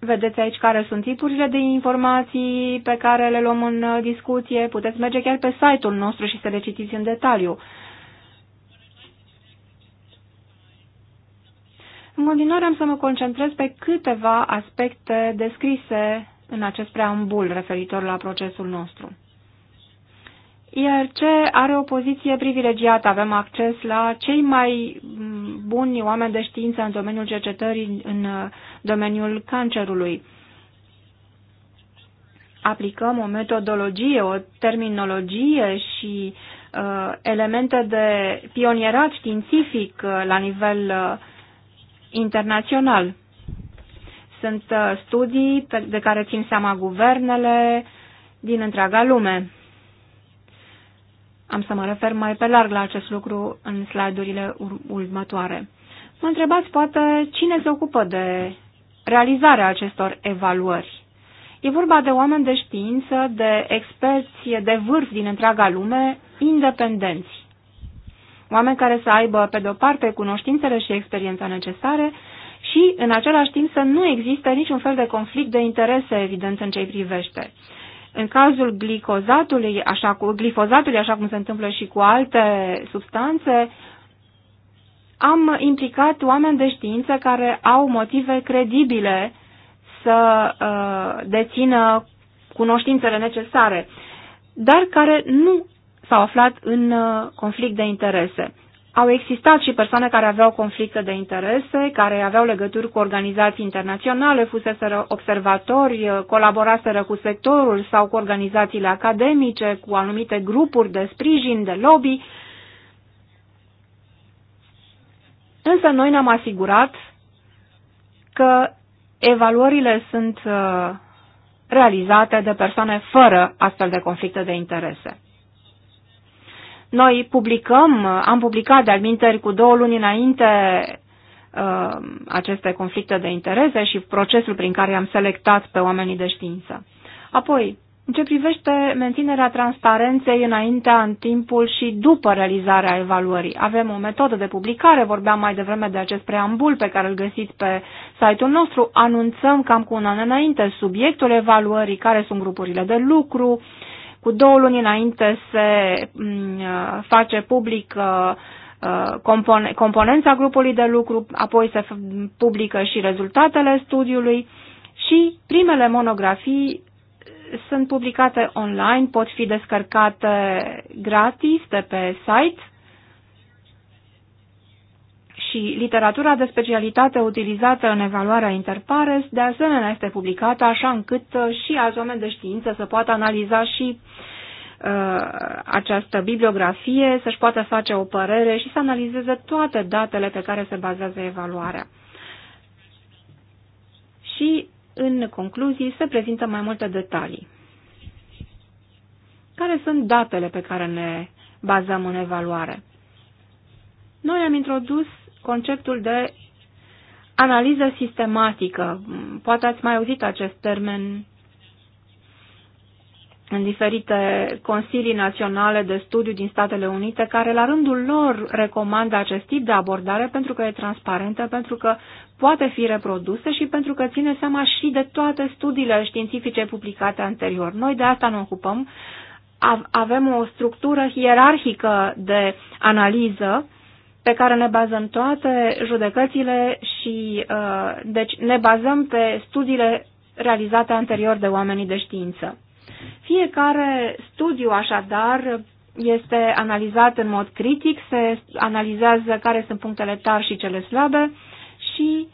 Vedeți aici care sunt tipurile de informații pe care le luăm în uh, discuție. Puteți merge chiar pe site-ul nostru și să le citiți în detaliu. În continuare am să mă concentrez pe câteva aspecte descrise în acest preambul referitor la procesul nostru. Iar ce are o poziție privilegiată. Avem acces la cei mai mm, buni oameni de știință în domeniul cercetării, în domeniul cancerului. Aplicăm o metodologie, o terminologie și uh, elemente de pionierat științific uh, la nivel uh, internațional. Sunt uh, studii de care țin seama guvernele din întreaga lume. Am să mă refer mai pe larg la acest lucru în slide-urile următoare. Mă întrebați poate cine se ocupă de realizarea acestor evaluări. E vorba de oameni de știință, de experți de vârf din întreaga lume, independenți. Oameni care să aibă, pe de-o parte, cunoștințele și experiența necesare și, în același timp, să nu existe niciun fel de conflict de interese evident în ce privește. În cazul glicozatului, așa, cu, glifozatului, așa cum se întâmplă și cu alte substanțe, am implicat oameni de știință care au motive credibile să uh, dețină cunoștințele necesare, dar care nu s-au aflat în uh, conflict de interese au existat și persoane care aveau conflicte de interese, care aveau legături cu organizații internaționale, fuseseră observatori, colaboraseră cu sectorul sau cu organizațiile academice, cu anumite grupuri de sprijin, de lobby. Însă noi ne-am asigurat că evaluările sunt uh, realizate de persoane fără astfel de conflicte de interese. Noi publicăm, am publicat de alminteri cu două luni înainte uh, aceste conflicte de interese și procesul prin care am selectat pe oamenii de știință. Apoi, în ce privește menținerea transparenței înaintea, în timpul și după realizarea evaluării, avem o metodă de publicare, vorbeam mai devreme de acest preambul pe care îl găsiți pe site-ul nostru, anunțăm cam cu un an înainte subiectul evaluării, care sunt grupurile de lucru, uh, cu două luni înainte se mm, face public uh, uh, componența grupului de lucru, apoi se publică și rezultatele studiului și primele monografii sunt publicate online, pot fi descărcate gratis de pe site și literatura de specialitate utilizată în evaluarea interpares, de asemenea, este publicată așa încât uh, și alți oameni de știință să poată analiza și uh, această bibliografie, să-și poată face o părere și să analizeze toate datele pe care se bazează evaluarea. Și, în concluzii, se prezintă mai multe detalii. Care sunt datele pe care ne bazăm în evaluare? Noi am introdus conceptul de analiză sistematică. Poate ați mai auzit acest termen în diferite consilii naționale de studiu din Statele Unite, care la rândul lor recomandă acest tip de abordare pentru că e transparentă, pentru că poate fi reprodusă și pentru că ține seama și de toate studiile științifice publicate anterior. Noi de asta ne ocupăm. Avem o structură hierarhică de analiză pe care ne bazăm toate judecățile și uh, deci ne bazăm pe studiile realizate anterior de oamenii de știință. Fiecare studiu, așadar, este analizat în mod critic, se analizează care sunt punctele tari și cele slabe și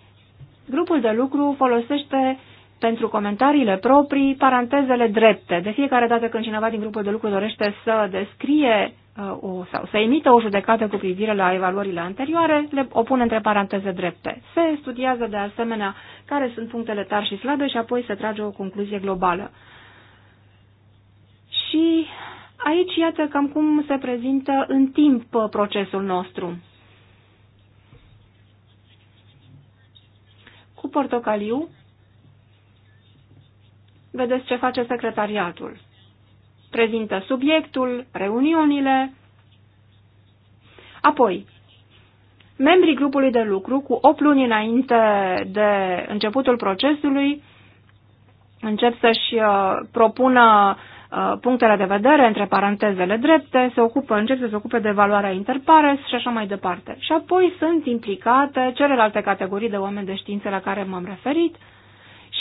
grupul de lucru folosește pentru comentariile proprii parantezele drepte. De fiecare dată când cineva din grupul de lucru dorește să descrie Uh, o, sau să emită o judecată cu privire la evaluările anterioare, le, opun între paranteze drepte. Se studiază de asemenea care sunt punctele tari și slabe și apoi se trage o concluzie globală. Și aici iată cam cum se prezintă în timp uh, procesul nostru. Cu portocaliu, vedeți ce face secretariatul prezintă subiectul, reuniunile. Apoi, membrii grupului de lucru, cu 8 luni înainte de începutul procesului, încep să-și uh, propună uh, punctele de vedere, între parantezele drepte, se ocupă, încep să se ocupe de valoarea interpares și așa mai departe. Și apoi sunt implicate celelalte categorii de oameni de știință la care m-am referit,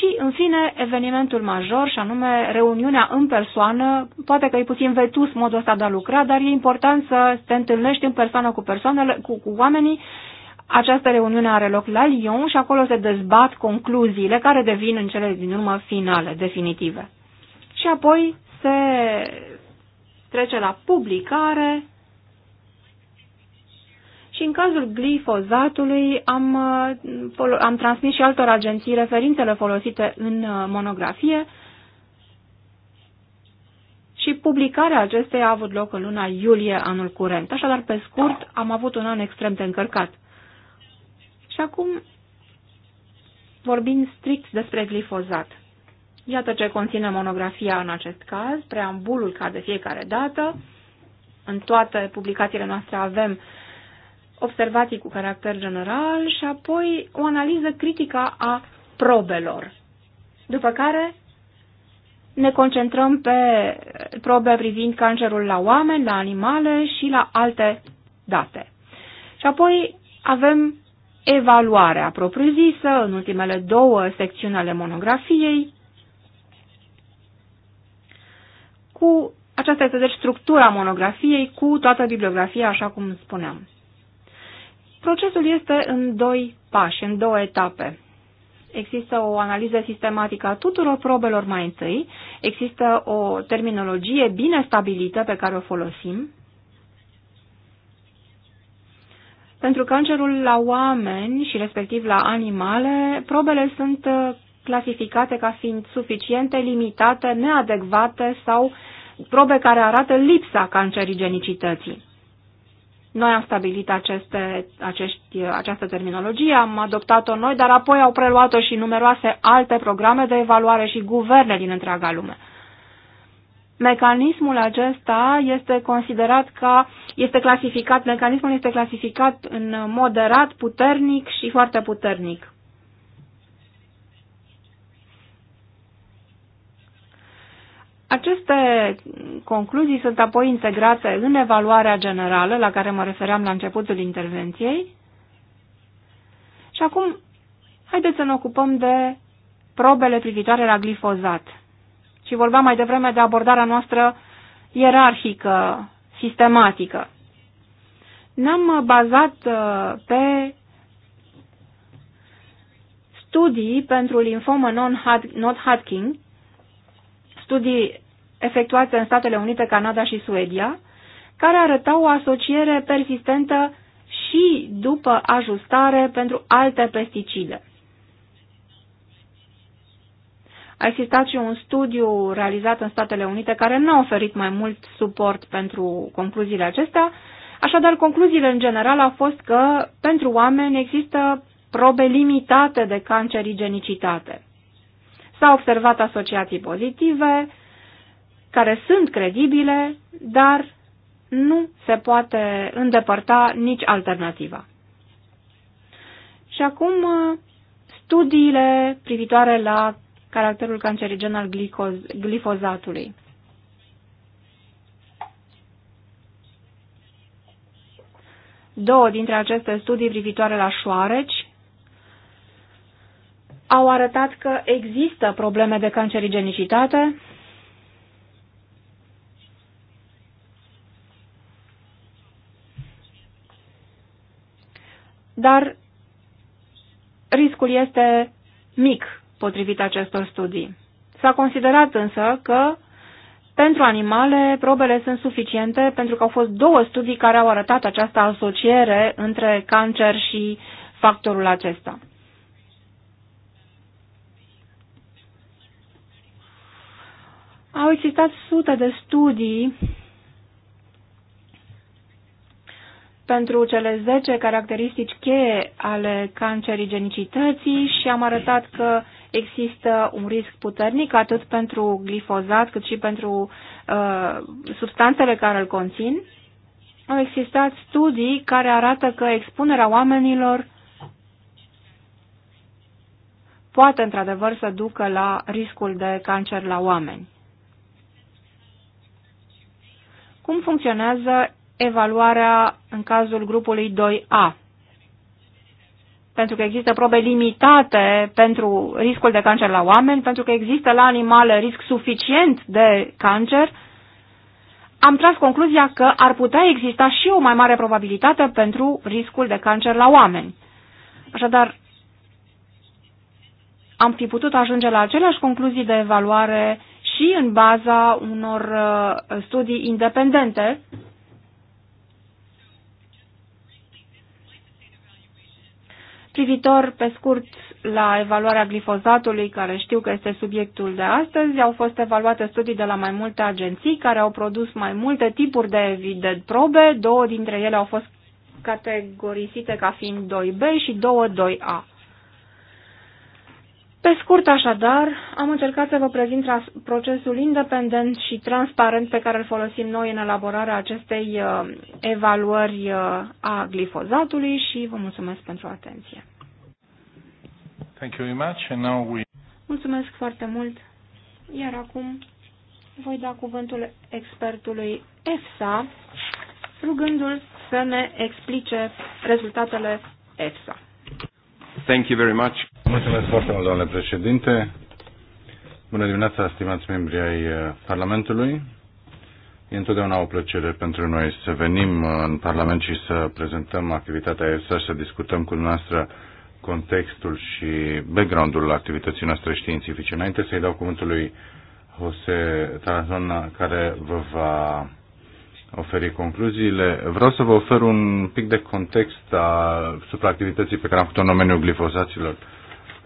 și, în fine, evenimentul major, și anume reuniunea în persoană, poate că e puțin vetus modul ăsta de a lucra, dar e important să te întâlnești în persoană cu, persoanele, cu, cu oamenii. Această reuniune are loc la Lyon și acolo se dezbat concluziile care devin în cele din urmă finale, definitive. Și apoi se trece la publicare și în cazul glifozatului am, uh, am transmis și altor agenții referințele folosite în uh, monografie și publicarea acesteia a avut loc în luna iulie anul curent. Așadar, pe scurt, am avut un an extrem de încărcat. Și acum, vorbind strict despre glifozat. Iată ce conține monografia în acest caz, preambulul ca de fiecare dată. În toate publicațiile noastre avem uh, observații cu caracter general și apoi o analiză critică a probelor. După care ne concentrăm pe probe privind cancerul la oameni, la animale și la alte date. Și apoi avem evaluarea propriu-zisă în ultimele două secțiuni ale monografiei. Cu aceasta este deci structura monografiei cu toată bibliografia, așa cum spuneam. Procesul este în doi pași, în două etape. Există o analiză sistematică a tuturor probelor mai întâi, există o terminologie bine stabilită pe care o folosim. Pentru cancerul la oameni și respectiv la animale, probele sunt uh, clasificate ca fiind suficiente, limitate, neadecvate sau probe care arată lipsa cancerigenicității. Noi am stabilit aceste, acești, această terminologie, am adoptat-o noi, dar apoi au preluat-o și numeroase alte programe de evaluare și guverne din întreaga lume. Mecanismul acesta este considerat ca, este clasificat, mecanismul este clasificat în moderat, puternic și foarte puternic. Aceste concluzii sunt apoi integrate în evaluarea generală, la care mă refeream la începutul intervenției. Și acum, haideți să ne ocupăm de probele privitoare la glifozat. Și vorbeam mai devreme de abordarea noastră ierarhică, sistematică. Ne-am bazat uh, pe studii pentru linfomă non-Hodgkin, studii efectuați în Statele Unite, Canada și Suedia, care arătau o asociere persistentă și după ajustare pentru alte pesticide. A existat și un studiu realizat în Statele Unite care nu a oferit mai mult suport pentru concluziile acestea, așadar concluziile în general au fost că pentru oameni există probe limitate de cancerigenicitate. S-au observat asociații pozitive, care sunt credibile, dar nu se poate îndepărta nici alternativa. Și acum uh, studiile privitoare la caracterul cancerigen al glicoz, glifozatului. Două dintre aceste studii privitoare la șoareci au arătat că există probleme de cancerigenicitate dar riscul este mic potrivit acestor studii. S-a considerat însă că pentru animale probele sunt suficiente pentru că au fost două studii care au arătat această asociere între cancer și factorul acesta. Au existat sute de studii pentru cele 10 caracteristici cheie ale cancerigenicității și am arătat că există un risc puternic atât pentru glifozat cât și pentru uh, substanțele care îl conțin. Au existat studii care arată că expunerea oamenilor poate într-adevăr să ducă la riscul de cancer la oameni. Cum funcționează evaluarea în cazul grupului 2A. Pentru că există probe limitate pentru riscul de cancer la oameni, pentru că există la animale risc suficient de cancer, am tras concluzia că ar putea exista și o mai mare probabilitate pentru riscul de cancer la oameni. Așadar, am fi putut ajunge la aceleași concluzii de evaluare și în baza unor uh, studii independente Privitor pe scurt la evaluarea glifozatului, care știu că este subiectul de astăzi, au fost evaluate studii de la mai multe agenții care au produs mai multe tipuri de, de probe, două dintre ele au fost categorisite ca fiind 2B și 2A. Pe scurt, așadar, am încercat să vă prezint procesul independent și transparent pe care îl folosim noi în elaborarea acestei uh, evaluări uh, a glifozatului și vă mulțumesc pentru atenție. Thank you very much. And now we... Mulțumesc foarte mult. Iar acum voi da cuvântul expertului EFSA, rugându-l să ne explice rezultatele EFSA. Thank you very much. Mulțumesc foarte mult, domnule președinte. Bună dimineața, stimați membri ai uh, Parlamentului. E întotdeauna o plăcere pentru noi să venim uh, în Parlament și să prezentăm activitatea ESA și să discutăm cu dumneavoastră contextul și background-ul activității noastre științifice. Înainte să-i dau cuvântul lui Jose Tarazona, care vă va oferi concluziile. Vreau să vă ofer un pic de context a supraactivității pe care am făcut-o în domeniul glifosaților.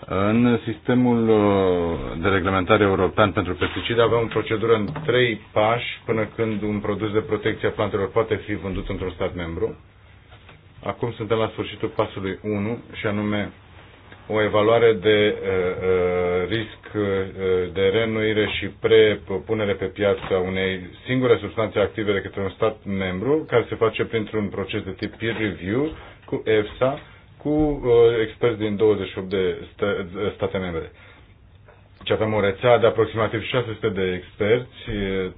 În sistemul uh, de reglementare european pentru pesticide avem o procedură în trei pași până când un produs de protecție a plantelor poate fi vândut într-un stat membru. Acum suntem la sfârșitul pasului 1 și anume o evaluare de uh, uh risc uh, de renuire și prepunere pe piață a unei singure substanțe active de către un stat membru, care se face printr-un proces de tip peer review cu EFSA, cu uh, experți din 28 de state membre. Ce deci avem o rețea de aproximativ 600 de experți,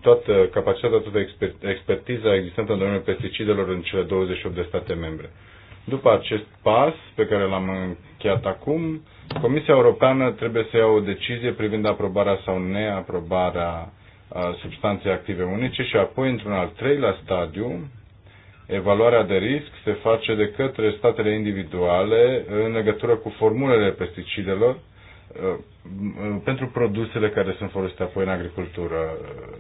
toată capacitatea, toată expertiza existentă în domeniul pesticidelor în cele 28 de state membre. După acest pas pe care l-am încheiat acum, Comisia Europeană trebuie să ia o decizie privind aprobarea sau neaprobarea substanței active unice și apoi, într-un al treilea stadiu, evaluarea de risc se face de către statele individuale în legătură cu formulele pesticidelor pentru produsele care sunt folosite apoi în agricultură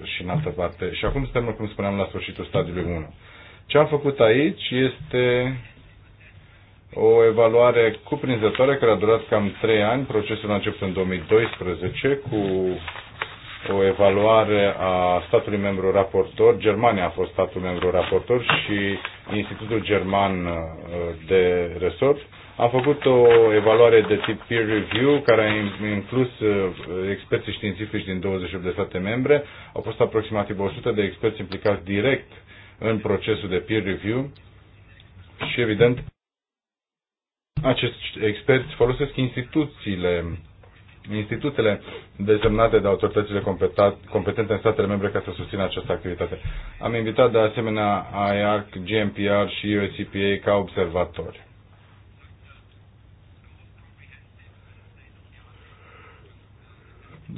și în altă parte. Și acum suntem, cum spuneam, la sfârșitul stadiului 1. Ce am făcut aici este o evaluare cuprinzătoare care a durat cam 3 ani. Procesul a început în 2012 cu o evaluare a statului membru raportor. Germania a fost statul membru raportor și Institutul German uh, de Resort. A făcut o evaluare de tip peer review care a inclus uh, experții științifici din 28 de state membre. Au fost aproximativ 100 de experți implicați direct în procesul de peer review și evident acești experți folosesc instituțiile instituțiile desemnate de autoritățile competente în statele membre ca să susțină această activitate. Am invitat de asemenea IARC, GMPR și USCPA ca observatori.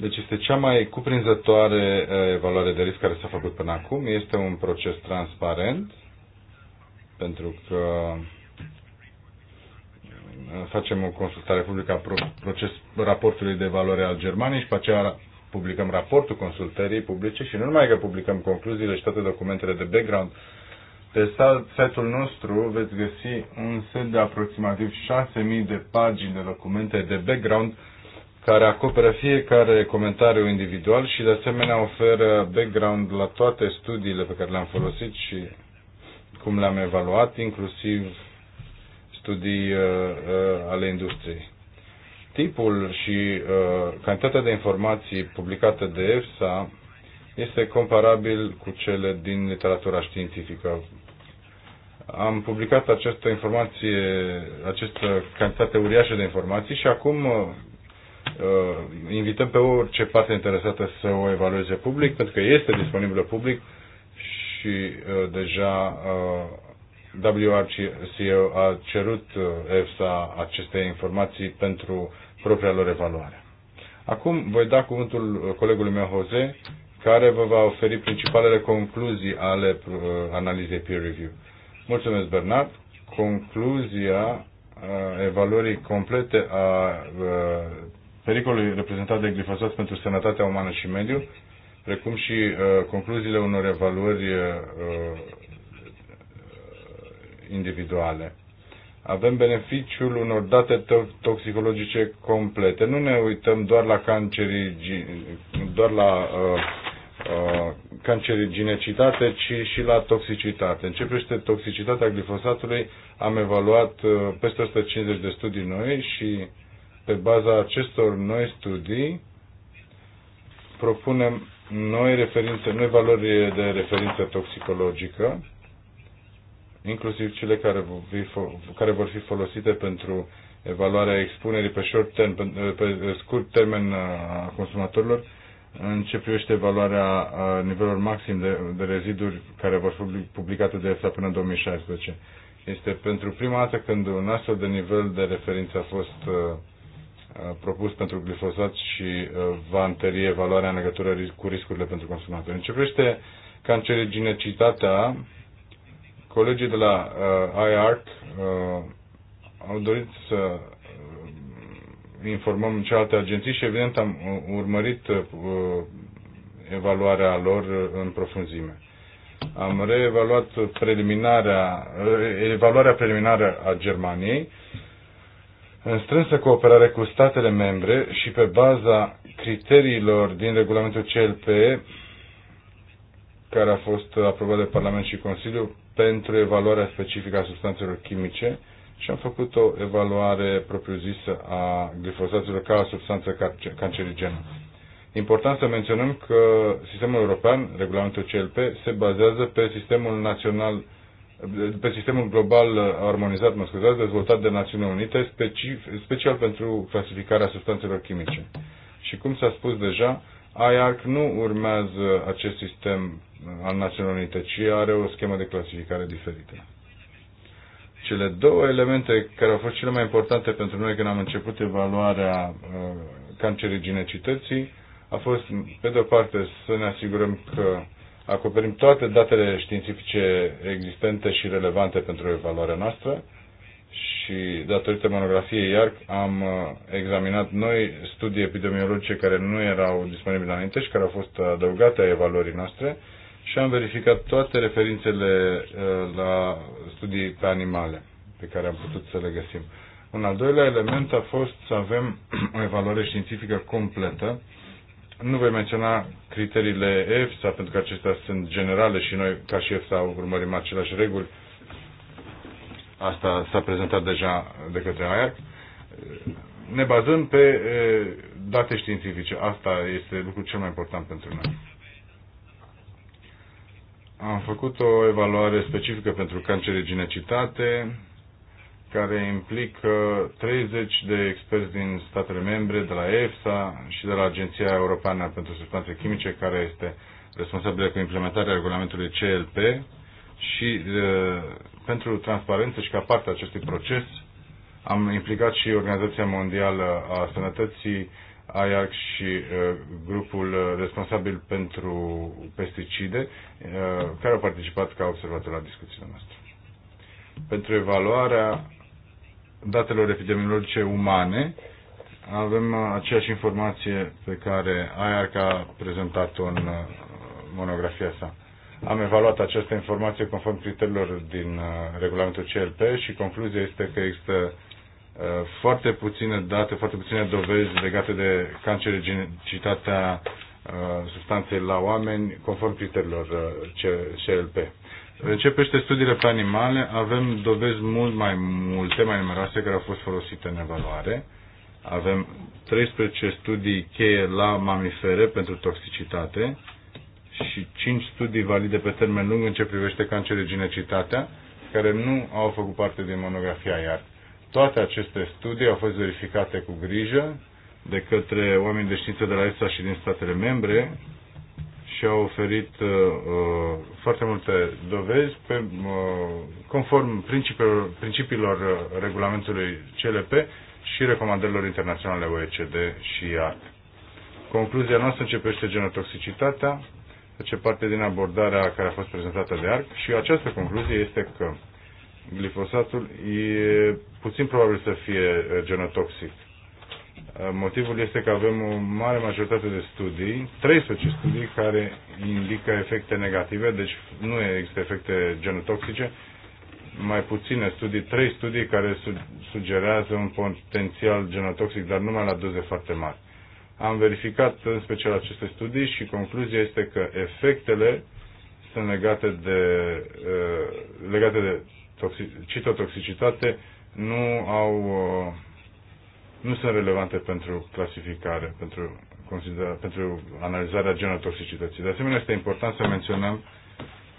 Deci este cea mai cuprinzătoare eh, evaluare de risc care s-a făcut până acum. Este un proces transparent pentru că facem o consultare publică a proces, raportului de valoare al Germaniei și pe aceea publicăm raportul consultării publice și nu numai că publicăm concluziile și toate documentele de background. Pe site-ul nostru veți găsi un set de aproximativ 6.000 de pagini de documente de background care acoperă fiecare comentariu individual și de asemenea oferă background la toate studiile pe care le-am folosit și cum le-am evaluat, inclusiv studii uh, uh, ale industriei. Tipul și uh, cantitatea de informații publicate de EFSA este comparabil cu cele din literatura științifică. Am publicat această informație, această cantitate uriașă de informații și acum uh, invităm pe orice parte interesată să o evalueze public, pentru că este disponibilă public și uh, deja uh, WRCO a cerut uh, EFSA aceste informații pentru propria lor evaluare. Acum voi da cuvântul colegului meu, Jose, care vă va oferi principalele concluzii ale uh, analizei peer review. Mulțumesc, Bernard. Concluzia uh, evaluării complete a pericolului reprezentat de glifosat pentru sănătatea umană și mediu, precum și concluziile unor evaluări individuale. Avem beneficiul unor date toxicologice complete. Nu ne uităm doar la cancerii, doar la uh, uh, canceriginecitate, ci și la toxicitate. În ce privește toxicitatea glifosatului, am evaluat uh, peste 150 de studii noi și pe baza acestor noi studii propunem noi referințe, noi valori de referință toxicologică inclusiv cele care vor fi, care vor fi folosite pentru evaluarea expunerii pe, short term, pe, pe scurt termen a consumatorilor, în ce privește evaluarea nivelor maxim de, de reziduri care vor fi publicate de ESA până în 2016. Este pentru prima dată când un astfel de nivel de referință a fost uh, uh, propus pentru glifosat și uh, va întări evaluarea în legătură cu riscurile pentru consumatori. În ce privește cancerigenicitatea, Colegii de la uh, IART uh, au dorit să uh, informăm cealaltă agenții și evident am uh, urmărit uh, evaluarea lor în profunzime. Am reevaluat preliminarea, uh, evaluarea preliminară a Germaniei în strânsă cooperare cu statele membre și pe baza criteriilor din regulamentul CLP care a fost aprobat de Parlament și Consiliu pentru evaluarea specifică a substanțelor chimice și am făcut o evaluare propriu-zisă a glifosatului ca substanță cancerigenă. Important să menționăm că sistemul european, regulamentul CLP, se bazează pe sistemul național pe sistemul global armonizat, mă scuzați, dezvoltat de Națiunile Unite, specific, special pentru clasificarea substanțelor chimice. Și cum s-a spus deja, IARC nu urmează acest sistem al Națiunilor Unite, ci are o schemă de clasificare diferită. Cele două elemente care au fost cele mai importante pentru noi când am început evaluarea uh, canceriginecității a fost, pe de-o parte, să ne asigurăm că acoperim toate datele științifice existente și relevante pentru evaluarea noastră și datorită monografiei IARC am uh, examinat noi studii epidemiologice care nu erau disponibile înainte și care au fost adăugate a evaluării noastre și am verificat toate referințele uh, la studii pe animale pe care am putut să le găsim. Un al doilea element a fost să avem o evaluare științifică completă. Nu voi menționa criteriile EFSA, pentru că acestea sunt generale și noi, ca și EFSA, urmărim aceleași reguli. Asta s-a prezentat deja de către AIAC. Ne bazăm pe uh, date științifice. Asta este lucrul cel mai important pentru noi. Am făcut o evaluare specifică pentru ginecitate, care implică 30 de experți din statele membre, de la EFSA și de la Agenția Europeană pentru Substanțe Chimice, care este responsabilă cu implementarea regulamentului CLP și e, uh, pentru transparență și ca parte a acestui proces am implicat și Organizația Mondială a Sănătății AIAC și uh, grupul uh, responsabil pentru pesticide, uh, care au participat ca observator la discuțiile noastre. Pentru evaluarea datelor epidemiologice umane, avem aceeași informație pe care AIAC a prezentat-o în monografia sa. Am evaluat această informație conform criteriilor din regulamentul CLP și concluzia este că există Uh, foarte puține date, foarte puține dovezi legate de cancerigenicitatea uh, substanței la oameni conform criteriilor uh, CLP. Începește studiile pe animale, avem dovezi mult mai multe, mai numeroase, care au fost folosite în evaluare. Avem 13 studii cheie la mamifere pentru toxicitate și 5 studii valide pe termen lung în ce privește cancerigenicitatea, care nu au făcut parte din monografia iar. Toate aceste studii au fost verificate cu grijă de către oameni de știință de la ESA și din statele membre și au oferit uh, uh foarte multe dovezi pe, uh, conform principiilor, principiilor uh, regulamentului CLP și recomandărilor internaționale OECD și IAT. Concluzia noastră începește genotoxicitatea, face parte din abordarea care a fost prezentată de ARC și această concluzie este că glifosatul e puțin probabil să fie genotoxic. Motivul este că avem o mare majoritate de studii, 13 studii, care indică efecte negative, deci nu există efecte genotoxice, mai puține studii, 3 studii care sugerează un potențial genotoxic, dar numai la doze foarte mari. Am verificat în special aceste studii și concluzia este că efectele sunt legate de, legate de toxic, citotoxicitate nu au uh, nu sunt relevante pentru clasificare, pentru, consider, pentru analizarea genotoxicității. De asemenea, este important să menționăm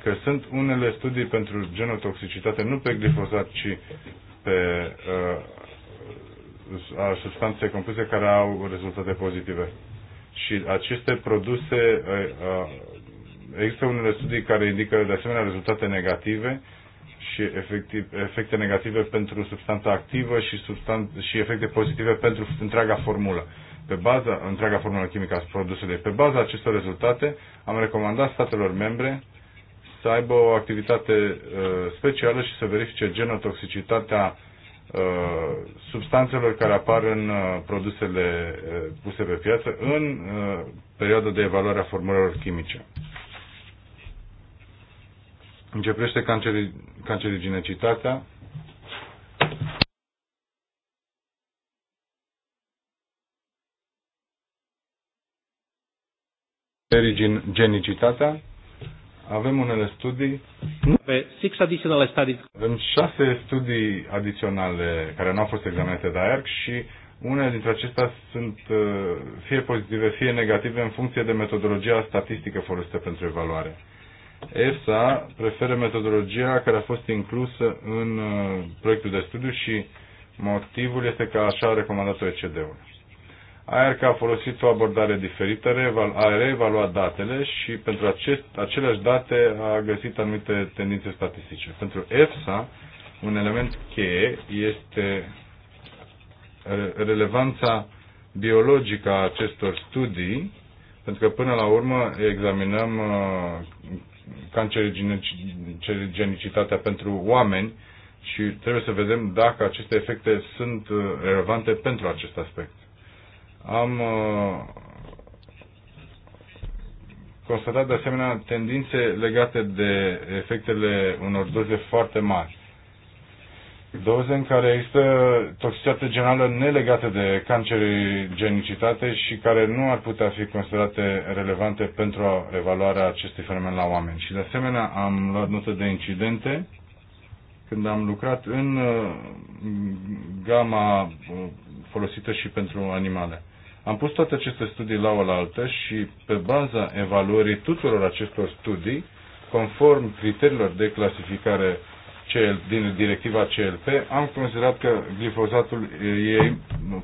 că sunt unele studii pentru genotoxicitate, nu pe glifosat, ci pe uh, substanțe compuse care au rezultate pozitive. Și aceste produse, uh, uh există unele studii care indică de asemenea rezultate negative și efectiv, efecte negative pentru substanța activă și, substan- și efecte pozitive pentru întreaga formulă. Pe baza, întreaga formulă chimică a produsului. Pe baza acestor rezultate, am recomandat statelor membre să aibă o activitate uh, specială și să verifice genotoxicitatea uh, substanțelor care apar în uh, produsele uh, puse pe piață în uh, perioada de evaluare a formulelor chimice. Începește cancerigenicitatea. Cancerigenicitatea. Avem unele studii. Six additional studies. Avem șase studii adiționale care nu au fost examinate de AERC și unele dintre acestea sunt uh, fie pozitive, fie negative în funcție de metodologia statistică folosită pentru evaluare. ESA preferă metodologia care a fost inclusă în uh, proiectul de studiu și motivul este că așa a recomandat OECD-ul. ARC a folosit o abordare diferită, a reevaluat datele și pentru acest, aceleași date a găsit anumite tendințe statistice. Pentru EFSA, un element cheie este relevanța biologică a acestor studii, pentru că până la urmă examinăm uh, cancerigenicitatea pentru oameni și trebuie să vedem dacă aceste efecte sunt uh, relevante pentru acest aspect. Am uh, constatat de asemenea tendințe legate de efectele unor doze foarte mari doze în care există toxicitate generală nelegată de genicitate și care nu ar putea fi considerate relevante pentru evaluarea acestui fenomen la oameni. Și de asemenea am luat notă de incidente când am lucrat în uh, gama uh, folosită și pentru animale. Am pus toate aceste studii la oaltă și pe baza evaluării tuturor acestor studii, conform criteriilor de clasificare CL, din directiva CLP, am considerat că glifosatul e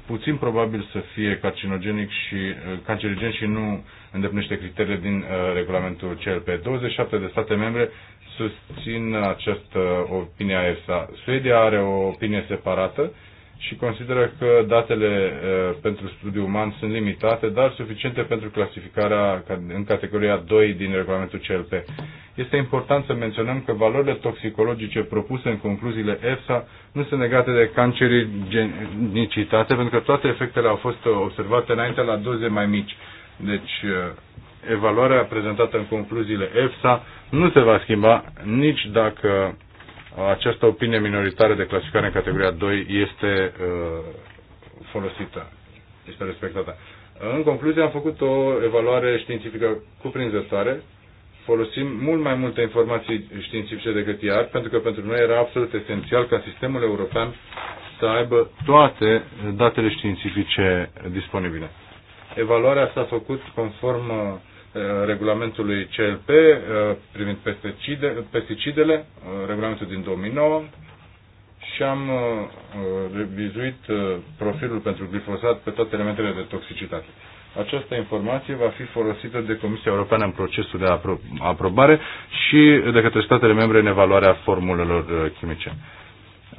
puțin probabil să fie carcinogenic și uh, cancerigen și nu îndeplinește criteriile din uh, regulamentul CLP. 27 de state membre susțin această opinie a ESA. Suedia are o opinie separată și consideră că datele uh, pentru studiu uman sunt limitate, dar suficiente pentru clasificarea în categoria 2 din regulamentul CLP. Este important să menționăm că valorile toxicologice propuse în concluziile EFSA nu sunt legate de genicitate, pentru că toate efectele au fost observate înainte la doze mai mici. Deci, uh, evaluarea prezentată în concluziile EFSA nu se va schimba nici dacă această opinie minoritară de clasificare în categoria 2 este uh, folosită, este respectată. În concluzie, am făcut o evaluare științifică cuprinzătoare. Folosim mult mai multe informații științifice decât iar, pentru că pentru noi era absolut esențial ca sistemul european să aibă toate datele științifice disponibile. Evaluarea s-a făcut conform uh, Uh, regulamentului CLP uh, privind pesticide, pesticidele, uh, regulamentul din 2009, și am revizuit profilul pentru glifosat pe toate elementele de toxicitate. Această informație va fi folosită de Comisia Europeană în procesul de apro aprobare și de către statele membre în evaluarea formulelor chimice.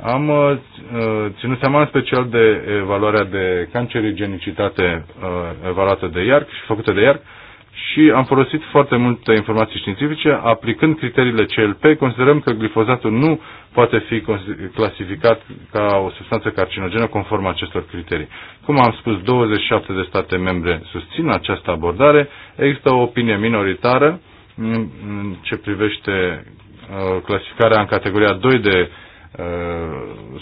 Am ținut seama în special de evaluarea de cancerigenicitate evaluată de IARC și făcută de IARC și am folosit foarte multe informații științifice. Aplicând criteriile CLP, considerăm că glifozatul nu poate fi clasificat ca o substanță carcinogenă conform acestor criterii. Cum am spus, 27 de state membre susțin această abordare. Există o opinie minoritară în ce privește uh, clasificarea în categoria 2 de uh,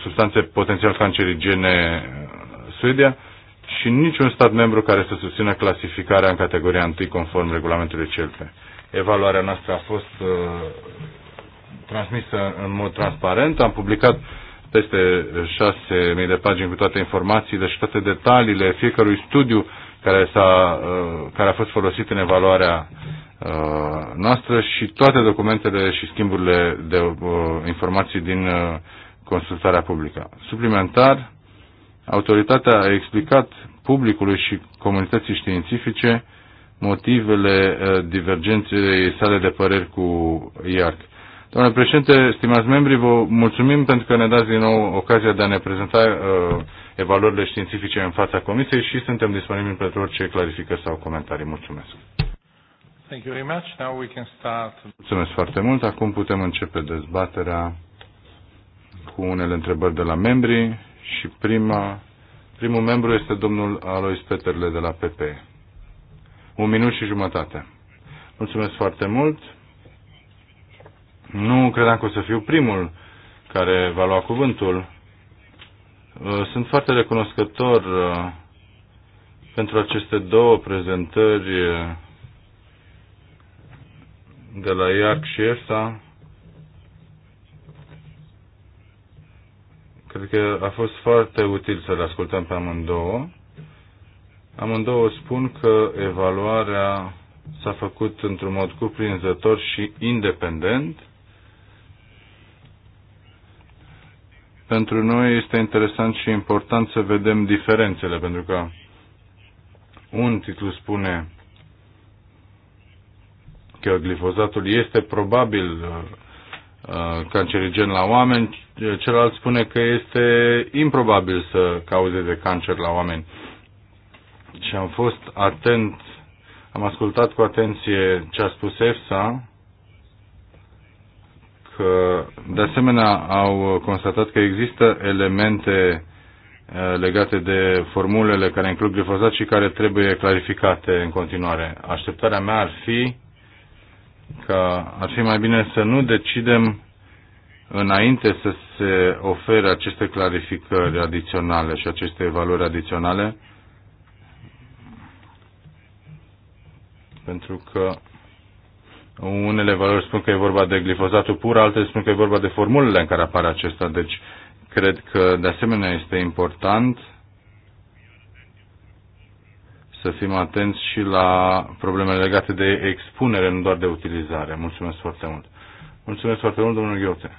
substanțe potențial cancerigene uh, Suedia și niciun stat membru care să susțină clasificarea în categoria 1 conform regulamentului CELPE. Evaluarea noastră a fost uh, transmisă în mod transparent. Am publicat peste 6.000 de pagini cu toate informațiile și toate detaliile fiecărui studiu care, a uh, care a fost folosit în evaluarea uh, noastră și toate documentele și schimburile de uh, informații din uh, consultarea publică. Suplimentar, Autoritatea a explicat publicului și comunității științifice motivele eh, divergenței sale de păreri cu IARC. Domnule președinte, stimați membri, vă mulțumim pentru că ne dați din nou ocazia de a ne prezenta uh, evaluările științifice în fața comisiei și suntem disponibili pentru orice clarificări sau comentarii. Mulțumesc. Thank you very much. Now we can start. Mulțumesc foarte mult. Acum putem începe dezbaterea cu unele întrebări de la membri și prima, primul membru este domnul Alois Peterle de la PP. Un minut și jumătate. Mulțumesc foarte mult. Nu credeam că o să fiu primul care va lua cuvântul. Uh, sunt foarte recunoscător uh, pentru aceste două prezentări uh, de la IAC și ESA Cred că a fost foarte util să le ascultăm pe amândouă. Amândouă spun că evaluarea s-a făcut într-un mod cuprinzător și independent. Pentru noi este interesant și important să vedem diferențele, pentru că un titlu spune că glifozatul este probabil uh, Uh, cancerigen la oameni, celălalt spune că este improbabil să cauzeze cancer la oameni. Și am fost atent, am ascultat cu atenție ce a spus EFSA, că de asemenea au constatat că există elemente uh, legate de formulele care includ glifosat și care trebuie clarificate în continuare. Așteptarea mea ar fi că ar fi mai bine să nu decidem înainte să se ofere aceste clarificări adiționale și aceste valori adiționale, pentru că unele valori spun că e vorba de glifozatul pur, altele spun că e vorba de formulele în care apare acesta. Deci, cred că de asemenea este important să fim atenți și la problemele legate de expunere, nu doar de utilizare. Mulțumesc foarte mult. Mulțumesc foarte mult, domnul Ghiote.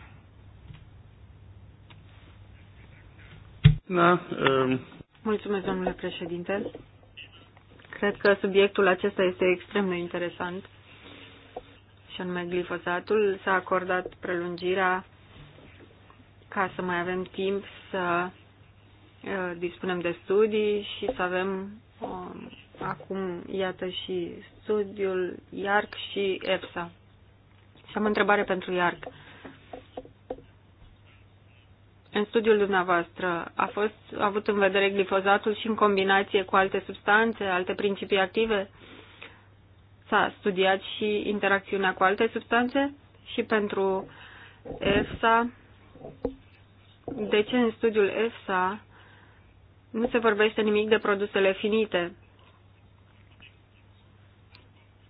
Da, um... Mulțumesc, domnule președinte. Cred că subiectul acesta este extrem de interesant și anume glifosatul. S-a acordat prelungirea ca să mai avem timp să uh, dispunem de studii și să avem Um, acum, iată, și studiul IARC și EPSA. Și am o întrebare pentru IARC. În studiul dumneavoastră a fost a avut în vedere glifozatul și în combinație cu alte substanțe, alte principii active? S-a studiat și interacțiunea cu alte substanțe? Și pentru EFSA, de ce în studiul EFSA nu se vorbește nimic de produsele finite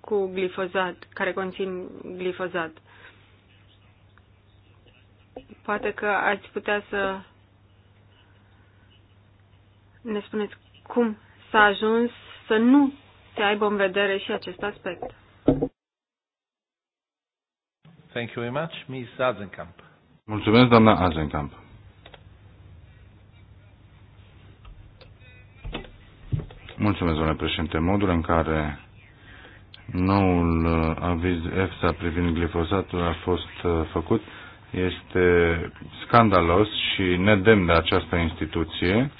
cu glifozat, care conțin glifozat. Poate că ați putea să ne spuneți cum s-a ajuns să nu se aibă în vedere și acest aspect. Thank you very much, Ms. Azenkamp. Mulțumesc, doamna Azenkamp. Mulțumesc, domnule președinte. Modul în care noul uh, aviz EFSA privind glifosatul a fost uh, făcut este scandalos și nedemn de această instituție.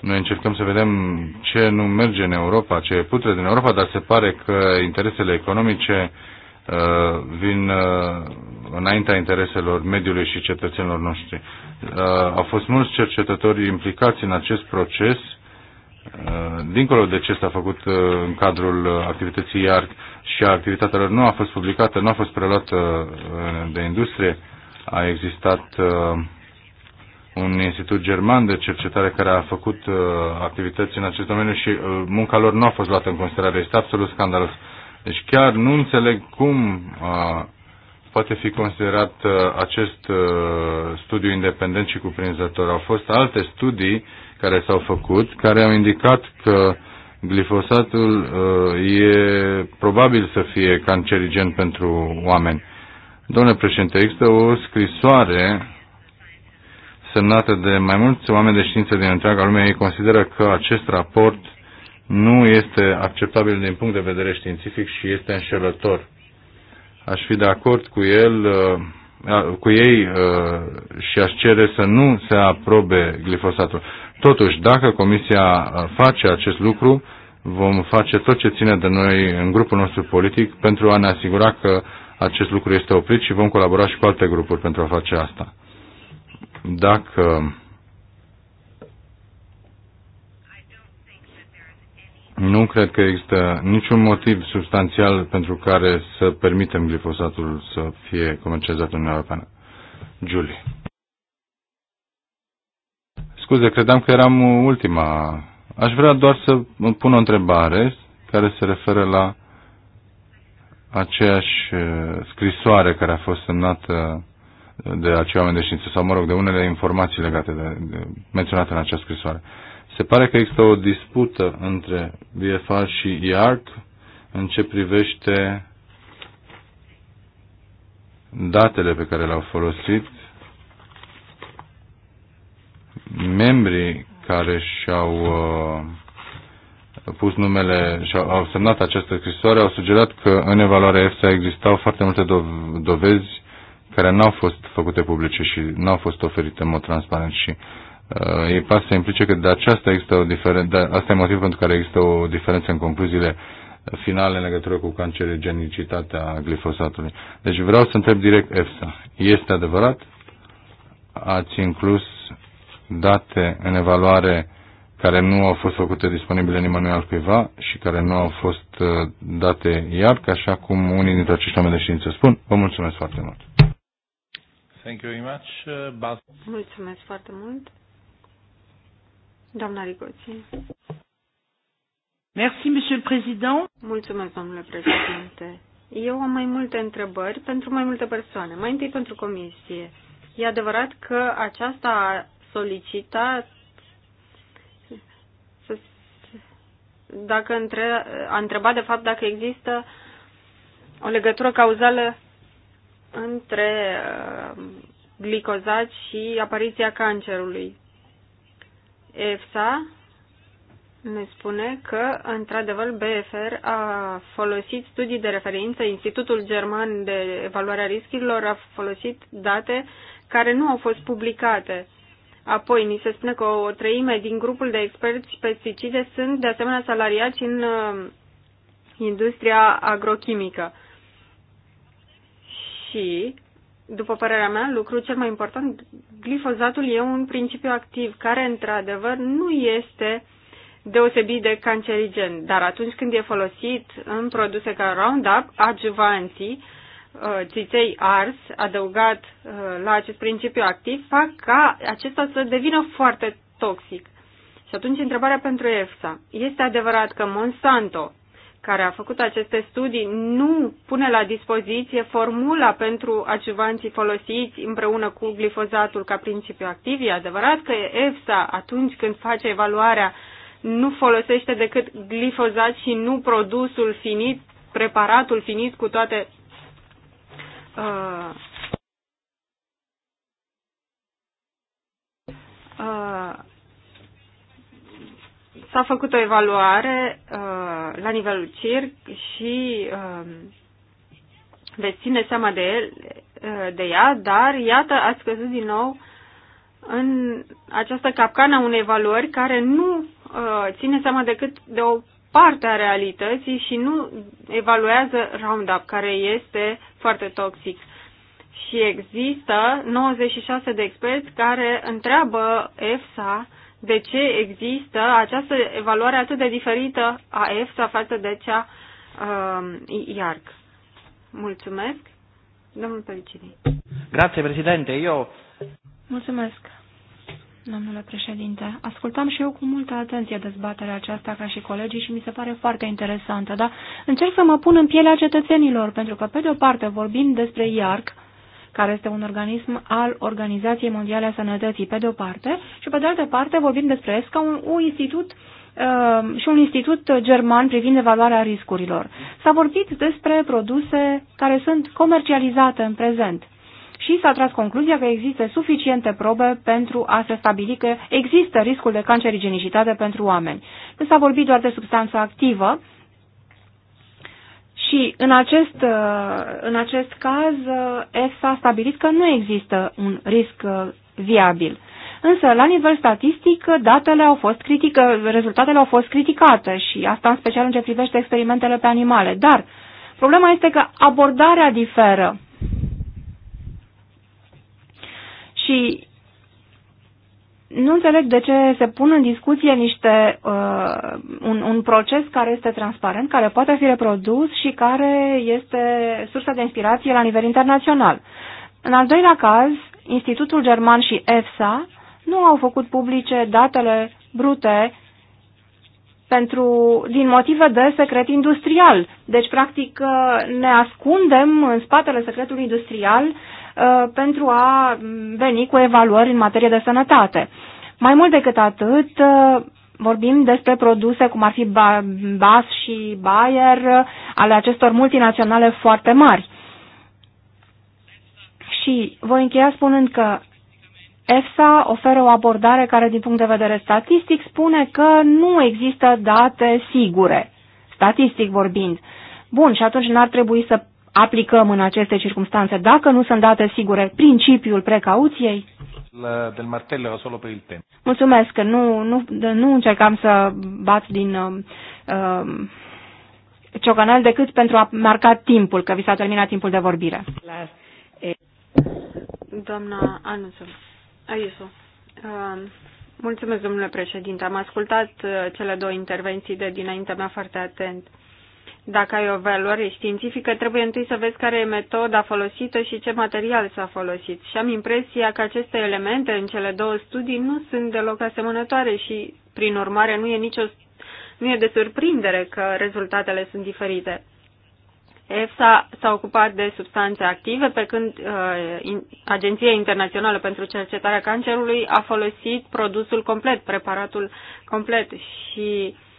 Noi încercăm să vedem ce nu merge în Europa, ce e putre din Europa, dar se pare că interesele economice uh, vin uh, înaintea intereselor mediului și cetățenilor noștri. Uh, au fost mulți cercetători implicați în acest proces, uh, dincolo de ce s-a făcut uh, în cadrul activității IARC și a activitatelor nu a fost publicată, nu a fost preluată de industrie, a existat un institut german de cercetare care a făcut uh, activități în acest domeniu și uh, munca lor nu a fost luată în considerare. Este absolut scandalos. Deci chiar nu înțeleg cum uh, poate fi considerat uh, acest uh, studiu independent și cuprinzător. Au fost alte studii care s-au făcut, care au indicat că glifosatul uh, e probabil să fie cancerigen pentru oameni. Domnule președinte, există o scrisoare semnată de mai mulți oameni de știință din întreaga lume. Ei consideră că acest raport nu este acceptabil din punct de vedere științific și este înșelător Aș fi de acord cu el, uh, cu ei uh, și aș cere să nu se aprobe glifosatul. Totuși, dacă Comisia uh, face acest lucru, vom face tot ce ține de noi în grupul nostru politic pentru a ne asigura că acest lucru este oprit și vom colabora și cu alte grupuri pentru a face asta. Dacă Nu cred că există niciun motiv substanțial pentru care să permitem glifosatul să fie comercializat în Uniunea Europeană. Julie. Scuze, credeam că eram ultima. Aș vrea doar să pun o întrebare care se referă la aceeași eh, scrisoare care a fost semnată de acei oameni de știință, sau mă rog, de unele informații legate de, de, menționate în această scrisoare. Uh, se pare că există o dispută între BFR și IARC în ce privește datele pe care le-au folosit membrii care și-au uh, pus numele și au, au semnat această scrisoare au sugerat că în evaluarea EFSA existau foarte multe dovezi care n-au fost făcute publice și n-au fost oferite în mod transparent și Uh, ei pas să implice că de aceasta există o diferență, asta e motivul pentru care există o diferență în concluziile finale în legătură cu cancerigenicitatea glifosatului. Deci vreau să întreb direct EFSA. Este adevărat? Ați inclus date în evaluare care nu au fost făcute disponibile nimănui altcuiva și care nu au fost uh, date iar, ca așa cum unii dintre acești oameni de știință spun. Vă mulțumesc foarte mult! Thank you very much. Uh, mulțumesc foarte mult. Doamna Rigoții. Merci, Monsieur le Président. Mulțumesc, domnule președinte. Eu am mai multe întrebări pentru mai multe persoane. Mai întâi pentru comisie. E adevărat că aceasta a solicitat dacă între, a întrebat de fapt dacă există o legătură cauzală între uh, glicozat și apariția cancerului. EFSA ne spune că, într-adevăr, BFR a folosit studii de referință, Institutul German de Evaluare a Riscurilor a folosit date care nu au fost publicate. Apoi, ni se spune că o treime din grupul de experți pesticide sunt, de asemenea, salariați în uh, industria agrochimică. Și după părerea mea, lucru cel mai important, glifozatul e un principiu activ care, într-adevăr, nu este deosebit de cancerigen, dar atunci când e folosit în produse ca Roundup, adjuvanții, uh, țiței ars, adăugat uh, la acest principiu activ, fac ca acesta să devină foarte toxic. Și atunci întrebarea pentru EFSA. Este adevărat că Monsanto care a făcut aceste studii nu pune la dispoziție formula pentru adjuvanții folosiți împreună cu glifozatul ca principiu activ. E adevărat că EFSA, atunci când face evaluarea, nu folosește decât glifozat și nu produsul finit, preparatul finit cu toate uh, uh, S-a făcut o evaluare uh, la nivelul CIRC și uh, veți ține seama de, el, uh, de ea, dar iată, a scăzut din nou în această capcană a unei evaluări care nu uh, ține seama decât de o parte a realității și nu evaluează Roundup, care este foarte toxic. Și există 96 de experți care întreabă EFSA uh, de ce există această evaluare atât de diferită a EFSA față de cea uh, um, IARC. Mulțumesc. Domnul Pelicini. Grazie, președinte. Eu... Mulțumesc, domnule președinte. Ascultam și eu cu multă atenție dezbaterea aceasta ca și colegii și mi se pare foarte interesantă, dar încerc să mă pun în pielea cetățenilor, pentru că, pe de o parte, vorbim despre IARC, care este un organism al Organizației Mondiale a Sănătății, pe de-o parte, și pe de altă parte vorbim despre ESCA, un, un institut uh, și un institut german privind evaluarea riscurilor. S-a vorbit despre produse care sunt comercializate în prezent și s-a tras concluzia că există suficiente probe pentru a se stabili că există riscul de cancerigenicitate pentru oameni. Nu deci s-a vorbit doar de substanță activă, și în acest, uh, în acest caz, uh, EFSA a stabilit că nu există un risc uh, viabil. Însă, la nivel statistic, datele au fost critică, rezultatele au fost criticate și asta în special în ce privește experimentele pe animale. Dar problema este că abordarea diferă. Și nu înțeleg de ce se pun în discuție niște, uh, un, un proces care este transparent, care poate fi reprodus și care este sursa de inspirație la nivel internațional. În al doilea caz, Institutul German și EFSA nu au făcut publice datele brute pentru, din motive de secret industrial. Deci, practic, uh, ne ascundem în spatele secretului industrial uh, Uh, pentru a veni cu evaluări în materie de sănătate. Mai mult decât atât, uh, vorbim despre produse cum ar fi BAS și Bayer, uh, ale acestor multinaționale foarte mari. Și voi încheia spunând că EFSA oferă o abordare care, din punct de vedere statistic, spune că nu există date sigure, statistic vorbind. Bun, și atunci n-ar trebui să aplicăm în aceste circunstanțe, dacă nu sunt date sigure, principiul precauției? La, del martello solo per il tempo. Mulțumesc, nu, nu, nu încercam să bat din uh, ciocanel decât pentru a marca timpul, că vi s-a terminat timpul de vorbire. La, e... Doamna Anuță, Aiuso, uh, mulțumesc, domnule președinte. Am ascultat uh, cele două intervenții de dinaintea mea foarte atent. Dacă ai o valoare științifică, trebuie întâi să vezi care e metoda folosită și ce material s-a folosit. Și am impresia că aceste elemente în cele două studii nu sunt deloc asemănătoare și, prin urmare, nu e, nicio, nu e de surprindere că rezultatele sunt diferite. EFSA s-a ocupat de substanțe active, pe când uh, Agenția Internațională pentru Cercetarea Cancerului a folosit produsul complet, preparatul complet și uh,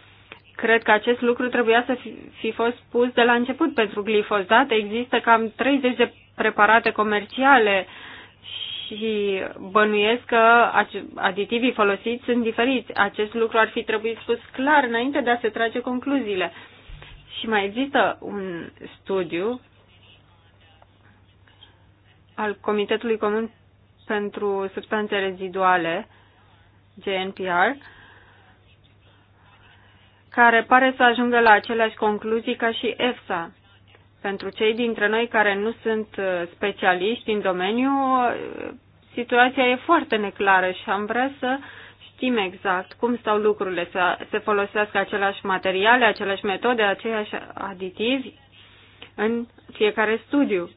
Cred că acest lucru trebuia să fi fost spus de la început pentru glifosat. Există cam 30 de preparate comerciale și bănuiesc că aditivii folosiți sunt diferiți. Acest lucru ar fi trebuit spus clar înainte de a se trage concluziile. Și mai există un studiu al Comitetului Comun pentru Substanțe Reziduale, GNPR, care pare să ajungă la aceleași concluzii ca și EFSA. Pentru cei dintre noi care nu sunt uh, specialiști în domeniu, uh, situația e foarte neclară și am vrea să știm exact cum stau lucrurile, să se folosească aceleași materiale, aceleași metode, aceiași aditivi în fiecare studiu.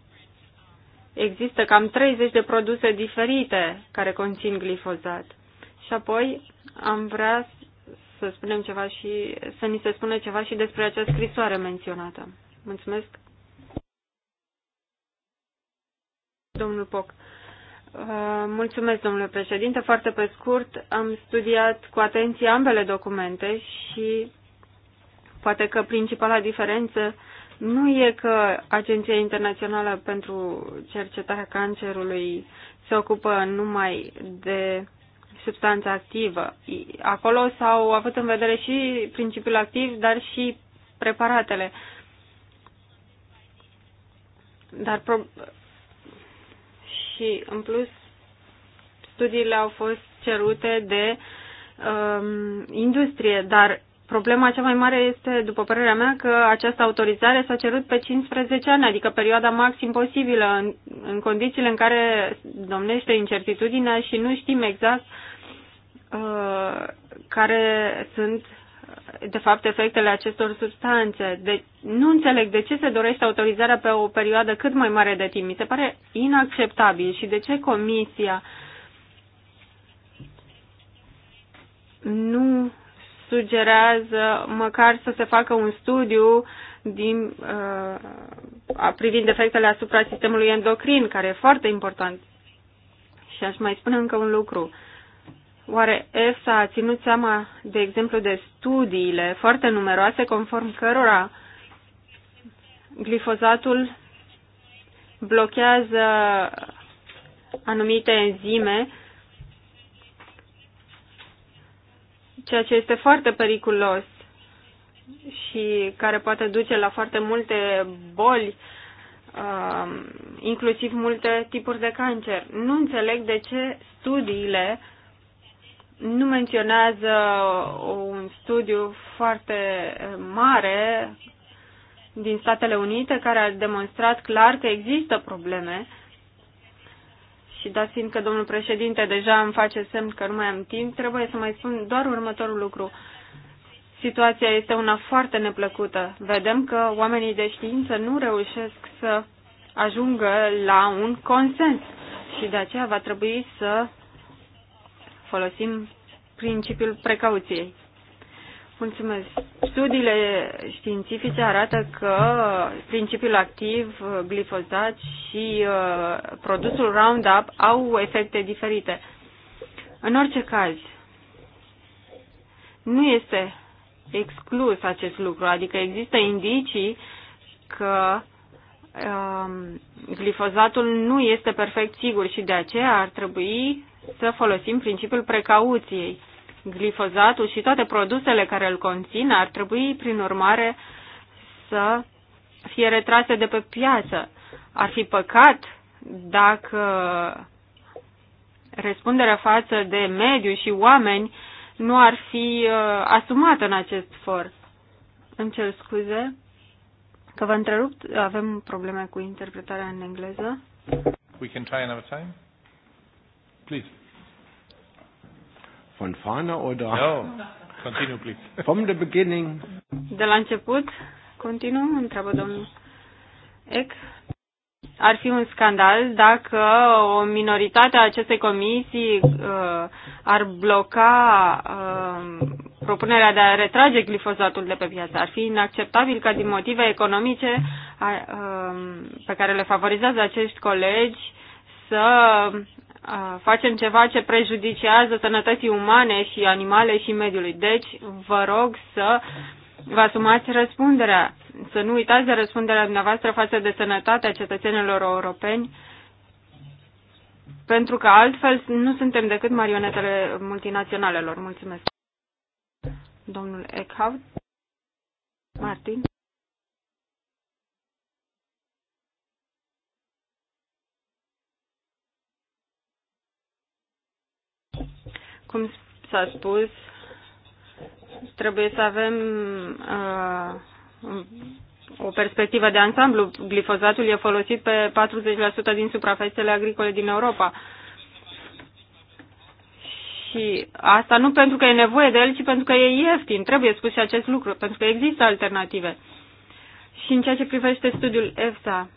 Există cam 30 de produse diferite care conțin glifozat. Și apoi am vrea să spunem ceva și să ni se spună ceva și despre această scrisoare menționată. Mulțumesc. Domnul Poc. Uh, mulțumesc, domnule președinte. Foarte pe scurt, am studiat cu atenție ambele documente și poate că principala diferență nu e că Agenția Internațională pentru Cercetarea Cancerului se ocupă numai de substanță activă. Acolo s-au avut în vedere și principiul activ, dar și preparatele. Dar pro- și în plus studiile au fost cerute de um, industrie, dar problema cea mai mare este, după părerea mea, că această autorizare s-a cerut pe 15 ani, adică perioada maxim posibilă, în, în condițiile în care domnește incertitudinea și nu știm exact Uh, care sunt de fapt efectele acestor substanțe. De, nu înțeleg de ce se dorește autorizarea pe o perioadă cât mai mare de timp. Mi se pare inacceptabil și de ce comisia nu sugerează măcar să se facă un studiu din, uh, privind efectele asupra sistemului endocrin, care e foarte important. Și aș mai spune încă un lucru. Uh, Oare EFSA a ținut seama, de exemplu, de studiile foarte numeroase conform cărora glifozatul blochează anumite enzime, ceea ce este foarte periculos și care poate duce la foarte multe boli, um, inclusiv multe tipuri de cancer. Nu înțeleg de ce studiile nu menționează un studiu foarte mare din Statele Unite care a demonstrat clar că există probleme și dat fiind că domnul președinte deja îmi face semn că nu mai am timp, trebuie să mai spun doar următorul lucru. Situația este una foarte neplăcută. Vedem că oamenii de știință nu reușesc să ajungă la un consens și de aceea va trebui să folosim principiul precauției. Mulțumesc. Studiile științifice arată că principiul activ, glifosat și uh, produsul Roundup au efecte diferite. În orice caz, nu este exclus acest lucru, adică există indicii că uh, glifozatul nu este perfect sigur și de aceea ar trebui să folosim principiul precauției. Glifozatul și toate produsele care îl conțin ar trebui, prin urmare, să fie retrase de pe piață. Ar fi păcat dacă răspunderea față de mediu și oameni nu ar fi uh, asumată în acest for. Îmi cer scuze că vă întrerupt. Avem probleme cu interpretarea în engleză. We can try another time. Please. Von vorne oder? No. Continue, please. From the beginning. De la început, continuu, întreabă domnul Eck. Ar fi un scandal dacă o minoritate a acestei comisii uh, ar bloca uh, propunerea de a retrage glifozatul de pe piață. Ar fi inacceptabil ca din motive economice uh, pe care le favorizează acești colegi să facem ceva ce prejudiciază sănătății umane și animale și mediului. Deci, vă rog să vă asumați răspunderea, să nu uitați de răspunderea dumneavoastră față de sănătatea cetățenilor europeni, pentru că altfel nu suntem decât marionetele multinaționalelor. Mulțumesc. Domnul Eckhout. Martin. Cum s-a spus, trebuie să avem uh, o perspectivă de ansamblu. Glifozatul e folosit pe 40% din suprafețele agricole din Europa. Și asta nu pentru că e nevoie de el, ci pentru că e ieftin. Trebuie spus și acest lucru, pentru că există alternative. Și în ceea ce privește studiul EFSA,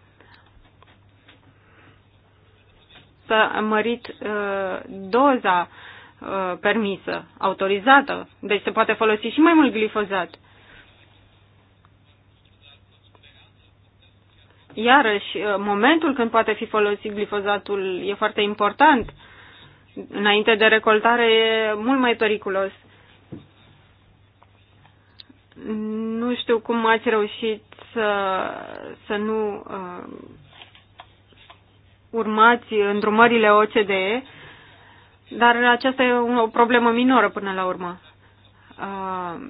s-a mărit uh, doza Uh, permisă, autorizată. Deci se poate folosi și mai mult glifozat. Iarăși, uh, momentul când poate fi folosit glifozatul e foarte important. Înainte de recoltare e mult mai periculos. Nu știu cum ați reușit să, să nu uh, urmați îndrumările OCDE, uh, dar aceasta e o problemă minoră până la urmă. Uh,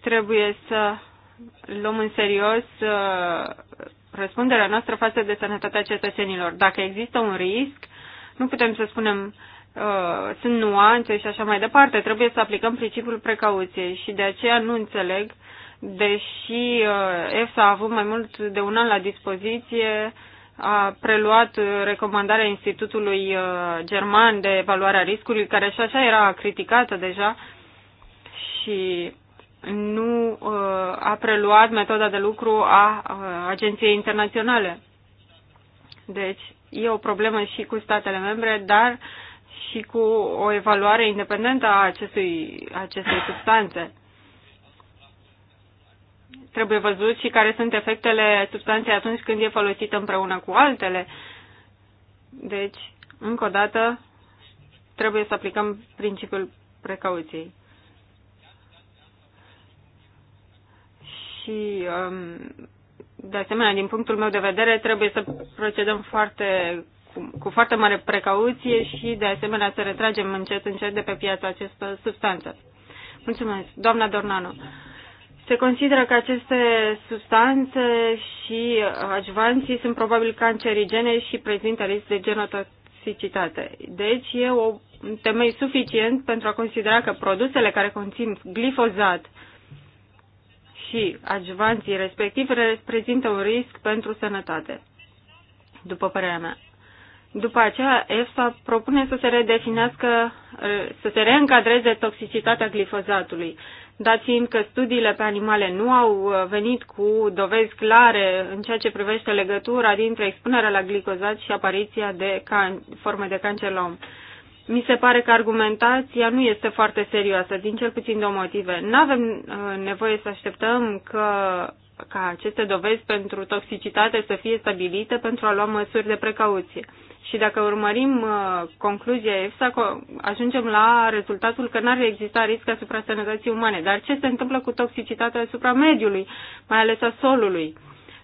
trebuie să luăm în serios uh, răspunderea noastră față de sănătatea cetățenilor. Dacă există un risc, nu putem să spunem uh, sunt nuanțe și așa mai departe. Trebuie să aplicăm principiul precauției și de aceea nu înțeleg, deși uh, EFSA a avut mai mult de un an la dispoziție, uh, a preluat uh, recomandarea Institutului uh, German de evaluare a riscului, care și așa era criticată deja și nu uh, a preluat metoda de lucru a Agenției Internaționale. Deci e o problemă și cu statele membre, dar și cu o evaluare independentă a acestui, acestei substanțe trebuie văzut și care sunt efectele substanței atunci când e folosită împreună cu altele. Deci, încă o dată, trebuie să aplicăm principiul precauției. Și, um, de asemenea, din punctul meu de vedere, trebuie să procedăm foarte cu, cu foarte mare precauție și, de asemenea, să retragem încet, încet de pe piața această substanță. Mulțumesc. Doamna Dornano. Se consideră că aceste substanțe și ajvanții sunt probabil cancerigene și prezintă risc de genotoxicitate. Deci e o temei suficient pentru a considera că produsele care conțin glifozat și ajvanții respectiv reprezintă un risc pentru sănătate, după părerea mea. După aceea, EFSA propune să se redefinească, să se reîncadreze toxicitatea glifozatului dat fiind că studiile pe animale nu au uh, venit cu dovezi clare în ceea ce privește legătura dintre expunerea la glicozat și apariția de can- forme de cancer la om. Mi se pare că argumentația nu este foarte serioasă, din cel puțin două motive. Nu avem uh, nevoie să așteptăm că, ca aceste dovezi pentru toxicitate să fie stabilite pentru a lua măsuri de precauție. Și dacă urmărim uh, concluzia EFSA, ajungem la rezultatul că n-ar exista risc asupra sănătății umane. Dar ce se întâmplă cu toxicitatea asupra mediului, mai ales a solului?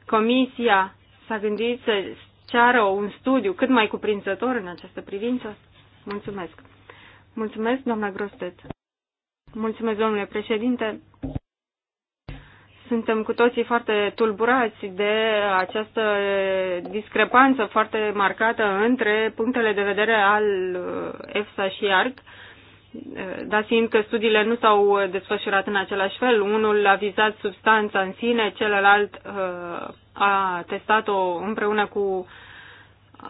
Comisia s-a gândit să ceară un studiu cât mai cuprinzător în această privință? Mulțumesc. Mulțumesc, doamna Grostet. Mulțumesc, domnule președinte. Suntem cu toții foarte tulburați de această discrepanță foarte marcată între punctele de vedere al uh, EFSA și ARC, uh, dar fiind că studiile nu s-au desfășurat în același fel, unul a vizat substanța în sine, celălalt uh, a testat-o împreună cu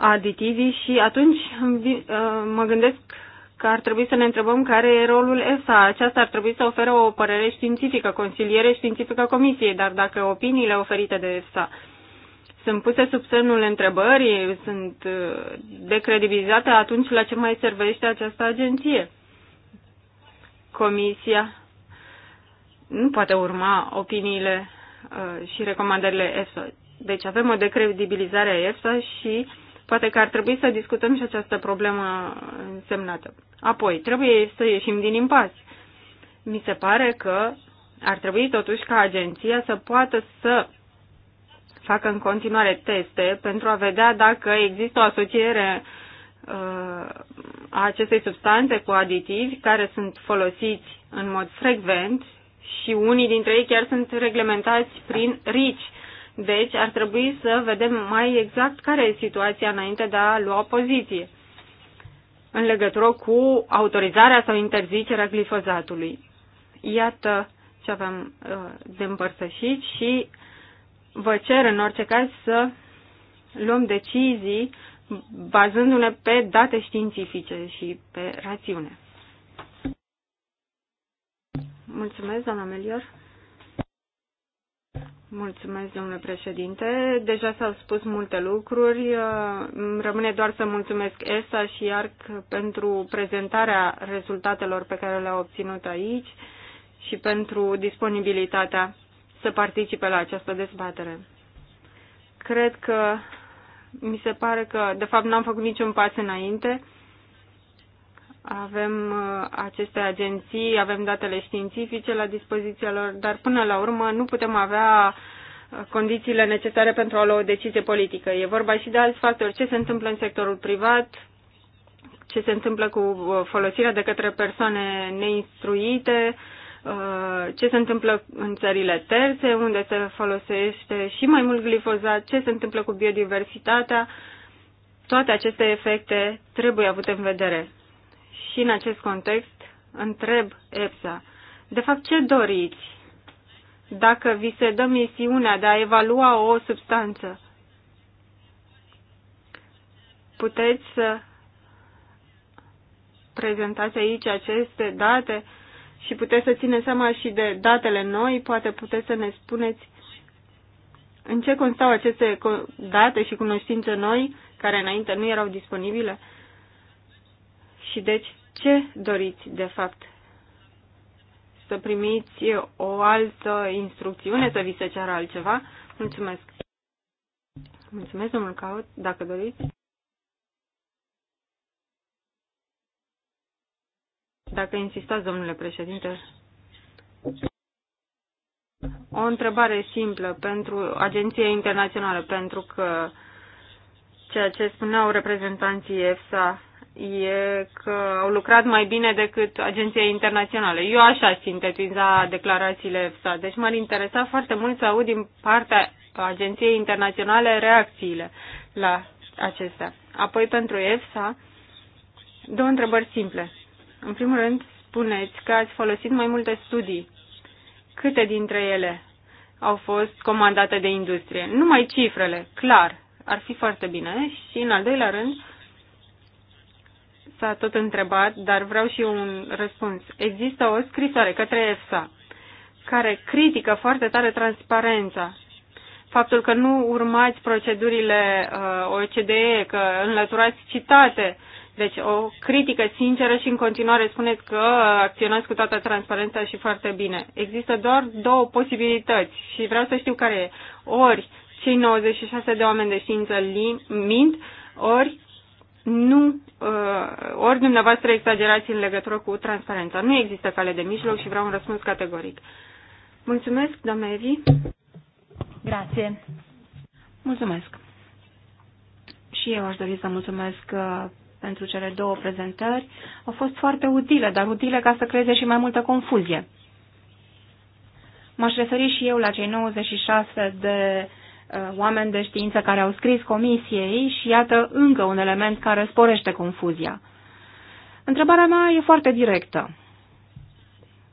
aditivii și atunci mă gândesc că ar trebui să ne întrebăm care e rolul ESA. Aceasta ar trebui să ofere o părere științifică, consiliere științifică comisiei, dar dacă opiniile oferite de ESA sunt puse sub semnul întrebării, sunt uh, decredibilizate, atunci la ce mai servește această agenție? Comisia nu poate urma opiniile uh, și recomandările ESA, Deci avem o decredibilizare a EFSA și uh, Poate că ar trebui să discutăm și această problemă însemnată. Apoi, trebuie să ieșim din impas. Mi se pare că ar trebui totuși ca agenția să poată să facă în continuare teste pentru a vedea dacă există o asociere uh, a acestei substanțe cu aditivi care sunt folosiți în mod frecvent și unii dintre ei chiar sunt reglementați prin RICI. Deci ar trebui să vedem mai exact care e situația înainte de a lua poziție în legătură cu autorizarea sau interzicerea glifozatului. Iată ce avem uh, de împărtășit și vă cer în orice caz să luăm decizii bazându-ne pe date științifice și pe rațiune. Mulțumesc, doamna Melior. Mulțumesc, domnule președinte. Deja s-au spus multe lucruri. Rămâne doar să mulțumesc ESA și IARC pentru prezentarea rezultatelor pe care le-au obținut aici și pentru disponibilitatea să participe la această dezbatere. Cred că mi se pare că, de fapt, n-am făcut niciun pas înainte avem uh, aceste agenții, avem datele științifice la dispoziția lor, dar până la urmă nu putem avea uh, condițiile necesare pentru a lua o decizie politică. E vorba și de alți factori. Ce se întâmplă în sectorul privat, ce se întâmplă cu uh, folosirea de către persoane neinstruite, ce se întâmplă în țările terțe, unde se folosește și mai mult glifozat, ce se întâmplă cu biodiversitatea. Toate aceste efecte trebuie avute în vedere. Și în acest context întreb EPSA, de fapt ce doriți dacă vi se dă misiunea de a evalua o substanță? Puteți să prezentați aici aceste date și puteți să țineți seama și de datele noi, poate puteți să ne spuneți în ce constau aceste date și cunoștințe noi, care înainte nu erau disponibile? Și deci, ce doriți, de fapt? Să primiți o altă instrucțiune, să vi se ceară altceva? Mulțumesc. Mulțumesc, domnul Caut, dacă doriți. Dacă insistați, domnule președinte. O întrebare simplă pentru Agenția Internațională, pentru că ceea ce spuneau reprezentanții EFSA e că au lucrat mai bine decât agenția internațională. Eu așa sintetiza declarațiile EFSA. Deci m-ar interesa foarte mult să aud din partea agenției internaționale reacțiile la acestea. Apoi pentru EFSA, două întrebări simple. În primul rând, spuneți că ați folosit mai multe studii. Câte dintre ele au fost comandate de industrie? Numai cifrele, clar, ar fi foarte bine. Și în al doilea rând, s-a tot întrebat, dar vreau și eu un răspuns. Există o scrisoare către EFSA care critică foarte tare transparența. Faptul că nu urmați procedurile uh, OCDE, că înlăturați citate, deci o critică sinceră și în continuare spuneți că acționați cu toată transparența și foarte bine. Există doar două posibilități și vreau să știu care e. Ori cei 96 de oameni de știință mint, ori nu, uh, ori dumneavoastră exagerați în legătură cu transparența. Nu există cale de mijloc și vreau un răspuns categoric. Mulțumesc, doamna Evi. Grație. Mulțumesc. Și eu aș dori să mulțumesc uh, pentru cele două prezentări. Au fost foarte utile, dar utile ca să creeze și mai multă confuzie. M-aș referi și eu la cei 96 de Uh, oameni de știință care au scris comisiei și iată încă un element care sporește confuzia. Întrebarea mea e foarte directă.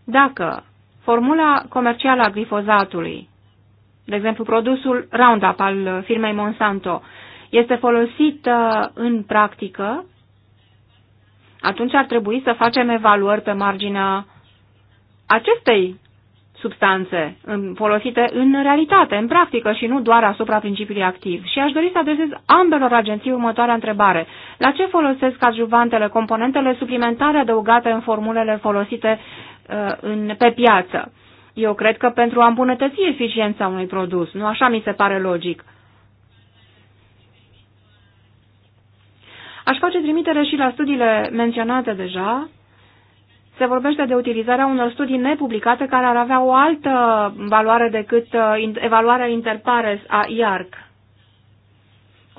Dacă formula comercială a glifozatului, de exemplu produsul Roundup al firmei Monsanto, este folosită în practică, atunci ar trebui să facem evaluări pe marginea acestei substanțe folosite în realitate, în practică și nu doar asupra principiului activ. Și aș dori să adresez ambelor agenții următoarea întrebare. La ce folosesc adjuvantele, componentele suplimentare adăugate în formulele folosite uh, în, pe piață? Eu cred că pentru a îmbunătăți eficiența unui produs, nu așa mi se pare logic. Aș face trimitere și la studiile menționate deja, se vorbește de utilizarea unor studii nepublicate care ar avea o altă valoare decât uh, evaluarea interpares a IARC.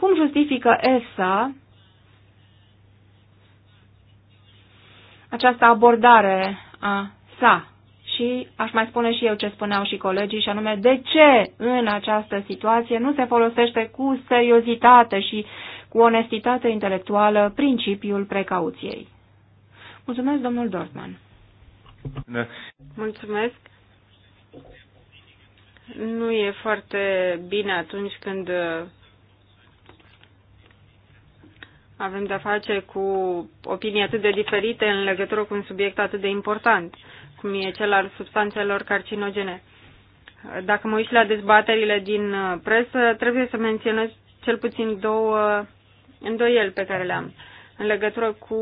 Cum justifică ESA această abordare a sa? Și aș mai spune și eu ce spuneau și colegii, și anume de ce în această situație nu se folosește cu seriozitate și cu onestitate intelectuală principiul precauției. Mulțumesc, domnul Dortman. Da. Mulțumesc. Nu e foarte bine atunci când uh, avem de-a face cu opinii atât de diferite în legătură cu un subiect atât de important, cum e cel al substanțelor carcinogene. Dacă mă uit la dezbaterile din uh, presă, trebuie să menționez cel puțin două îndoieli pe care le am în legătură cu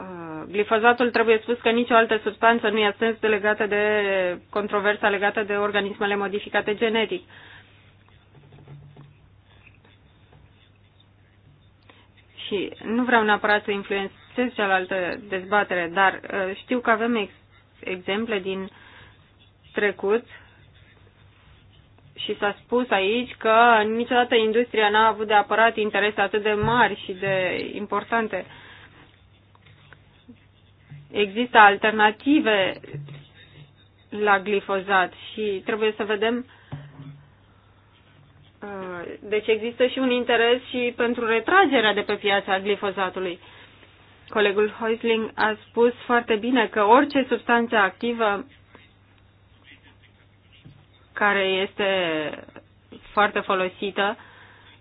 Uh, glifozatul trebuie spus că nicio altă substanță nu este sens legată de controversa legată de organismele modificate genetic. Și nu vreau neapărat să influențez cealaltă dezbatere, dar uh, știu că avem ex exemple din trecut și s-a spus aici că niciodată industria n-a avut de apărat interese atât de mari și de importante uh, există alternative la glifozat și trebuie să vedem uh, deci există și un interes și pentru retragerea de pe piața glifozatului. Colegul Heusling a spus foarte bine că orice substanță activă care este foarte folosită,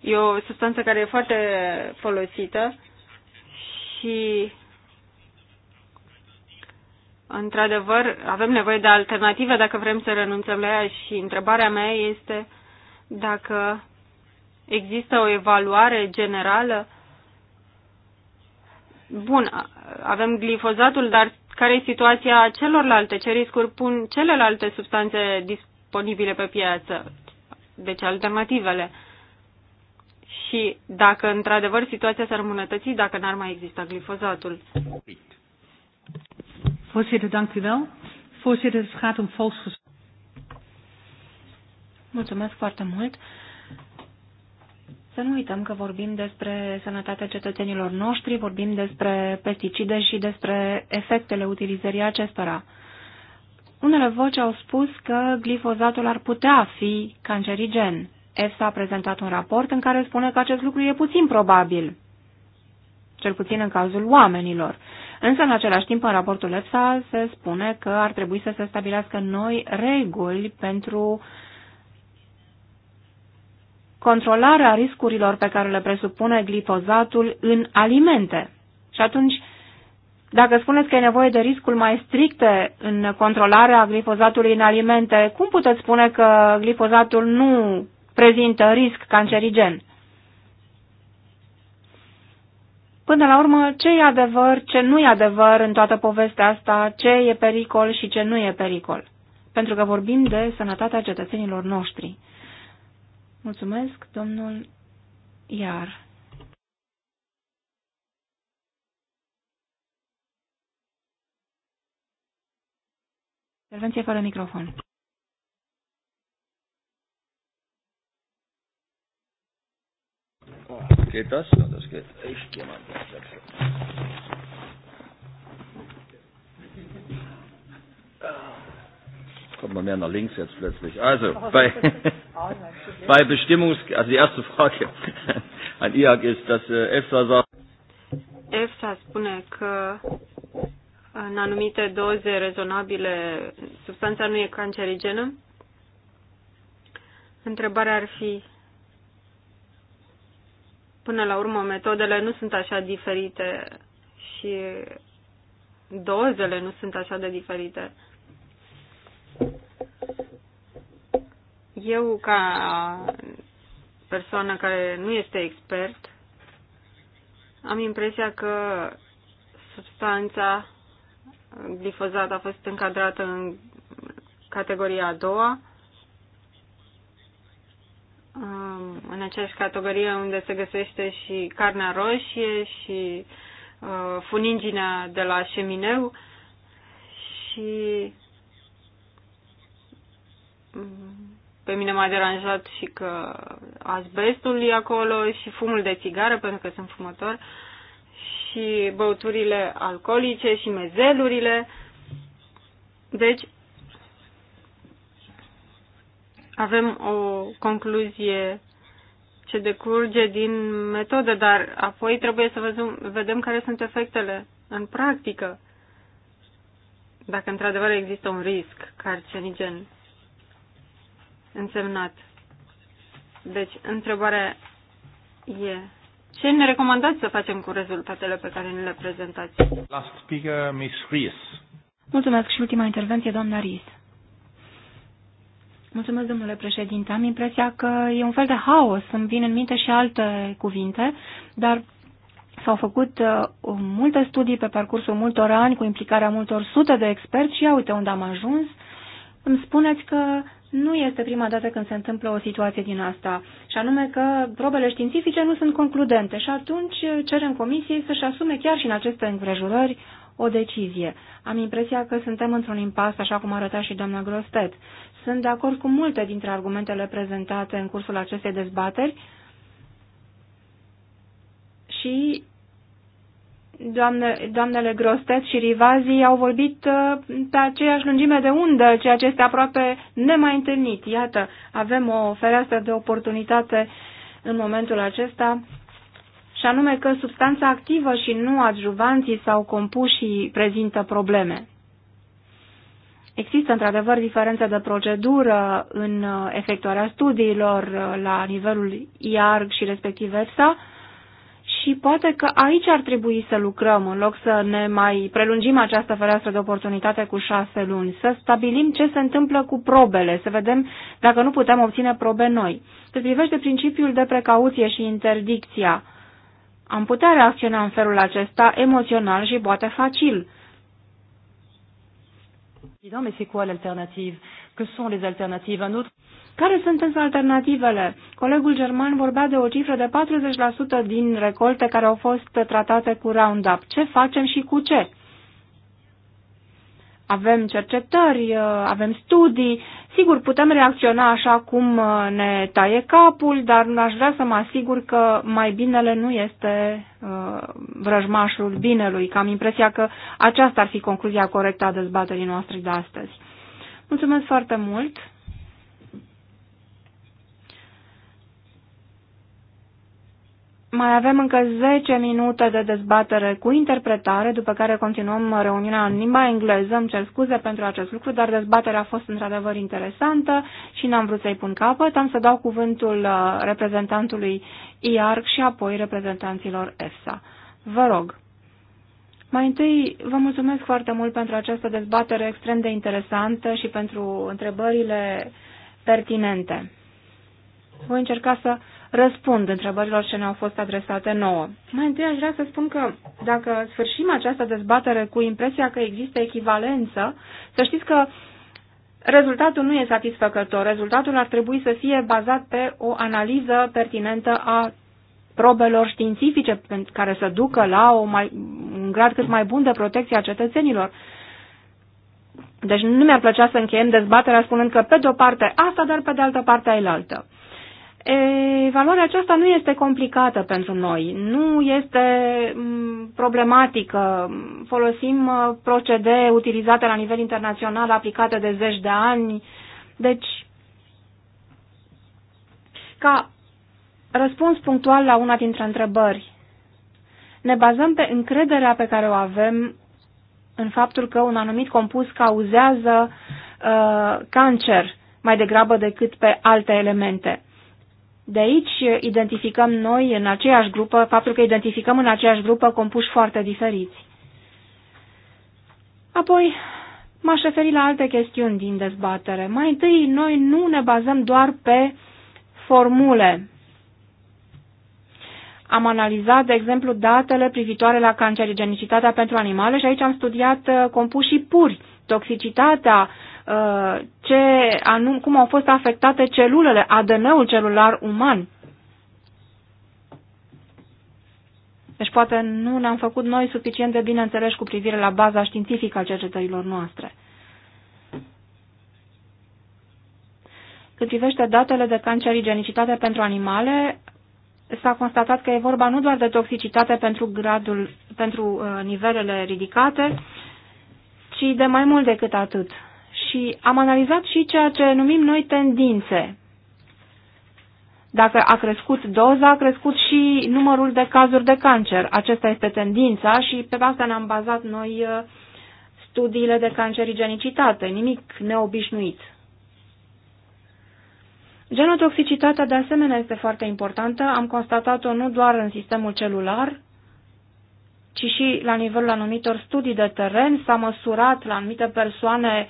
e o substanță care e foarte folosită și într-adevăr, avem nevoie de alternative dacă vrem să renunțăm la ea și întrebarea mea este dacă există o evaluare generală. Bun, avem glifozatul, dar care e situația celorlalte? Ce riscuri pun celelalte substanțe disponibile pe piață? Deci alternativele. Și dacă într-adevăr situația s-ar îmbunătăți, dacă n-ar mai exista glifozatul. Uite. Voorzitter, dank u wel. Voorzitter, het gaat om vals Mulțumesc foarte mult. Să nu uităm că vorbim despre sănătatea cetățenilor noștri, vorbim despre pesticide și despre efectele utilizării acestora. Unele voci au spus că glifozatul ar putea fi cancerigen. EFSA a prezentat un raport în care spune că acest lucru e puțin probabil, cel puțin în cazul oamenilor. Însă, în același timp, în raportul EFSA se spune că ar trebui să se stabilească noi reguli pentru controlarea riscurilor pe care le presupune glifozatul în alimente. Și atunci, dacă spuneți că e nevoie de riscul mai stricte în controlarea glifozatului în alimente, cum puteți spune că glifozatul nu prezintă risc cancerigen? Până la urmă, ce e adevăr, ce nu e adevăr în toată povestea asta, ce e pericol și ce nu e pericol. Pentru că vorbim de sănătatea cetățenilor noștri. Mulțumesc, domnul Iar. Intervenție fără microfon. Geht das? Ja, das geht. Ich gehe mal Kommt man mehr nach links jetzt plötzlich. Also, oh, bei, oh, bei Bestimmungs... Also die erste Frage an IAG ist, dass äh, EFSA sagt... EFSA spune că în anumite doze rezonabile substanța nu e cancerigenă. Întrebarea ar fi Până la urmă, metodele nu sunt așa diferite și dozele nu sunt așa de diferite. Eu, ca persoană care nu este expert, am impresia că substanța glifozată a fost încadrată în categoria a doua în aceeași categorie unde se găsește și carnea roșie și uh, funinginea de la șemineu și mm, pe mine m-a deranjat și că asbestul e acolo și fumul de țigară, pentru că sunt fumător, și băuturile alcoolice și mezelurile. Deci, avem o concluzie ce decurge din metodă, dar apoi trebuie să vedem, vedem care sunt efectele în practică. Dacă într-adevăr există un risc carcinigen însemnat. Deci, întrebarea e ce ne recomandați să facem cu rezultatele pe care ne le prezentați? Last speaker, Miss Ries. Mulțumesc și ultima intervenție, doamna Ries. Mulțumesc, domnule președinte. Am impresia că e un fel de haos. Îmi vin în minte și alte cuvinte, dar s-au făcut uh, multe studii pe parcursul multor ani cu implicarea multor sute de experți și ia uite unde am ajuns. Îmi spuneți că nu este prima dată când se întâmplă o situație din asta, și anume că probele științifice nu sunt concludente și atunci cerem comisiei să-și asume chiar și în aceste îngrejurări o decizie. Am impresia că suntem într-un impas, așa cum arăta și doamna Grostet. Sunt de acord cu multe dintre argumentele prezentate în cursul acestei dezbateri și doamne, doamnele Grostet și Rivazi au vorbit uh, pe aceeași lungime de undă, ceea ce este aproape nemai întâlnit. Iată, avem o fereastră de oportunitate în momentul acesta și anume că substanța activă și nu adjuvanții sau compușii prezintă probleme. Există într-adevăr diferențe de procedură în efectuarea studiilor la nivelul IARG și respectiv EFSA și poate că aici ar trebui să lucrăm în loc să ne mai prelungim această fereastră de oportunitate cu șase luni, să stabilim ce se întâmplă cu probele, să vedem dacă nu putem obține probe noi. Se privește principiul de precauție și interdicția, am putea reacționa în felul acesta emoțional și poate facil. care sunt însă alternativele? Colegul german vorbea de o cifră de 40% din recolte care au fost tratate cu Roundup. Ce facem și cu ce? avem cercetări, uh, avem studii. Sigur, putem reacționa așa cum uh, ne taie capul, dar aș vrea să mă asigur că mai binele nu este uh, vrăjmașul binelui, că am impresia că aceasta ar fi concluzia corectă a dezbaterii noastre de astăzi. Mulțumesc foarte mult! Mai avem încă 10 minute de dezbatere cu interpretare, după care continuăm reuniunea în limba engleză. Îmi cer scuze pentru acest lucru, dar dezbaterea a fost într-adevăr interesantă și n-am vrut să-i pun capăt. Am să dau cuvântul uh, reprezentantului IARC și apoi reprezentanților EFSA. Vă rog. Mai întâi, vă mulțumesc foarte mult pentru această dezbatere extrem de interesantă și pentru întrebările pertinente. Voi încerca să răspund întrebărilor ce ne-au fost adresate nouă. Mai întâi aș vrea să spun că dacă sfârșim această dezbatere cu impresia că există echivalență, să știți că rezultatul nu e satisfăcător. Rezultatul ar trebui să fie bazat pe o analiză pertinentă a probelor științifice care să ducă la o mai, un grad cât mai bun de protecție a cetățenilor. Deci nu mi-ar plăcea să încheiem dezbaterea spunând că pe de-o parte asta, dar pe de altă parte ailaltă. Evaluarea aceasta nu este complicată pentru noi, nu este problematică. Folosim uh, procedee utilizate la nivel internațional, aplicate de zeci de ani. Deci, ca răspuns punctual la una dintre întrebări, ne bazăm pe încrederea pe care o avem în faptul că un anumit compus cauzează uh, cancer mai degrabă decât pe alte elemente. De aici identificăm noi în aceeași grupă, faptul că identificăm în aceeași grupă compuși foarte diferiți. Apoi, m-aș referi la alte chestiuni din dezbatere. Mai întâi, noi nu ne bazăm doar pe formule. Am analizat, de exemplu, datele privitoare la cancerigenicitatea pentru animale și aici am studiat uh, compușii puri, toxicitatea Uh, ce anum, cum au fost afectate celulele, ADN-ul celular uman. Deci poate nu ne-am făcut noi suficient de bine înțelegi cu privire la baza științifică a cercetărilor noastre. Cât privește datele de cancerigenicitate pentru animale, s-a constatat că e vorba nu doar de toxicitate pentru, gradul, pentru uh, nivelele ridicate, ci de mai mult decât atât și am analizat și ceea ce numim noi tendințe. Dacă a crescut doza, a crescut și numărul de cazuri de cancer. Acesta este tendința și pe asta ne-am bazat noi uh, studiile de cancerigenicitate, nimic neobișnuit. Genotoxicitatea de asemenea este foarte importantă, am constatat-o nu doar în sistemul celular, ci și la nivelul anumitor studii de teren s-a măsurat la anumite persoane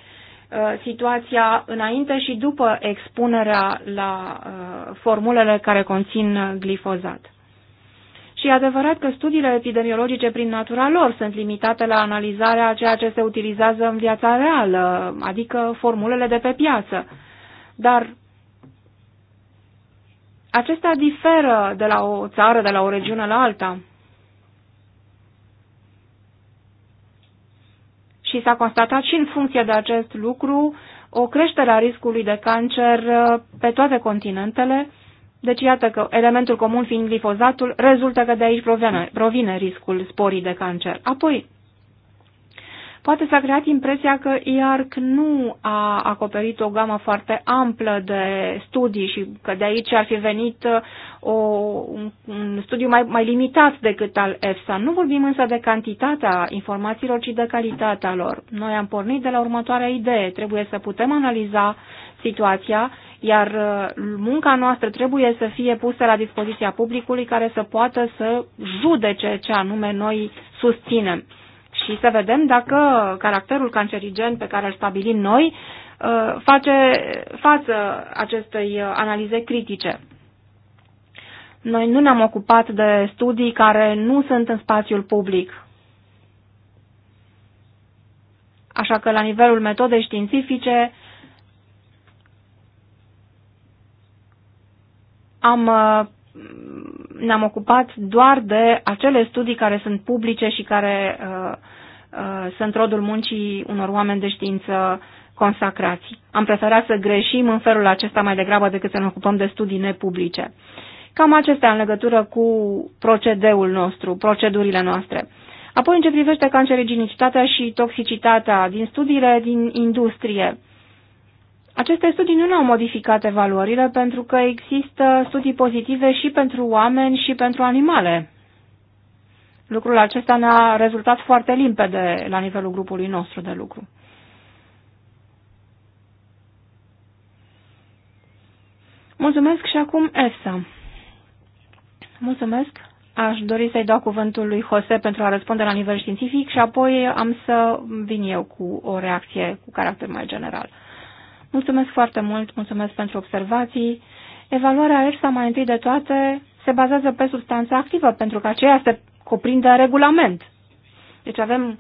Uh, situația înainte și după expunerea la uh, formulele care conțin glifozat. Și e adevărat că studiile epidemiologice prin natura lor sunt limitate la analizarea a ceea ce se utilizează în viața reală, adică formulele de pe piață. Dar acestea diferă de la o țară, de la o regiune la alta. și s-a constatat și în funcție de acest lucru o creștere a riscului de cancer uh, pe toate continentele. Deci iată că elementul comun fiind glifozatul, rezultă că de aici provine, provine riscul sporii de cancer. Apoi, poate s-a creat impresia că IARC nu a acoperit o gamă foarte amplă de studii și că de aici ar fi venit uh, o, un studiu mai, mai limitat decât al EFSA. Nu vorbim însă de cantitatea informațiilor, ci de calitatea lor. Noi am pornit de la următoarea idee. Trebuie să putem analiza situația, iar uh, munca noastră trebuie să fie pusă la dispoziția publicului care să poată să judece ce anume noi susținem și să vedem dacă caracterul cancerigen pe care îl stabilim noi uh, face față acestei uh, analize critice. Noi nu ne-am ocupat de studii care nu sunt în spațiul public. Așa că la nivelul metodei științifice am uh, ne-am ocupat doar de acele studii care sunt publice și care uh, uh, sunt rodul muncii unor oameni de știință consacrați. Am preferat să greșim în felul acesta mai degrabă decât să ne ocupăm de studii nepublice. Cam acestea în legătură cu procedeul nostru, procedurile noastre. Apoi, în ce privește cancerigenicitatea și toxicitatea din studiile din industrie, aceste studii nu ne-au modificat evaluările pentru că există studii pozitive și pentru oameni și pentru animale. Lucrul acesta ne-a rezultat foarte limpede la nivelul grupului nostru de lucru. Mulțumesc și acum EFSA. Mulțumesc. Aș dori să-i dau cuvântul lui Jose pentru a răspunde la nivel științific și apoi am să vin eu cu o reacție cu caracter mai general. Mulțumesc foarte mult, mulțumesc pentru observații. Evaluarea ESA mai întâi de toate se bazează pe substanța activă, pentru că aceea se cuprinde regulament. Deci avem,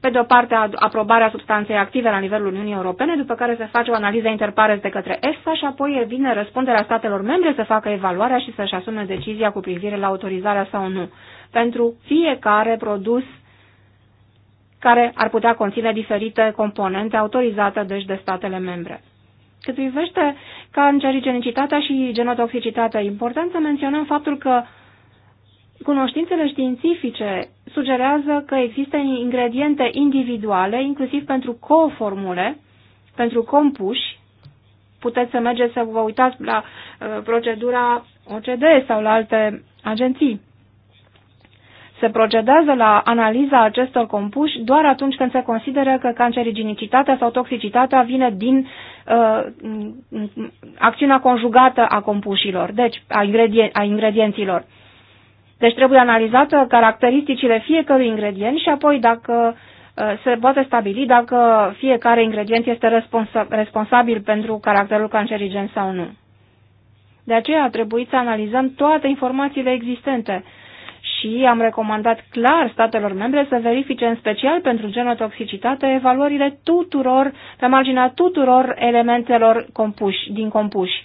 pe de o parte, aprobarea substanței active la nivelul Uniunii Europene, după care se face o analiză interpares de către EFSA și apoi vine răspunderea statelor membre să facă evaluarea și să-și asume decizia cu privire la autorizarea sau nu pentru fiecare produs care ar putea conține diferite componente autorizate deci de statele membre. Cât privește cancerigenicitatea și genotoxicitatea, important să menționăm faptul că cunoștințele științifice sugerează că există ingrediente individuale, inclusiv pentru coformule, pentru compuși. Puteți să mergeți să vă uitați la uh, procedura OCD sau la alte agenții. Se procedează la analiza acestor compuși doar atunci când se consideră că cancerigenicitatea sau toxicitatea vine din uh, acțiunea conjugată a compușilor, deci a, ingredien a ingredienților. Deci trebuie analizată caracteristicile fiecărui ingredient și apoi dacă uh, se poate stabili dacă fiecare ingredient este responsa responsabil pentru caracterul cancerigen sau nu. De aceea a trebuit să analizăm toate informațiile existente, și am recomandat clar statelor membre să verifice în special pentru genotoxicitate evaluările tuturor, pe marginea tuturor elementelor compuși, din compuși.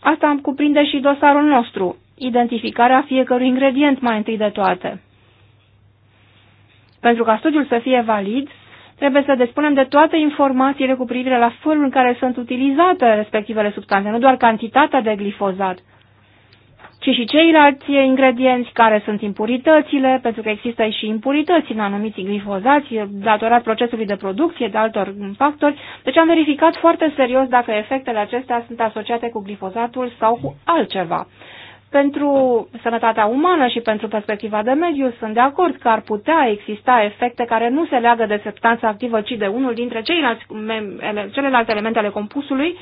Asta cuprinde și dosarul nostru, identificarea fiecărui ingredient mai întâi de toate. Pentru ca studiul să fie valid, trebuie să despunem de toate informațiile cu privire la felul în care sunt utilizate respectivele substanțe, nu doar cantitatea de glifozat, ci și ceilalți ingredienți care sunt impuritățile, pentru că există și impurități în anumiți glifozați, datorat procesului de producție, de altor factori. Deci am verificat foarte serios dacă efectele acestea sunt asociate cu glifozatul sau cu altceva. Pentru sănătatea umană și pentru perspectiva de mediu sunt de acord că ar putea exista efecte care nu se leagă de substanța activă, ci de unul dintre ceilalți, celelalte elemente ale compusului,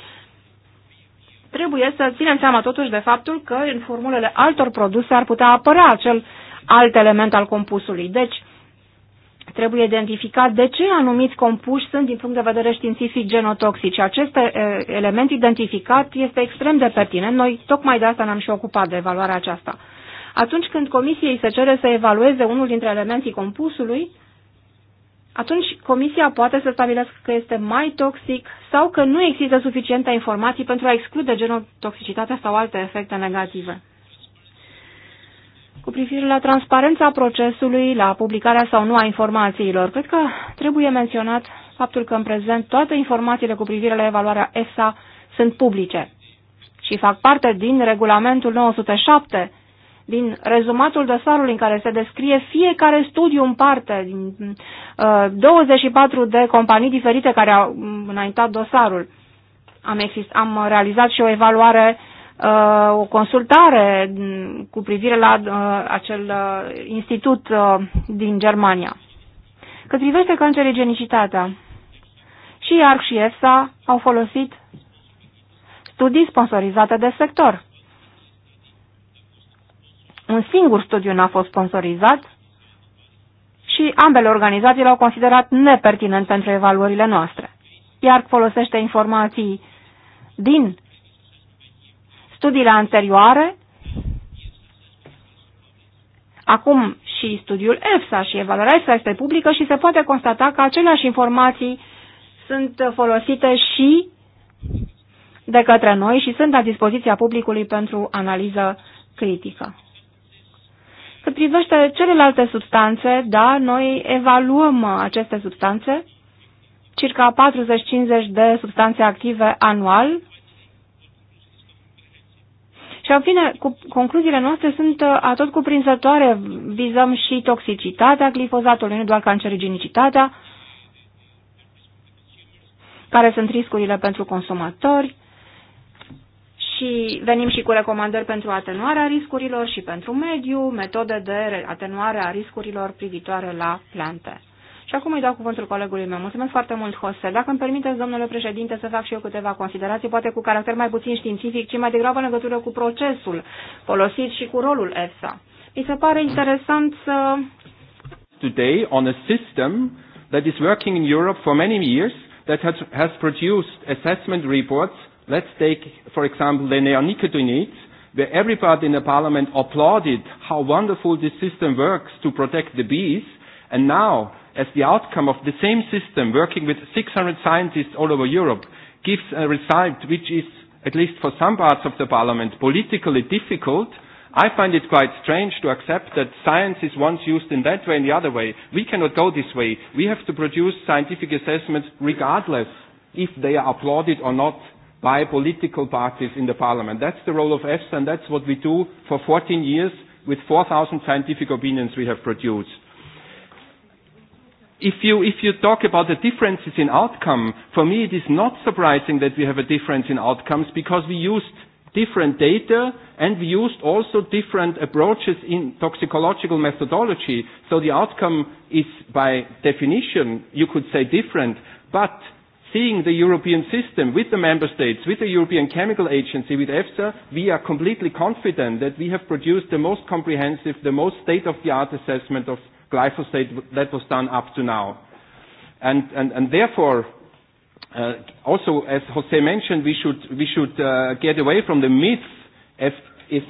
trebuie să ținem seama totuși de faptul că în formulele altor produse ar putea apărea acel alt element al compusului. Deci, trebuie identificat de ce anumiți compuși sunt din punct de vedere științific genotoxici. Acest element identificat este extrem de pertinent. Noi tocmai de asta ne-am și ocupat de evaluarea aceasta. Atunci când comisiei se cere să evalueze unul dintre elementii compusului, atunci comisia poate să stabilească că este mai toxic sau că nu există suficiente informații pentru a exclude genotoxicitatea sau alte efecte negative. Cu privire la transparența procesului, la publicarea sau nu a informațiilor, cred că trebuie menționat faptul că în prezent toate informațiile cu privire la evaluarea EFSA sunt publice și fac parte din regulamentul 907 din rezumatul dosarului în care se descrie fiecare studiu în parte, din uh, 24 de companii diferite care au mm, înaintat dosarul. Am, exist, am realizat și o evaluare, uh, o consultare mm, cu privire la uh, acel uh, institut uh, din Germania. Cât privește cancerogenicitatea, și ARC și EFSA au folosit studii sponsorizate de sector. Un singur studiu n-a fost sponsorizat și ambele organizații l-au considerat nepertinent pentru evaluările noastre. Iar folosește informații din studiile anterioare, acum și studiul EFSA și evaluarea EFSA este publică și se poate constata că aceleași informații sunt folosite și de către noi și sunt la dispoziția publicului pentru analiză critică. Cât privește celelalte substanțe, da, noi evaluăm aceste substanțe, circa 40-50 de substanțe active anual. Și, în fine, cu concluziile noastre sunt atot cuprinzătoare. Vizăm și toxicitatea glifozatului, nu doar cancerigenicitatea, care sunt riscurile pentru consumatori, și venim și cu recomandări pentru atenuarea riscurilor și pentru mediu, metode de atenuare a riscurilor privitoare la plante. Și acum îi dau cuvântul colegului meu. Mulțumesc foarte mult, Jose. Dacă îmi permiteți, domnule președinte, să fac și eu câteva considerații, poate cu caracter mai puțin științific, ci mai degrabă în legătură cu procesul folosit și cu rolul EFSA. Mi se pare interesant să... Today on a system that is working in Europe for many years, that has, produced assessment reports Let's take, for example, the neonicotinoids, where everybody in the parliament applauded how wonderful this system works to protect the bees. And now, as the outcome of the same system, working with 600 scientists all over Europe, gives a result which is, at least for some parts of the parliament, politically difficult, I find it quite strange to accept that science is once used in that way and the other way. We cannot go this way. We have to produce scientific assessments regardless if they are applauded or not by political parties in the parliament. That's the role of EFSA and that's what we do for 14 years with 4,000 scientific opinions we have produced. If you, if you talk about the differences in outcome, for me it is not surprising that we have a difference in outcomes because we used different data and we used also different approaches in toxicological methodology. So the outcome is by definition, you could say different, but seeing the European system with the member states, with the European Chemical Agency, with EFSA, we are completely confident that we have produced the most comprehensive, the most state-of-the-art assessment of glyphosate that was done up to now. And, and, and therefore, uh, also, as Jose mentioned, we should, we should uh, get away from the myth if, if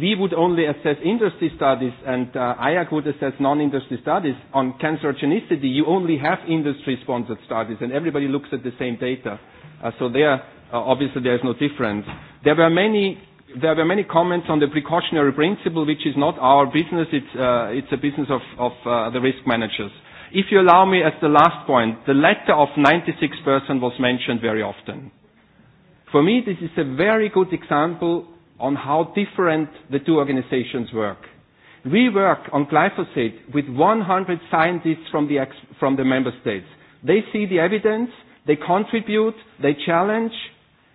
we would only assess industry studies and uh, IAC would assess non-industry studies on cancerogenicity, you only have industry-sponsored studies and everybody looks at the same data. Uh, so there, uh, obviously, there is no difference. There were many there were many comments on the precautionary principle, which is not our business. It's, uh, it's a business of, of uh, the risk managers. If you allow me, as the last point, the letter of 96% was mentioned very often. For me, this is a very good example on how different the two organizations work. We work on glyphosate with 100 scientists from the, ex from the member states. They see the evidence, they contribute, they challenge,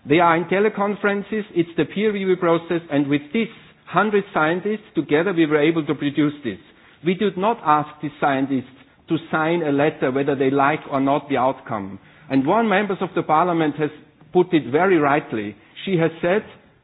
they are in teleconferences, it's the peer review process, and with these 100 scientists together we were able to produce this. We did not ask the scientists to sign a letter whether they like or not the outcome. And one member of the parliament has put it very rightly. She has said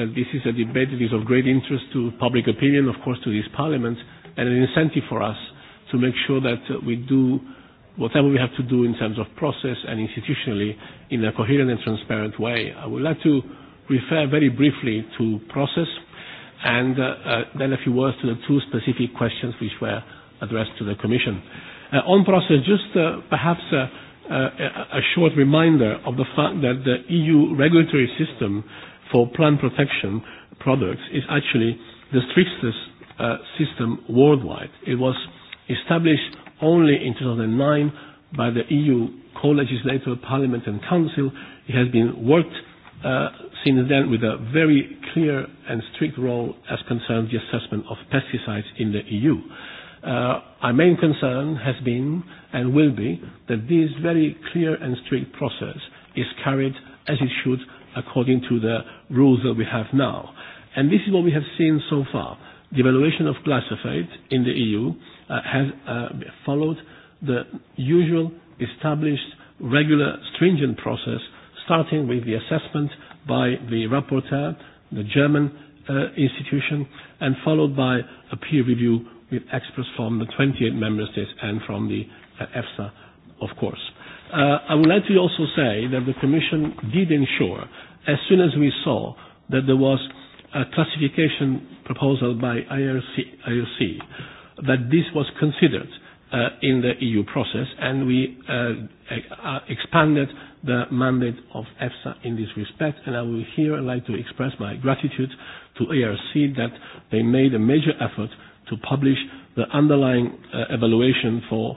that uh, this is a debate that is of great interest to public opinion, of course, to this Parliament, and an incentive for us to make sure that uh, we do whatever we have to do in terms of process and institutionally in a coherent and transparent way. I would like to refer very briefly to process and uh, uh, then a few words to the two specific questions which were addressed to the Commission. Uh, on process, just uh, perhaps uh, uh, a short reminder of the fact that the EU regulatory system for plant protection products is actually the strictest uh, system worldwide. It was established only in 2009 by the EU co-legislator, Parliament and Council. It has been worked uh, since then with a very clear and strict role as concerns the assessment of pesticides in the EU. Uh, our main concern has been and will be that this very clear and strict process is carried as it should according to the rules that we have now. And this is what we have seen so far. The evaluation of glyphosate in the EU uh, has uh, followed the usual established regular stringent process, starting with the assessment by the rapporteur, the German uh, institution, and followed by a peer review with experts from the 28 member states and from the uh, EFSA, of course. Uh, I would like to also say that the Commission did ensure, as soon as we saw that there was a classification proposal by IRC, IRC that this was considered uh, in the EU process, and we uh, uh, expanded the mandate of EFSA in this respect. And I will here like to express my gratitude to ARC that they made a major effort to publish the underlying uh, evaluation for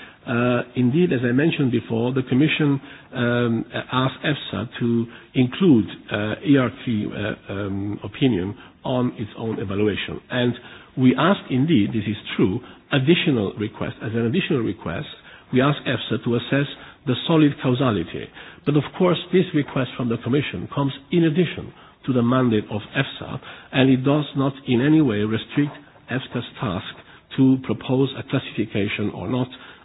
Uh, indeed, as I mentioned before, the Commission um, asked EFSA to include uh, ERT uh, um, opinion on its own evaluation. And we asked, indeed, this is true, additional request. As an additional request, we asked EFSA to assess the solid causality. But of course, this request from the Commission comes in addition to the mandate of EFSA, and it does not in any way restrict EFSA's task to propose a classification or not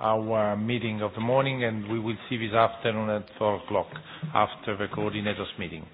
our meeting of the morning, and we will see this afternoon at four o'clock after the coordinators' meeting.